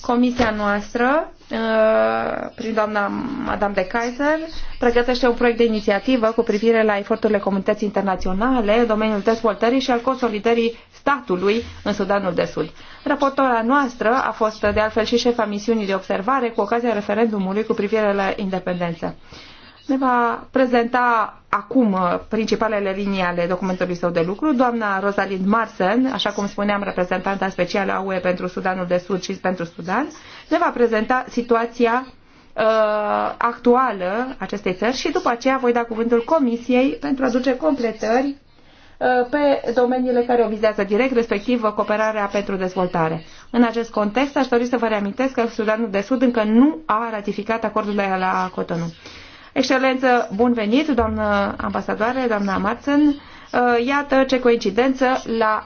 Comisia noastră, uh, prin doamna Madame de Kaiser, pregătește un proiect de inițiativă cu privire la eforturile comunității internaționale în domeniul dezvoltării și al consolidării statului în Sudanul de Sud. Raportora noastră a fost de altfel și șefa misiunii de observare cu ocazia referendumului cu privire la independență ne va prezenta acum uh, principalele linii ale documentului său de lucru. Doamna Rosalind Marsen, așa cum spuneam, reprezentanta specială a UE pentru Sudanul de Sud și pentru Sudan, ne va prezenta situația uh, actuală acestei țări și după aceea voi da cuvântul Comisiei pentru a duce completări uh, pe domeniile care o vizează direct, respectiv cooperarea pentru dezvoltare. În acest context, aș dori să vă reamintesc că Sudanul de Sud încă nu a ratificat acordul de la Cotonou. Excelență, bun venit, doamnă ambasadoare, doamna Matson. Uh, iată ce coincidență, la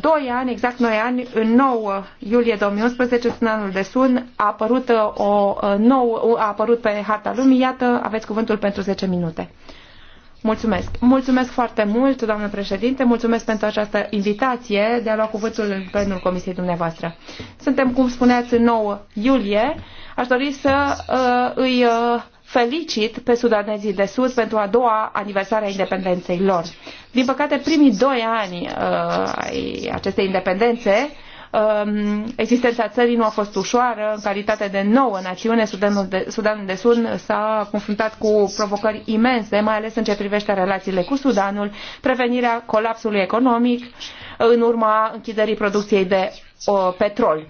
2 uh, ani, exact 9 ani, în 9 iulie 2011, în anul de sun, a apărut, uh, o, nou, a apărut pe harta lumii. Iată, aveți cuvântul pentru 10 minute. Mulțumesc. Mulțumesc foarte mult, doamnă președinte. Mulțumesc pentru această invitație de a lua cuvântul în plenul comisiei dumneavoastră. Suntem, cum spuneați, în 9 iulie. Aș dori să uh, îi uh, felicit pe sudanezii de sud pentru a doua aniversare a independenței lor. Din păcate, primii doi ani uh, ai acestei independențe, um, existența țării nu a fost ușoară. În calitate de nouă națiune, Sudanul de, Sudanul de Sud s-a confruntat cu provocări imense, mai ales în ce privește relațiile cu Sudanul, prevenirea colapsului economic în urma închiderii producției de uh, petrol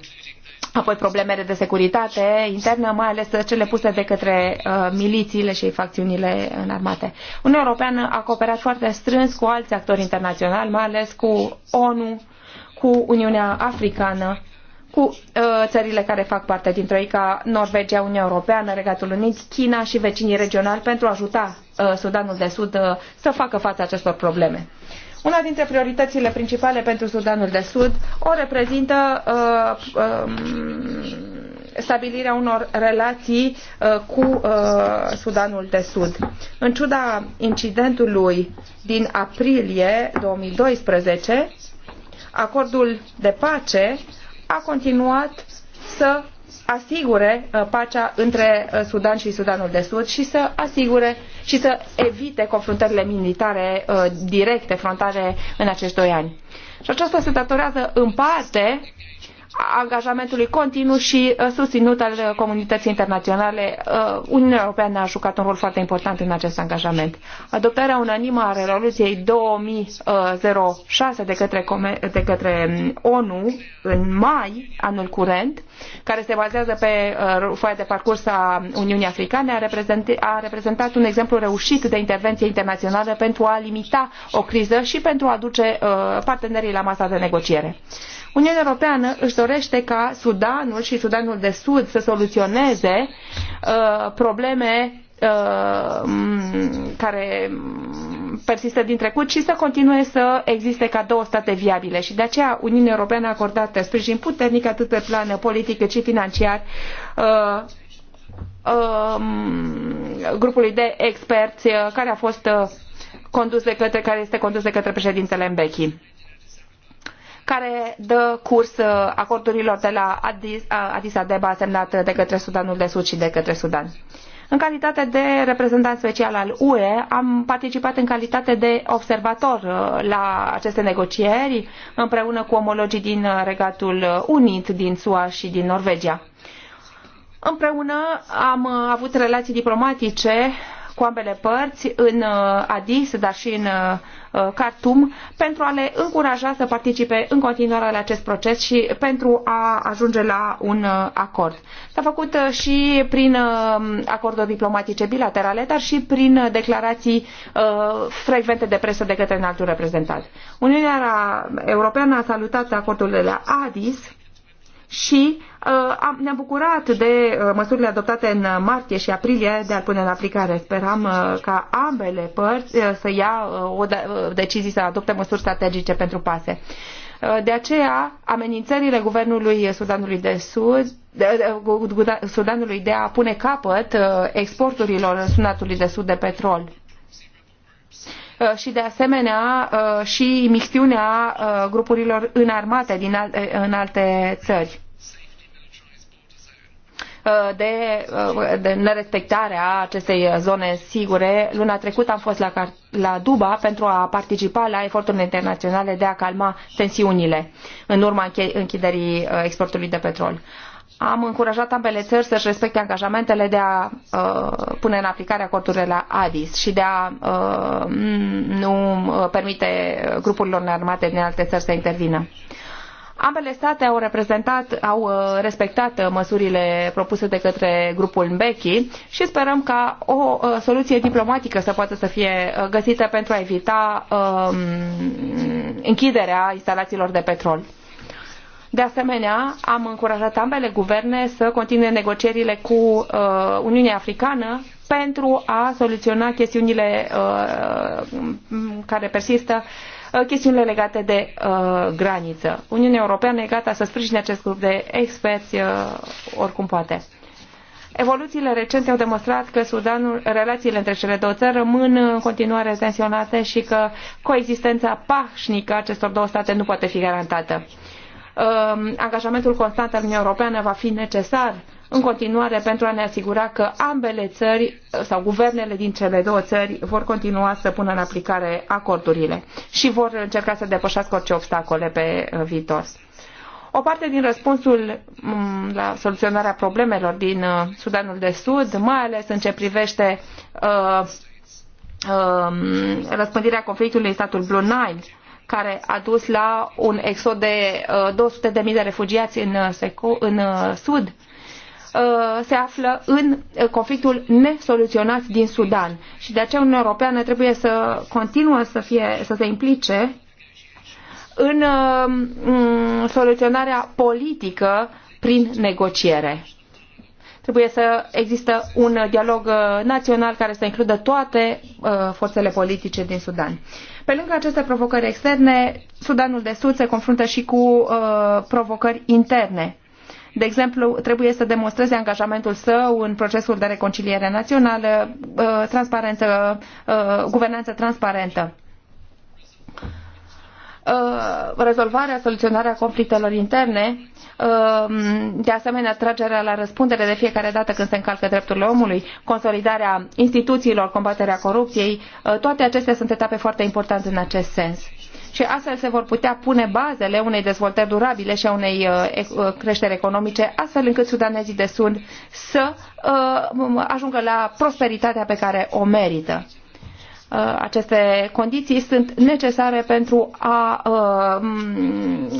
Apoi problemele de securitate internă, mai ales cele puse de către uh, milițiile și facțiunile înarmate. Uniunea Europeană a cooperat foarte strâns cu alți actori internaționali, mai ales cu ONU, cu Uniunea Africană, cu uh, țările care fac parte din Troica, Norvegia, Uniunea Europeană, Regatul Unit, China și vecinii regionali pentru a ajuta uh, Sudanul de Sud uh, să facă față acestor probleme. Una dintre prioritățile principale pentru Sudanul de Sud o reprezintă uh, uh, stabilirea unor relații uh, cu uh, Sudanul de Sud. În ciuda incidentului din aprilie 2012, acordul de pace a continuat să asigure uh, pacea între uh, Sudan și Sudanul de Sud și să asigure și să evite confruntările militare uh, directe, frontale în acești doi ani. Și aceasta se datorează în parte angajamentului continuu și uh, susținut al uh, comunității internaționale. Uh, Uniunea Europeană a jucat un rol foarte important în acest angajament. Adoptarea unanimă a rezoluției 2006 de către, de către um, ONU în mai anul curent, care se bazează pe foaia de parcurs a Uniunii Africane, a, reprezent, a reprezentat un exemplu reușit de intervenție internațională pentru a limita o criză și pentru a aduce partenerii la masa de negociere. Uniunea Europeană își dorește ca Sudanul și Sudanul de Sud să soluționeze uh, probleme uh, care persistă din trecut și să continue să existe ca două state viabile. Și de aceea Uniunea Europeană a acordat sprijin puternic atât pe plan politic cât și financiar uh, uh, grupului de experți care a fost condus de către, care este condus de către președintele Mbeki care dă curs uh, acordurilor de la uh, Addis, Abeba semnat de către Sudanul de Sud și de către Sudan. În calitate de reprezentant special al UE, am participat în calitate de observator uh, la aceste negocieri, împreună cu omologii din Regatul Unit, din SUA și din Norvegia. Împreună am avut relații diplomatice cu ambele părți în uh, Addis, dar și în uh, uh, Khartoum, pentru a le încuraja să participe în continuare la acest proces și pentru a ajunge la un acord. S-a făcut și prin acorduri diplomatice bilaterale, dar și prin declarații frecvente de presă de către înaltul reprezentant. Uniunea Europeană a salutat acordul de la Addis, și uh, ne-am bucurat de uh, măsurile adoptate în martie și aprilie de a pune în aplicare. Speram uh, ca ambele părți uh, să ia uh, o de- uh, decizie să adopte măsuri strategice pentru pase. Uh, de aceea, amenințările guvernului Sudanului de Sud uh, Sudanului de a pune capăt exporturilor Sudanului de Sud de petrol Uh, și de asemenea uh, și misiunea uh, grupurilor înarmate din în alte țări de, de nerespectarea acestei zone sigure. Luna trecută am fost la, la Duba pentru a participa la eforturile internaționale de a calma tensiunile în urma închiderii exportului de petrol am încurajat ambele țări să-și respecte angajamentele de a uh, pune în aplicare acordurile la ADIS și de a uh, nu uh, permite grupurilor armate din alte țări să intervină. Ambele state au, reprezentat, au uh, respectat uh, măsurile propuse de către grupul Mbeki și sperăm ca o soluție diplomatică să poată să fie găsită pentru a evita um, închiderea instalațiilor de petrol. De asemenea, am încurajat ambele guverne să continue negocierile cu uh, Uniunea Africană pentru a soluționa chestiunile uh, care persistă uh, chestiunile legate de uh, graniță. Uniunea Europeană e gata să sprijine acest grup de experți uh, oricum poate. Evoluțiile recente au demonstrat că Sudanul, relațiile între cele două țări rămân în continuare tensionate și că coexistența pașnică a acestor două state nu poate fi garantată. Um, angajamentul constant al Uniunii Europene va fi necesar în continuare pentru a ne asigura că ambele țări sau guvernele din cele două țări vor continua să pună în aplicare acordurile și vor încerca să depășească orice obstacole pe uh, viitor. O parte din răspunsul um, la soluționarea problemelor din uh, Sudanul de Sud, mai ales în ce privește uh, uh, răspândirea conflictului în statul Blue Nile, care a dus la un exod de 200.000 uh, de refugiați în, uh, secu, în uh, Sud, se află în conflictul nesoluționat din Sudan. Și de aceea Uniunea Europeană trebuie să continuă să, fie, să se implice în soluționarea politică prin negociere. Trebuie să există un dialog uh, național care să includă toate uh, forțele politice din Sudan. Pe lângă aceste provocări externe, Sudanul de Sud se confruntă și cu uh, provocări interne. De exemplu, trebuie să demonstreze angajamentul său în procesul de reconciliere națională, transparență, guvernanță transparentă Uh, rezolvarea, soluționarea conflictelor interne, uh, de asemenea tragerea la răspundere de fiecare dată când se încalcă drepturile omului, consolidarea instituțiilor, combaterea corupției, uh, toate acestea sunt etape foarte importante în acest sens. Și astfel se vor putea pune bazele unei dezvoltări durabile și a unei creșteri economice, astfel încât sudanezii de sud să ajungă la prosperitatea pe care o merită Uh, aceste condiții sunt necesare pentru a uh,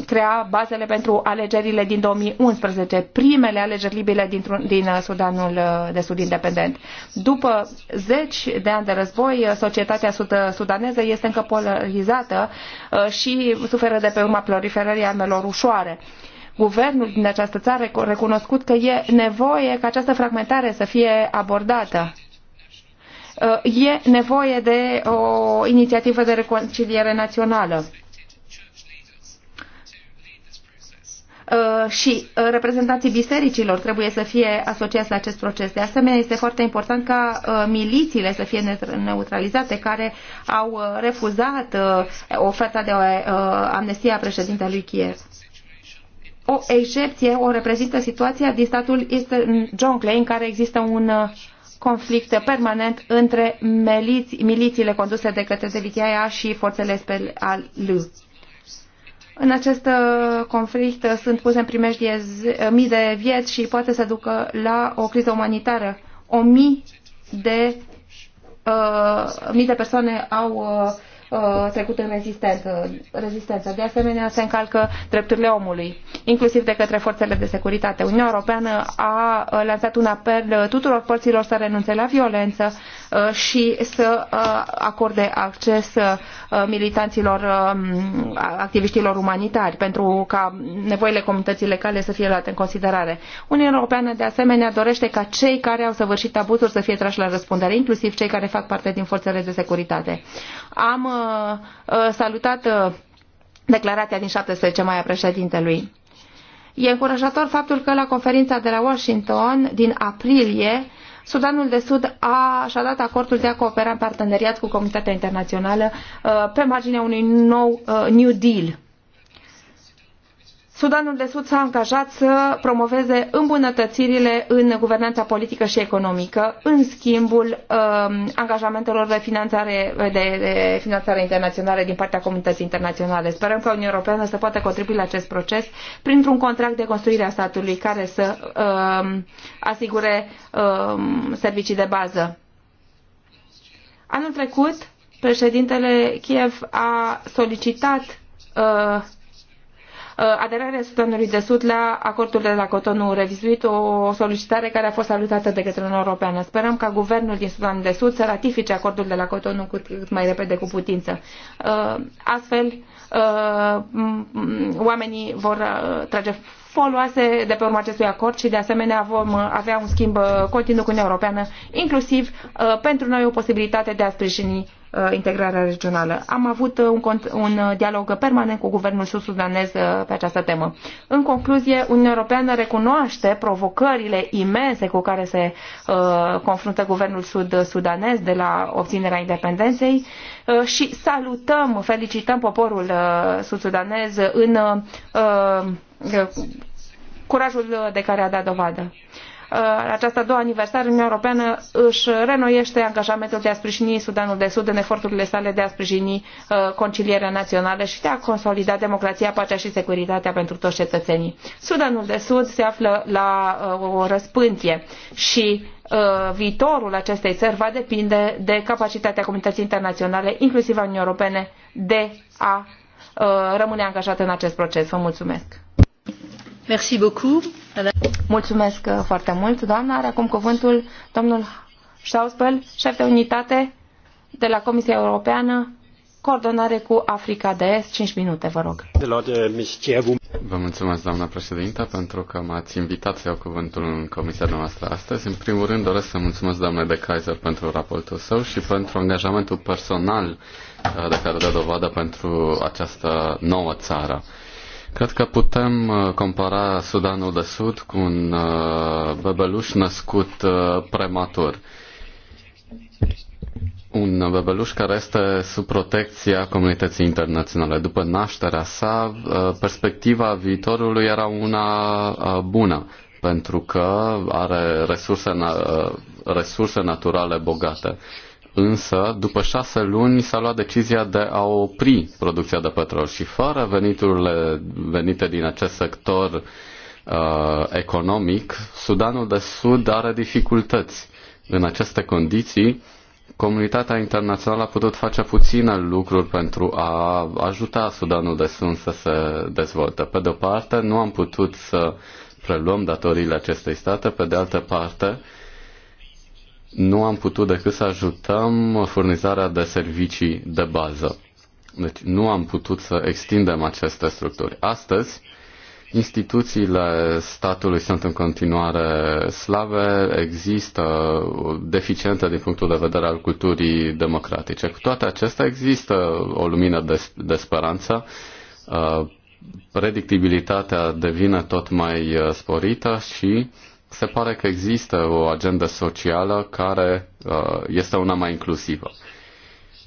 crea bazele pentru alegerile din 2011, primele alegeri libere din, din uh, Sudanul de Sud independent. După zeci de ani de război, societatea sudaneză este încă polarizată și suferă de pe urma proliferării armelor ușoare guvernul din această țară a recunoscut că e nevoie ca această fragmentare să fie abordată. Uh, e nevoie de o inițiativă de reconciliere națională. Uh, și uh, reprezentanții bisericilor trebuie să fie asociați la acest proces. De asemenea, este foarte important ca milițiile să fie neutralizate, care au refuzat oferta de amnestie a președintelui Kiev. O excepție o reprezintă situația din statul Eastern Clay, în care există un uh, conflict permanent între miliți, milițiile conduse de către Zelitiaia și forțele speciale În acest uh, conflict uh, sunt puse în primejdie uh, mii de vieți și poate să ducă la o criză umanitară. O mii de, uh, mii de persoane au uh, Uh, trecut în rezistență. rezistență. De asemenea, se încalcă drepturile omului, inclusiv de către forțele de securitate. Uniunea Europeană a lansat un apel tuturor părților să renunțe la violență, Uh, și să uh, acorde acces uh, militanților, um, activiștilor umanitari, pentru ca nevoile comunității locale să fie luate în considerare. Uniunea Europeană, de asemenea, dorește ca cei care au săvârșit abuzuri să fie trași la răspundere, inclusiv cei care fac parte din forțele de securitate. Am salutat declarația din 17 mai a președintelui. E încurajator faptul că la conferința de la Washington din aprilie Sudanul de Sud a, și-a dat acordul de a coopera în parteneriat cu comunitatea internațională uh, pe marginea unui nou uh, New Deal Sudanul de Sud s-a angajat să promoveze îmbunătățirile în guvernanța politică și economică, în schimbul um, angajamentelor de finanțare, de, de finanțare din partea comunității internaționale. Sperăm că Uniunea Europeană să poată contribui la acest proces printr-un contract de construire a statului care să um, asigure um, servicii de bază. Anul trecut, președintele Kiev a solicitat uh, Uh, aderarea Sudanului de Sud la acordul de la Cotonou revizuit, o solicitare care a fost salutată de către Uniunea Europeană. Sperăm ca guvernul din Sudan de Sud să ratifice acordul de la Cotonou cât mai repede cu putință. Uh, astfel, uh, oamenii vor trage foloase de pe urma acestui acord și de asemenea vom avea un schimb uh, continuu cu Uniunea Europeană, inclusiv uh, pentru noi o posibilitate de a sprijini uh, integrarea regională. Am avut un, un dialog permanent cu guvernul sud-sudanez pe această temă. În concluzie, Uniunea Europeană recunoaște provocările imense cu care se uh, confruntă guvernul sud-sudanez de la obținerea independenței uh, și salutăm, felicităm poporul uh, sud-sudanez în uh, curajul de care a dat dovadă. La uh, această a doua aniversare, Uniunea Europeană își renoiește angajamentul de a sprijini Sudanul de Sud în eforturile sale de a sprijini uh, concilierea națională și de a consolida democrația, pacea și securitatea pentru toți cetățenii. Sudanul de Sud se află la uh, o răspântie și viitorul acestei țări va depinde de capacitatea comunității internaționale, inclusiv a Uniunii Europene, de a rămâne angajată în acest proces. Vă mulțumesc! Mulțumesc uh, foarte mult, doamna. Are acum cuvântul domnul Schauspel, șef de unitate de la Comisia Europeană, coordonare cu Africa de Est. 5 minute, vă rog. Vă mulțumesc, doamna președintă, pentru că m-ați invitat să iau cuvântul în comisia noastră astăzi. În primul rând doresc să mulțumesc doamnei de Kaiser pentru raportul său și pentru angajamentul personal uh, de care dă dovadă pentru această nouă țară. Cred că putem uh, compara Sudanul de Sud cu un uh, bebeluș născut uh, prematur. Un bebeluș care este sub protecția comunității internaționale. După nașterea sa, perspectiva viitorului era una bună, pentru că are resurse, resurse naturale bogate însă după șase luni s-a luat decizia de a opri producția de petrol și fără veniturile venite din acest sector uh, economic, Sudanul de Sud are dificultăți. În aceste condiții, comunitatea internațională a putut face puține lucruri pentru a ajuta Sudanul de Sud să se dezvolte. Pe de o parte, nu am putut să preluăm datoriile acestei state, pe de altă parte, nu am putut decât să ajutăm furnizarea de servicii de bază. Deci nu am putut să extindem aceste structuri. Astăzi, instituțiile statului sunt în continuare slabe, există deficiente din punctul de vedere al culturii democratice. Cu toate acestea există o lumină de, de speranță, uh, predictibilitatea devine tot mai uh, sporită și se pare că există o agendă socială care uh, este una mai inclusivă.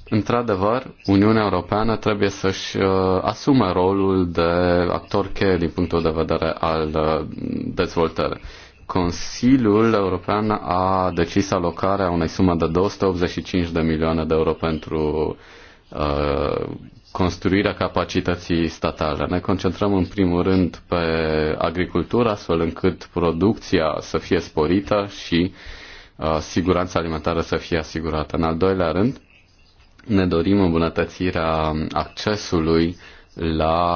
Într-adevăr, Uniunea Europeană trebuie să-și uh, asume rolul de actor cheie din punctul de vedere al uh, dezvoltării. Consiliul European a decis alocarea unei sume de 285 de milioane de euro pentru construirea capacității statale. Ne concentrăm în primul rând pe agricultură, astfel încât producția să fie sporită și uh, siguranța alimentară să fie asigurată. În al doilea rând, ne dorim îmbunătățirea accesului la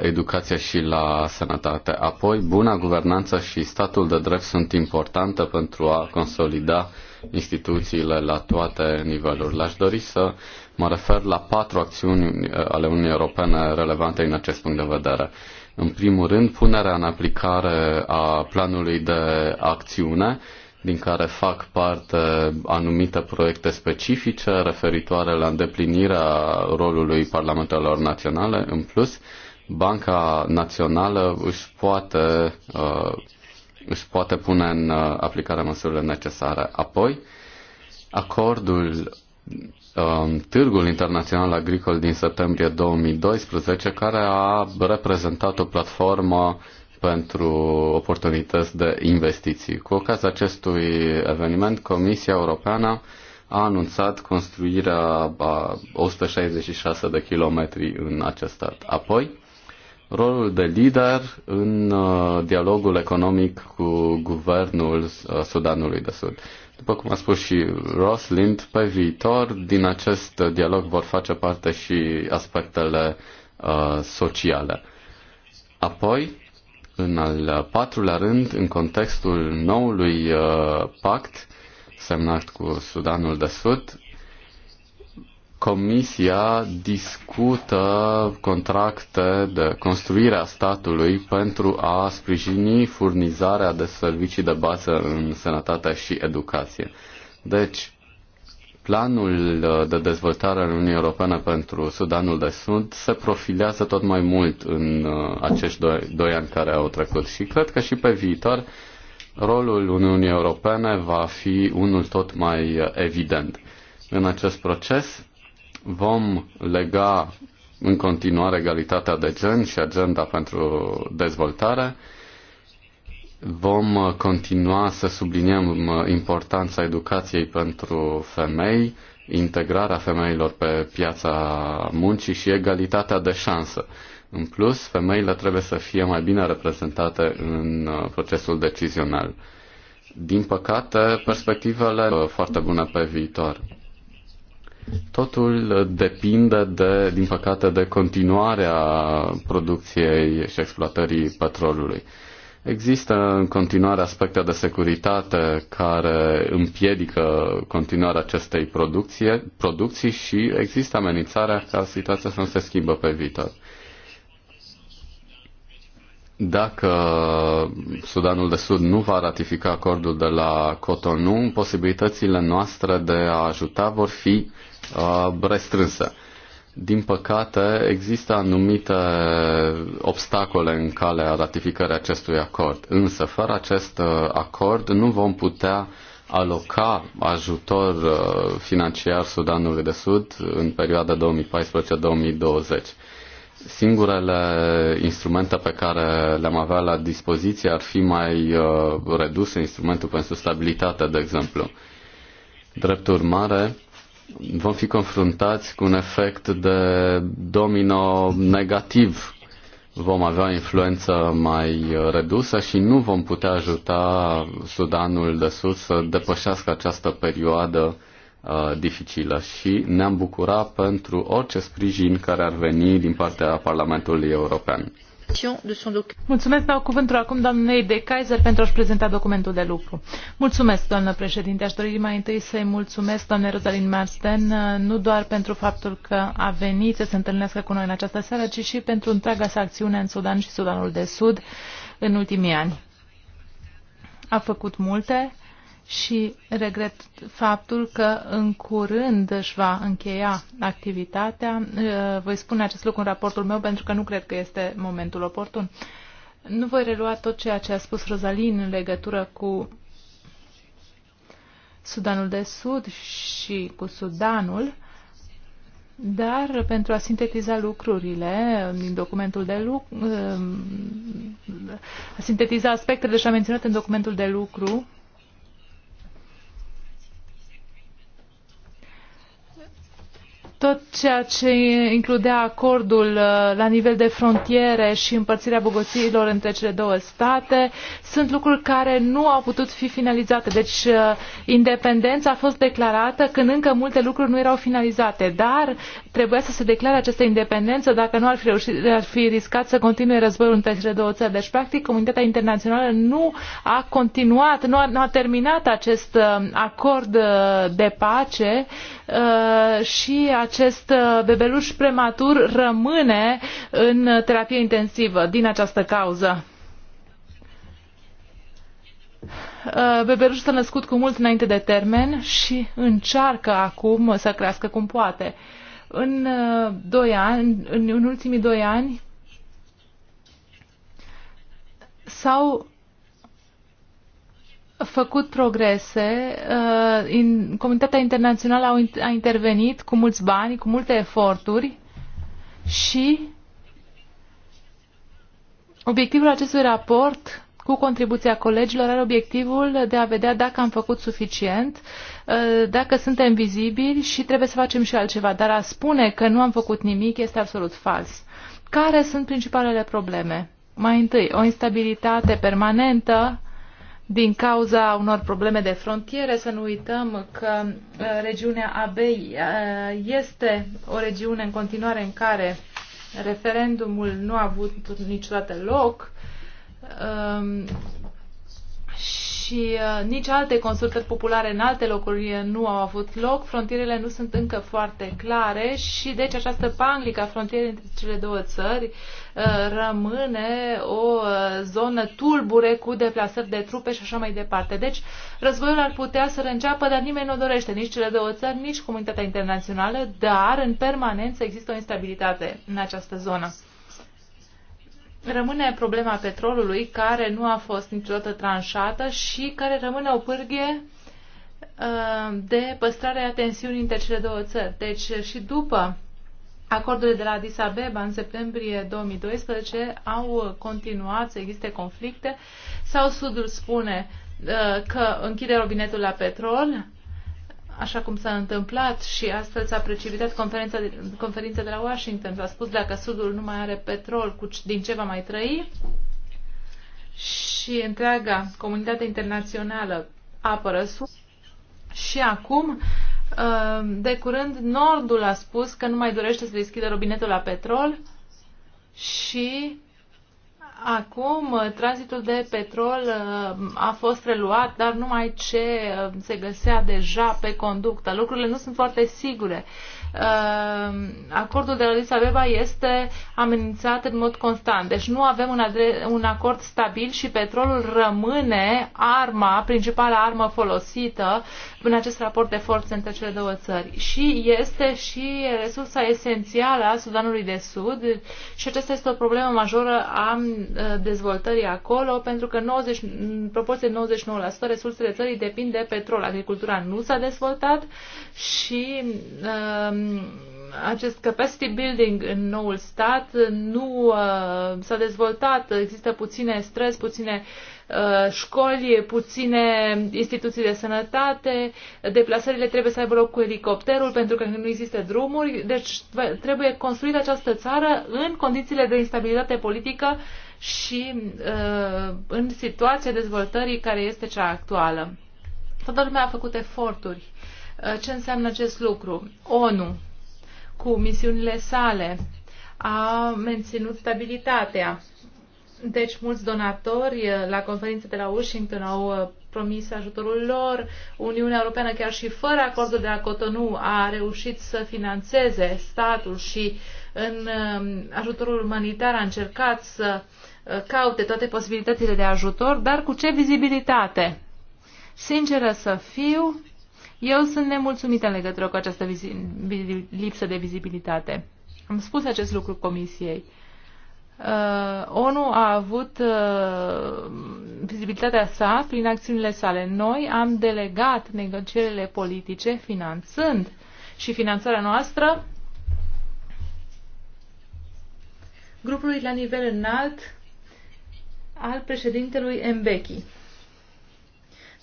educație și la sănătate. Apoi, buna guvernanță și statul de drept sunt importante pentru a consolida instituțiile la toate nivelurile. Aș dori să Mă refer la patru acțiuni uh, ale Uniunii Europene relevante în acest punct de vedere. În primul rând, punerea în aplicare a planului de acțiune, din care fac parte anumite proiecte specifice referitoare la îndeplinirea rolului parlamentelor naționale. În plus, Banca Națională își poate, uh, își poate pune în uh, aplicare măsurile necesare. Apoi, acordul Um, Târgul Internațional Agricol din septembrie 2012, care a reprezentat o platformă pentru oportunități de investiții. Cu ocazia acestui eveniment, Comisia Europeană a anunțat construirea a 166 de kilometri în acest stat. Apoi, rolul de lider în uh, dialogul economic cu guvernul uh, Sudanului de Sud. După cum a spus și Roslind, pe viitor din acest dialog vor face parte și aspectele uh, sociale. Apoi, în al patrulea rând, în contextul noului uh, pact semnat cu Sudanul de Sud, Comisia discută contracte de construire a statului pentru a sprijini furnizarea de servicii de bază în sănătate și educație. Deci, planul de dezvoltare al Uniunii Europene pentru Sudanul de Sud se profilează tot mai mult în uh, acești doi, doi ani care au trecut și cred că și pe viitor rolul Uniunii Europene va fi unul tot mai evident. În acest proces, vom lega în continuare egalitatea de gen și agenda pentru dezvoltare. Vom continua să subliniem uh, importanța educației pentru femei, integrarea femeilor pe piața muncii și egalitatea de șansă. În plus, femeile trebuie să fie mai bine reprezentate în uh, procesul decizional. Din păcate, perspectivele uh, foarte bune pe viitor. Totul depinde, de, din păcate, de continuarea producției și exploatării petrolului. Există în continuare aspecte de securitate care împiedică continuarea acestei producție, producții și există amenințarea ca situația să nu se schimbă pe viitor. Dacă Sudanul de Sud nu va ratifica acordul de la Cotonou, posibilitățile noastre de a ajuta vor fi Uh, restrânsă. Din păcate, există anumite obstacole în calea ratificării acestui acord, însă fără acest uh, acord nu vom putea aloca ajutor uh, financiar Sudanului de Sud în perioada 2014-2020. Singurele instrumente pe care le-am avea la dispoziție ar fi mai reduse, instrumentul pentru stabilitate, de exemplu. Drept urmare, vom fi confruntați cu un efect de domino negativ. Vom avea influență mai redusă și nu vom putea ajuta Sudanul de Sud să depășească această perioadă uh, dificilă și ne-am bucurat pentru orice sprijin care ar veni din partea Parlamentului European. Mulțumesc, dau cuvântul acum doamnei de Kaiser pentru a-și prezenta documentul de lucru. Mulțumesc, doamnă președinte. Aș dori mai întâi să-i mulțumesc, doamne Rosalind Marsden, nu doar pentru faptul că a venit să se întâlnească cu noi în această seară, ci și pentru întreaga sa acțiune în Sudan și Sudanul de Sud în ultimii ani. A făcut multe și regret faptul că în curând își va încheia activitatea. Uh, voi spune acest lucru în raportul meu pentru că nu cred că este momentul oportun. Nu voi relua tot ceea ce a spus Rosalin în legătură cu Sudanul de Sud și cu Sudanul, dar pentru a sintetiza lucrurile din documentul de lucru, uh, a sintetiza aspectele deja menționate în documentul de lucru, tot ceea ce includea acordul uh, la nivel de frontiere și împărțirea bogățiilor între cele două state, sunt lucruri care nu au putut fi finalizate. Deci uh, independența a fost declarată când încă multe lucruri nu erau finalizate, dar trebuia să se declare această independență dacă nu ar fi, reușit, ar fi riscat să continue războiul între cele două țări. Deci, practic, comunitatea internațională nu a continuat, nu a, nu a terminat acest uh, acord de pace Uh, și acest uh, bebeluș prematur rămâne în terapie intensivă din această cauză. Uh, bebelușul s-a născut cu mult înainte de termen și încearcă acum să crească cum poate. În, doi ani, în, în ultimii doi ani s-au făcut progrese, uh, comunitatea internațională a intervenit cu mulți bani, cu multe eforturi și obiectivul acestui raport cu contribuția colegilor are obiectivul de a vedea dacă am făcut suficient, uh, dacă suntem vizibili și trebuie să facem și altceva. Dar a spune că nu am făcut nimic este absolut fals. Care sunt principalele probleme? Mai întâi, o instabilitate permanentă din cauza unor probleme de frontiere. Să nu uităm că uh, regiunea Abei uh, este o regiune în continuare în care referendumul nu a avut niciodată loc um, și uh, nici alte consultări populare în alte locuri nu au avut loc, frontierele nu sunt încă foarte clare și deci această panglică a frontierei între cele două țări Uh, rămâne o uh, zonă tulbure cu deplasări de trupe și așa mai departe. Deci, războiul ar putea să înceapă, dar nimeni nu dorește, nici cele două țări, nici comunitatea internațională, dar în permanență există o instabilitate în această zonă. Rămâne problema petrolului, care nu a fost niciodată tranșată și care rămâne o pârghie uh, de păstrarea tensiunii între cele două țări. Deci și după Acordurile de la Addis Abeba în septembrie 2012 au continuat să existe conflicte sau Sudul spune uh, că închide robinetul la petrol, așa cum s-a întâmplat și astfel s-a precipitat conferința de, conferința de la Washington. S-a spus dacă Sudul nu mai are petrol, cu, din ce va mai trăi? Și întreaga comunitate internațională apără Sudul. Și acum Ehm, de curând, Nordul a spus că nu mai dorește să deschidă robinetul la petrol și acum eh, tranzitul de petrol eh, a fost reluat, dar numai ce eh, se găsea deja pe conductă. Lucrurile nu sunt foarte sigure. Ehm, acordul de la Lisabeba este amenințat în mod constant. Deci nu avem un, un acord stabil și petrolul rămâne arma, principala armă folosită în acest raport de forțe între cele două țări. Și este și resursa esențială a Sudanului de Sud și aceasta este o problemă majoră a dezvoltării acolo, pentru că 90, în proporție de 99% resursele țării depind de petrol. Agricultura nu s-a dezvoltat și um, acest capacity building în noul stat nu uh, s-a dezvoltat, există puține străzi, puține uh, școli, puține instituții de sănătate, deplasările trebuie să aibă loc cu elicopterul pentru că nu există drumuri, deci trebuie construită această țară în condițiile de instabilitate politică și uh, în situația dezvoltării care este cea actuală. Toată lumea a făcut eforturi uh, Uh, ce înseamnă acest lucru? ONU, cu misiunile sale, a menținut stabilitatea. Deci, mulți donatori uh, la conferința de la Washington au uh, promis ajutorul lor. Uniunea Europeană, chiar și fără acordul de la Cotonou, a reușit să financeze statul și în um, ajutorul umanitar a încercat să caute toate posibilitățile de ajutor, dar cu ce vizibilitate? Sinceră să fiu, eu sunt nemulțumită în legătură cu această lipsă de vizibilitate. Am spus acest lucru Comisiei. Uh, ONU a avut uh, vizibilitatea sa prin acțiunile sale. Noi am delegat negocierile politice finanțând și finanțarea noastră grupului la nivel înalt al președintelui Mbeki.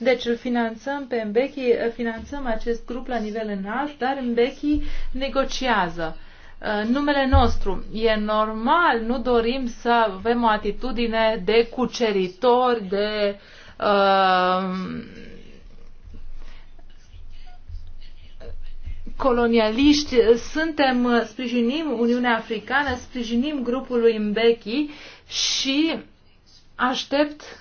Deci îl finanțăm pe Mbeki, finanțăm acest grup la nivel înalt, dar Mbeki negociază uh, numele nostru. E normal, nu dorim să avem o atitudine de cuceritori, de uh, colonialiști. Suntem, uh, sprijinim Uniunea Africană, sprijinim grupul lui Mbeki și aștept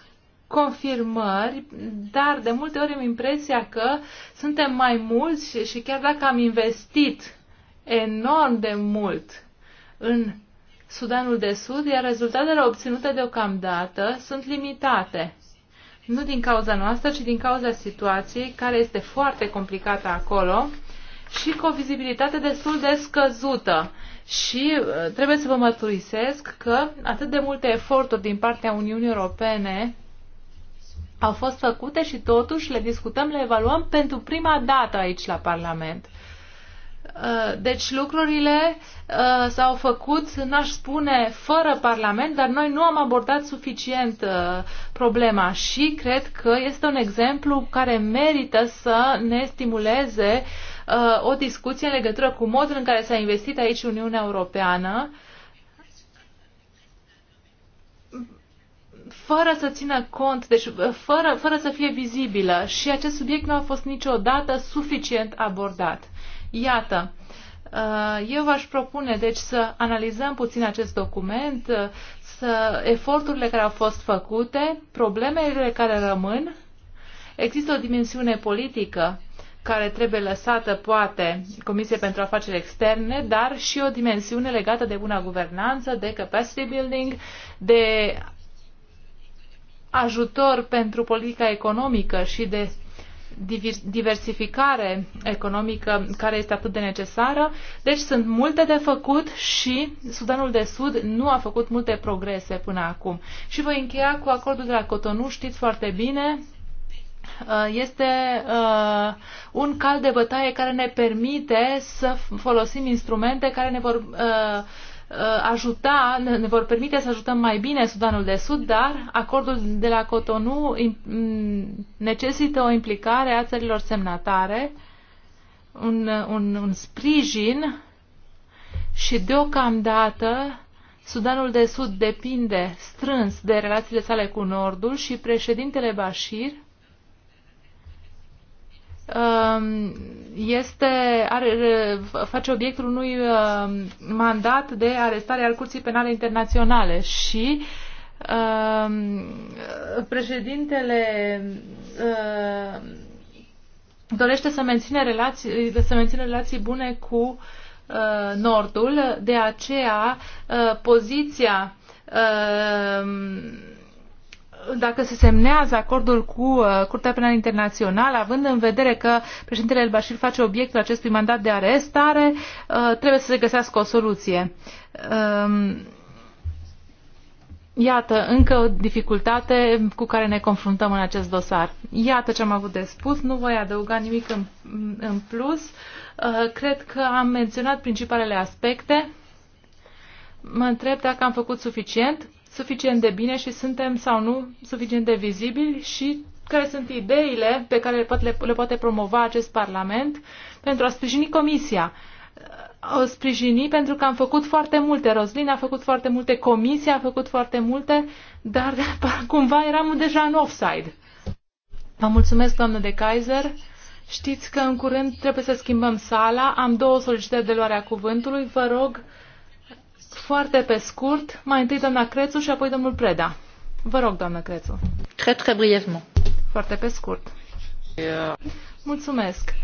confirmări, dar de multe ori am impresia că suntem mai mulți și chiar dacă am investit enorm de mult în Sudanul de Sud, iar rezultatele obținute deocamdată sunt limitate. Nu din cauza noastră, ci din cauza situației care este foarte complicată acolo și cu o vizibilitate destul de scăzută. Și uh, trebuie să vă mărturisesc că atât de multe eforturi din partea Uniunii Europene au fost făcute și totuși le discutăm, le evaluăm pentru prima dată aici la Parlament. Uh, deci lucrurile uh, s-au făcut, n-aș spune, fără Parlament, dar noi nu am abordat suficient uh, problema și cred că este un exemplu care merită să ne stimuleze o discuție în legătură cu modul în care s-a investit aici Uniunea Europeană fără să țină cont, deci uh, fără, fără să fie vizibilă și acest subiect nu a fost niciodată suficient abordat. Iată, uh, eu v-aș propune deci să analizăm puțin acest document, uh, să eforturile care au fost făcute, problemele care rămân. Există o dimensiune politică care trebuie lăsată, poate, Comisie pentru Afaceri Externe, dar și o dimensiune legată de bună guvernanță, de capacity building, de ajutor pentru politica economică și de diversificare economică care este atât de necesară. Deci sunt multe de făcut și Sudanul de Sud nu a făcut multe progrese până acum. Și voi încheia cu acordul de la Cotonou, știți foarte bine, uh, este uh, un cal de bătaie care ne permite să folosim instrumente care ne vor uh, Uh, ajuta, ne vor permite să ajutăm mai bine Sudanul de Sud, dar acordul de la Cotonou mm, necesită o implicare a țărilor semnatare, un, uh, un, un sprijin și deocamdată Sudanul de Sud depinde strâns de relațiile sale cu Nordul și președintele Bashir Um, este, are, face obiectul unui um, mandat de arestare al Curții Penale Internaționale și um, președintele uh, dorește să menține relații, să menține relații bune cu uh, Nordul, de aceea uh, poziția dacă se semnează acordul cu uh, Curtea Penală Internațională, având în vedere că președintele El Bashir face obiectul acestui mandat de arestare, uh, trebuie să se găsească o soluție. Um, iată, încă o dificultate cu care ne confruntăm în acest dosar. Iată ce am avut de spus, nu voi adăuga nimic în, în plus. Uh, cred că am menționat principalele aspecte. Mă întreb dacă am făcut suficient suficient de bine și suntem sau nu suficient de vizibili și care sunt ideile pe care le, le poate promova acest Parlament pentru a sprijini Comisia. O sprijini pentru că am făcut foarte multe. Roslin a făcut foarte multe, Comisia a făcut foarte multe, dar cumva eram deja în offside. Vă mulțumesc, doamnă de Kaiser. Știți că în curând trebuie să schimbăm sala. Am două solicitări de luare a cuvântului. Vă rog foarte pe scurt, mai întâi doamna Crețu și apoi domnul Preda. Vă rog, doamna Crețu. Très, très brièvement. Foarte pe scurt. Yeah. Mulțumesc.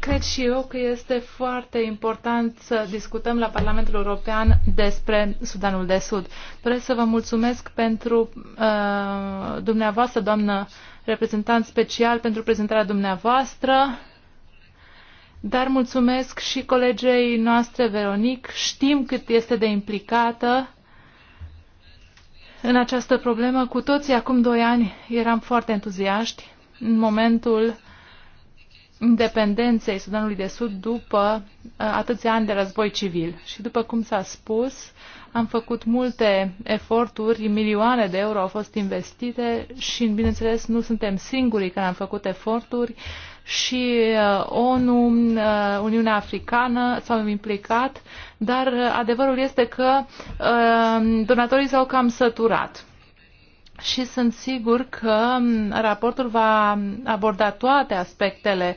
Cred și eu că este foarte important să discutăm la Parlamentul European despre Sudanul de Sud. Doresc să vă mulțumesc pentru uh, dumneavoastră, doamnă reprezentant special, pentru prezentarea dumneavoastră dar mulțumesc și colegei noastre, Veronic. Știm cât este de implicată în această problemă. Cu toții, acum doi ani, eram foarte entuziaști în momentul independenței Sudanului de Sud după uh, atâția ani de război civil. Și după cum s-a spus, am făcut multe eforturi, milioane de euro au fost investite și, bineînțeles, nu suntem singurii care am făcut eforturi. Uh, și uh, ONU, uh, Uniunea Africană s-au implicat, dar uh, adevărul este că donatorii s-au cam săturat și sunt sigur că um, raportul va aborda toate aspectele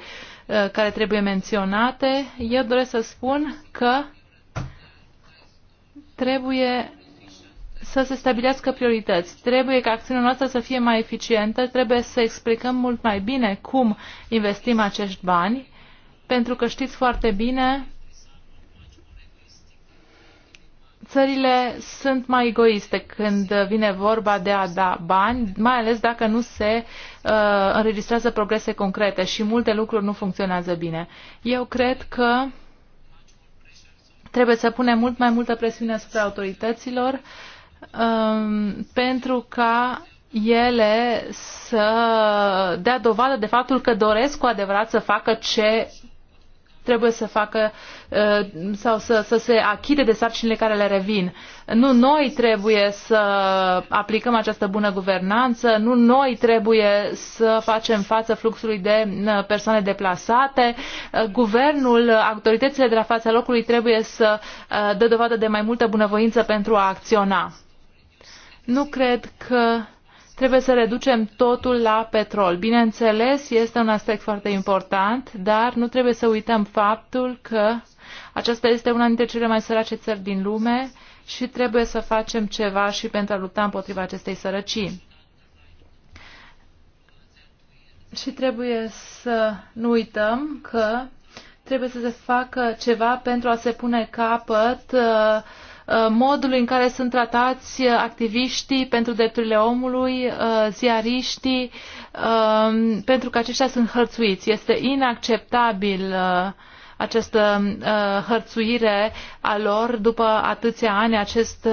care trebuie menționate. Eu doresc să spun că trebuie să se stabilească priorități. Trebuie ca acțiunea noastră să fie mai eficientă, trebuie să explicăm mult mai bine cum investim acești bani, pentru că știți foarte bine, țările sunt mai egoiste când vine vorba de a da bani, mai ales dacă nu se uh, înregistrează progrese concrete și multe lucruri nu funcționează bine. Eu cred că trebuie să punem mult mai multă presiune asupra autorităților um, pentru ca ele să dea dovadă de faptul că doresc cu adevărat să facă ce trebuie să facă uh, sau să, să se achite de sarcinile care le revin. Nu noi trebuie să aplicăm această bună guvernanță, nu noi trebuie să facem față fluxului de uh, persoane deplasate. Uh, guvernul, autoritățile de la fața locului trebuie să dă dovadă de mai multă bunăvoință pentru a acționa. Nu cred că trebuie să reducem totul la petrol. Bineînțeles, este un aspect foarte important, dar nu trebuie să uităm faptul că aceasta este una dintre cele mai sărace țări din lume și trebuie să facem ceva și pentru a lupta împotriva acestei sărăcii. Și trebuie să nu uităm că trebuie să se facă ceva pentru a se pune capăt uh, Uh, modului în care sunt tratați uh, activiștii pentru drepturile omului, uh, ziariștii, um, pentru că aceștia sunt hărțuiți. Este inacceptabil această hărțuire a lor după atâția ani, acest,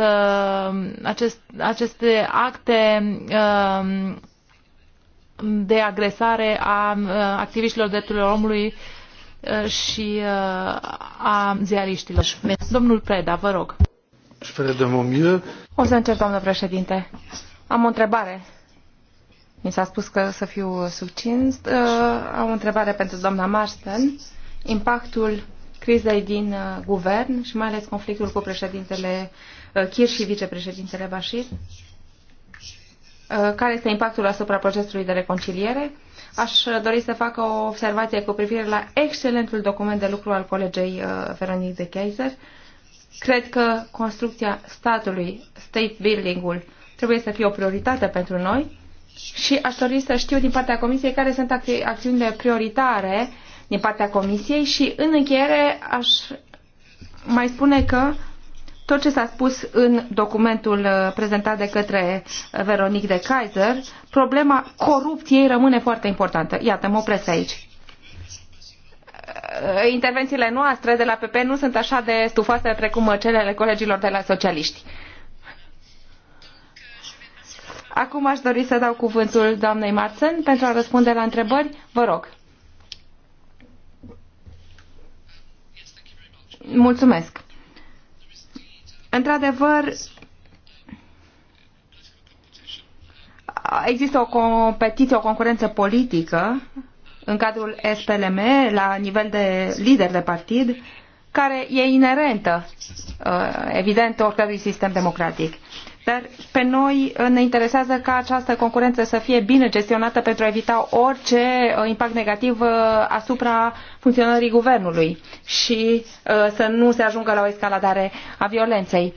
acest, aceste acte um, de agresare a activiștilor drepturilor omului și a ziariștilor. Domnul Preda, vă rog. O să încerc, doamnă președinte. Am o întrebare. Mi s-a spus că să fiu succint. Uh, am o întrebare pentru doamna Marston. Impactul crizei din uh, guvern și mai ales conflictul cu președintele uh, Kir și vicepreședintele Bashir. Uh, care este impactul asupra procesului de reconciliere? Aș uh, dori să fac o observație cu privire la excelentul document de lucru al colegei uh, Veronique de Kaiser. Uh, Cred că construcția statului, state building-ul, trebuie să fie o prioritate pentru noi și aș dori să știu din partea Comisiei care sunt acți acțiunile prioritare din partea Comisiei și în încheiere aș mai spune că tot ce s-a spus în documentul uh, prezentat de către Veronique de Kaiser, problema corupției rămâne foarte importantă. Iată, mă opresc aici. Uh, intervențiile noastre de la PP nu sunt așa de stufoase precum cele ale colegilor de la socialiști. Acum aș dori să dau cuvântul doamnei Marțen pentru a răspunde la întrebări. Vă rog. Mulțumesc. Într-adevăr, există o competiție, o concurență politică în cadrul SPLM la nivel de lider de partid, care e inerentă, uh, evident, oricărui sistem democratic. Dar pe noi ne interesează ca această concurență să fie bine gestionată pentru a evita orice uh, impact negativ uh, asupra funcționării guvernului și să nu se ajungă la o escaladare a violenței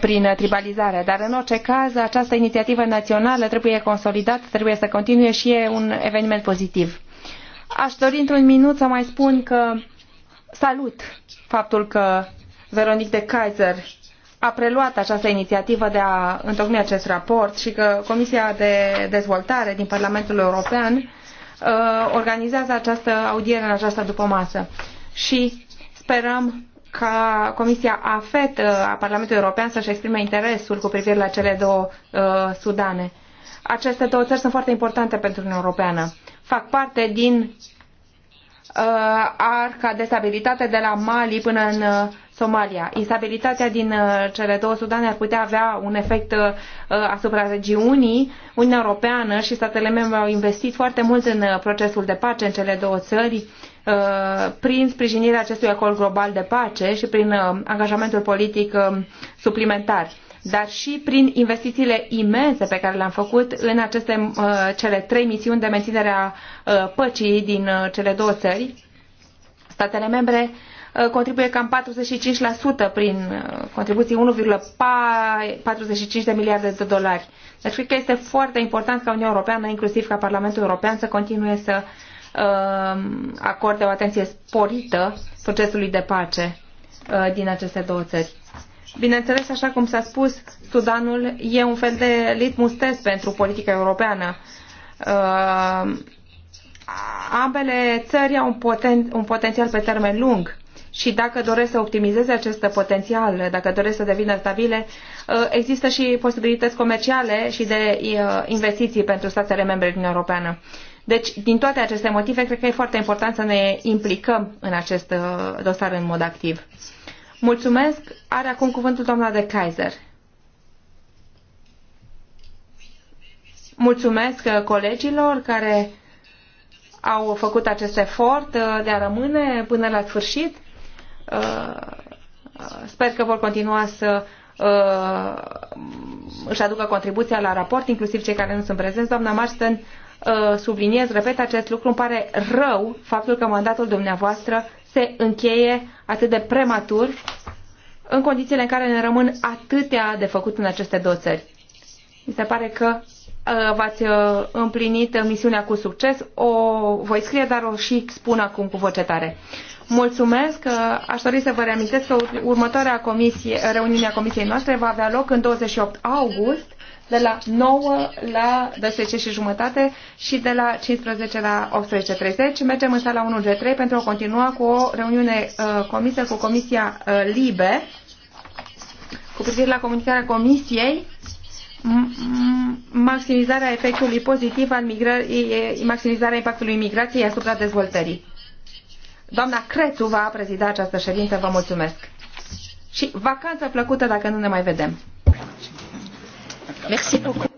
prin tribalizare. Dar în orice caz, această inițiativă națională trebuie consolidată, trebuie să continue și e un eveniment pozitiv Aș dori într-un minut să mai spun că salut faptul că Veronique de Kaiser a preluat această inițiativă de a întocmi acest raport și că Comisia de Dezvoltare din Parlamentul European uh, organizează această audiere în această dupămasă. Și sperăm ca Comisia AFET uh, a Parlamentului European să-și exprime interesul cu privire la cele două uh, Sudane. Aceste două țări sunt foarte importante pentru Uniunea Europeană fac parte din uh, arca de stabilitate de la Mali până în uh, Somalia. Instabilitatea din uh, cele două Sudane ar putea avea un efect uh, uh asupra regiunii. Uniunea Europeană și statele membre au investit foarte mult în uh, procesul de pace în cele două țări uh, prin sprijinirea acestui acord global de pace și prin uh, angajamentul politic suplimentar dar și prin investițiile imense pe care le-am făcut în aceste uh, cele trei misiuni de menținere a uh, păcii din uh, cele două țări. Statele membre contribuie cam 45% prin contribuții 1,45 de miliarde de dolari. Deci cred că este foarte important ca Uniunea Europeană, inclusiv ca Parlamentul European, să continue să uh, acorde o atenție sporită procesului de pace uh, din aceste două țări. Bineînțeles, așa cum s-a spus, Sudanul e un fel de litmus test pentru politica europeană. Uh, ambele țări au un, poten, un potențial pe termen lung și dacă doresc să optimizeze acest potențial, dacă doresc să devină stabile, uh, există și posibilități comerciale și de uh, investiții pentru statele membre din Europeană. Deci, din toate aceste motive, cred că e foarte important să ne implicăm în acest uh, dosar în mod activ. Mulțumesc. Are acum cuvântul doamna de Kaiser. Mulțumesc uh, colegilor care au făcut acest efort uh, de a rămâne până la sfârșit. Uh, sper că vor continua să își aducă contribuția la raport, inclusiv cei care nu sunt prezenți. Doamna Marston, subliniez, repet acest lucru, îmi pare rău faptul că mandatul dumneavoastră se încheie atât de prematur în condițiile în care ne rămân atâtea de făcut în aceste două țări. Mi se pare că uh, v-ați uh, împlinit misiunea cu succes. O voi scrie, dar o și spun acum cu voce tare. Mulțumesc. Uh, aș dori să vă reamintesc că următoarea comisie, reuniune a comisiei noastre va avea loc în 28 august de la 9 la 10 și jumătate și de la 15 la 18.30. Mergem în sala 1G3 pentru a continua cu o reuniune uh, comisă cu Comisia uh, LIBE cu privire la comunicarea Comisiei maximizarea efectului pozitiv al migrării, maximizarea impactului migrației asupra dezvoltării. Doamna Crețu va prezida această ședință. Vă mulțumesc. Și vacanță plăcută dacă nu ne mai vedem. Merci beaucoup.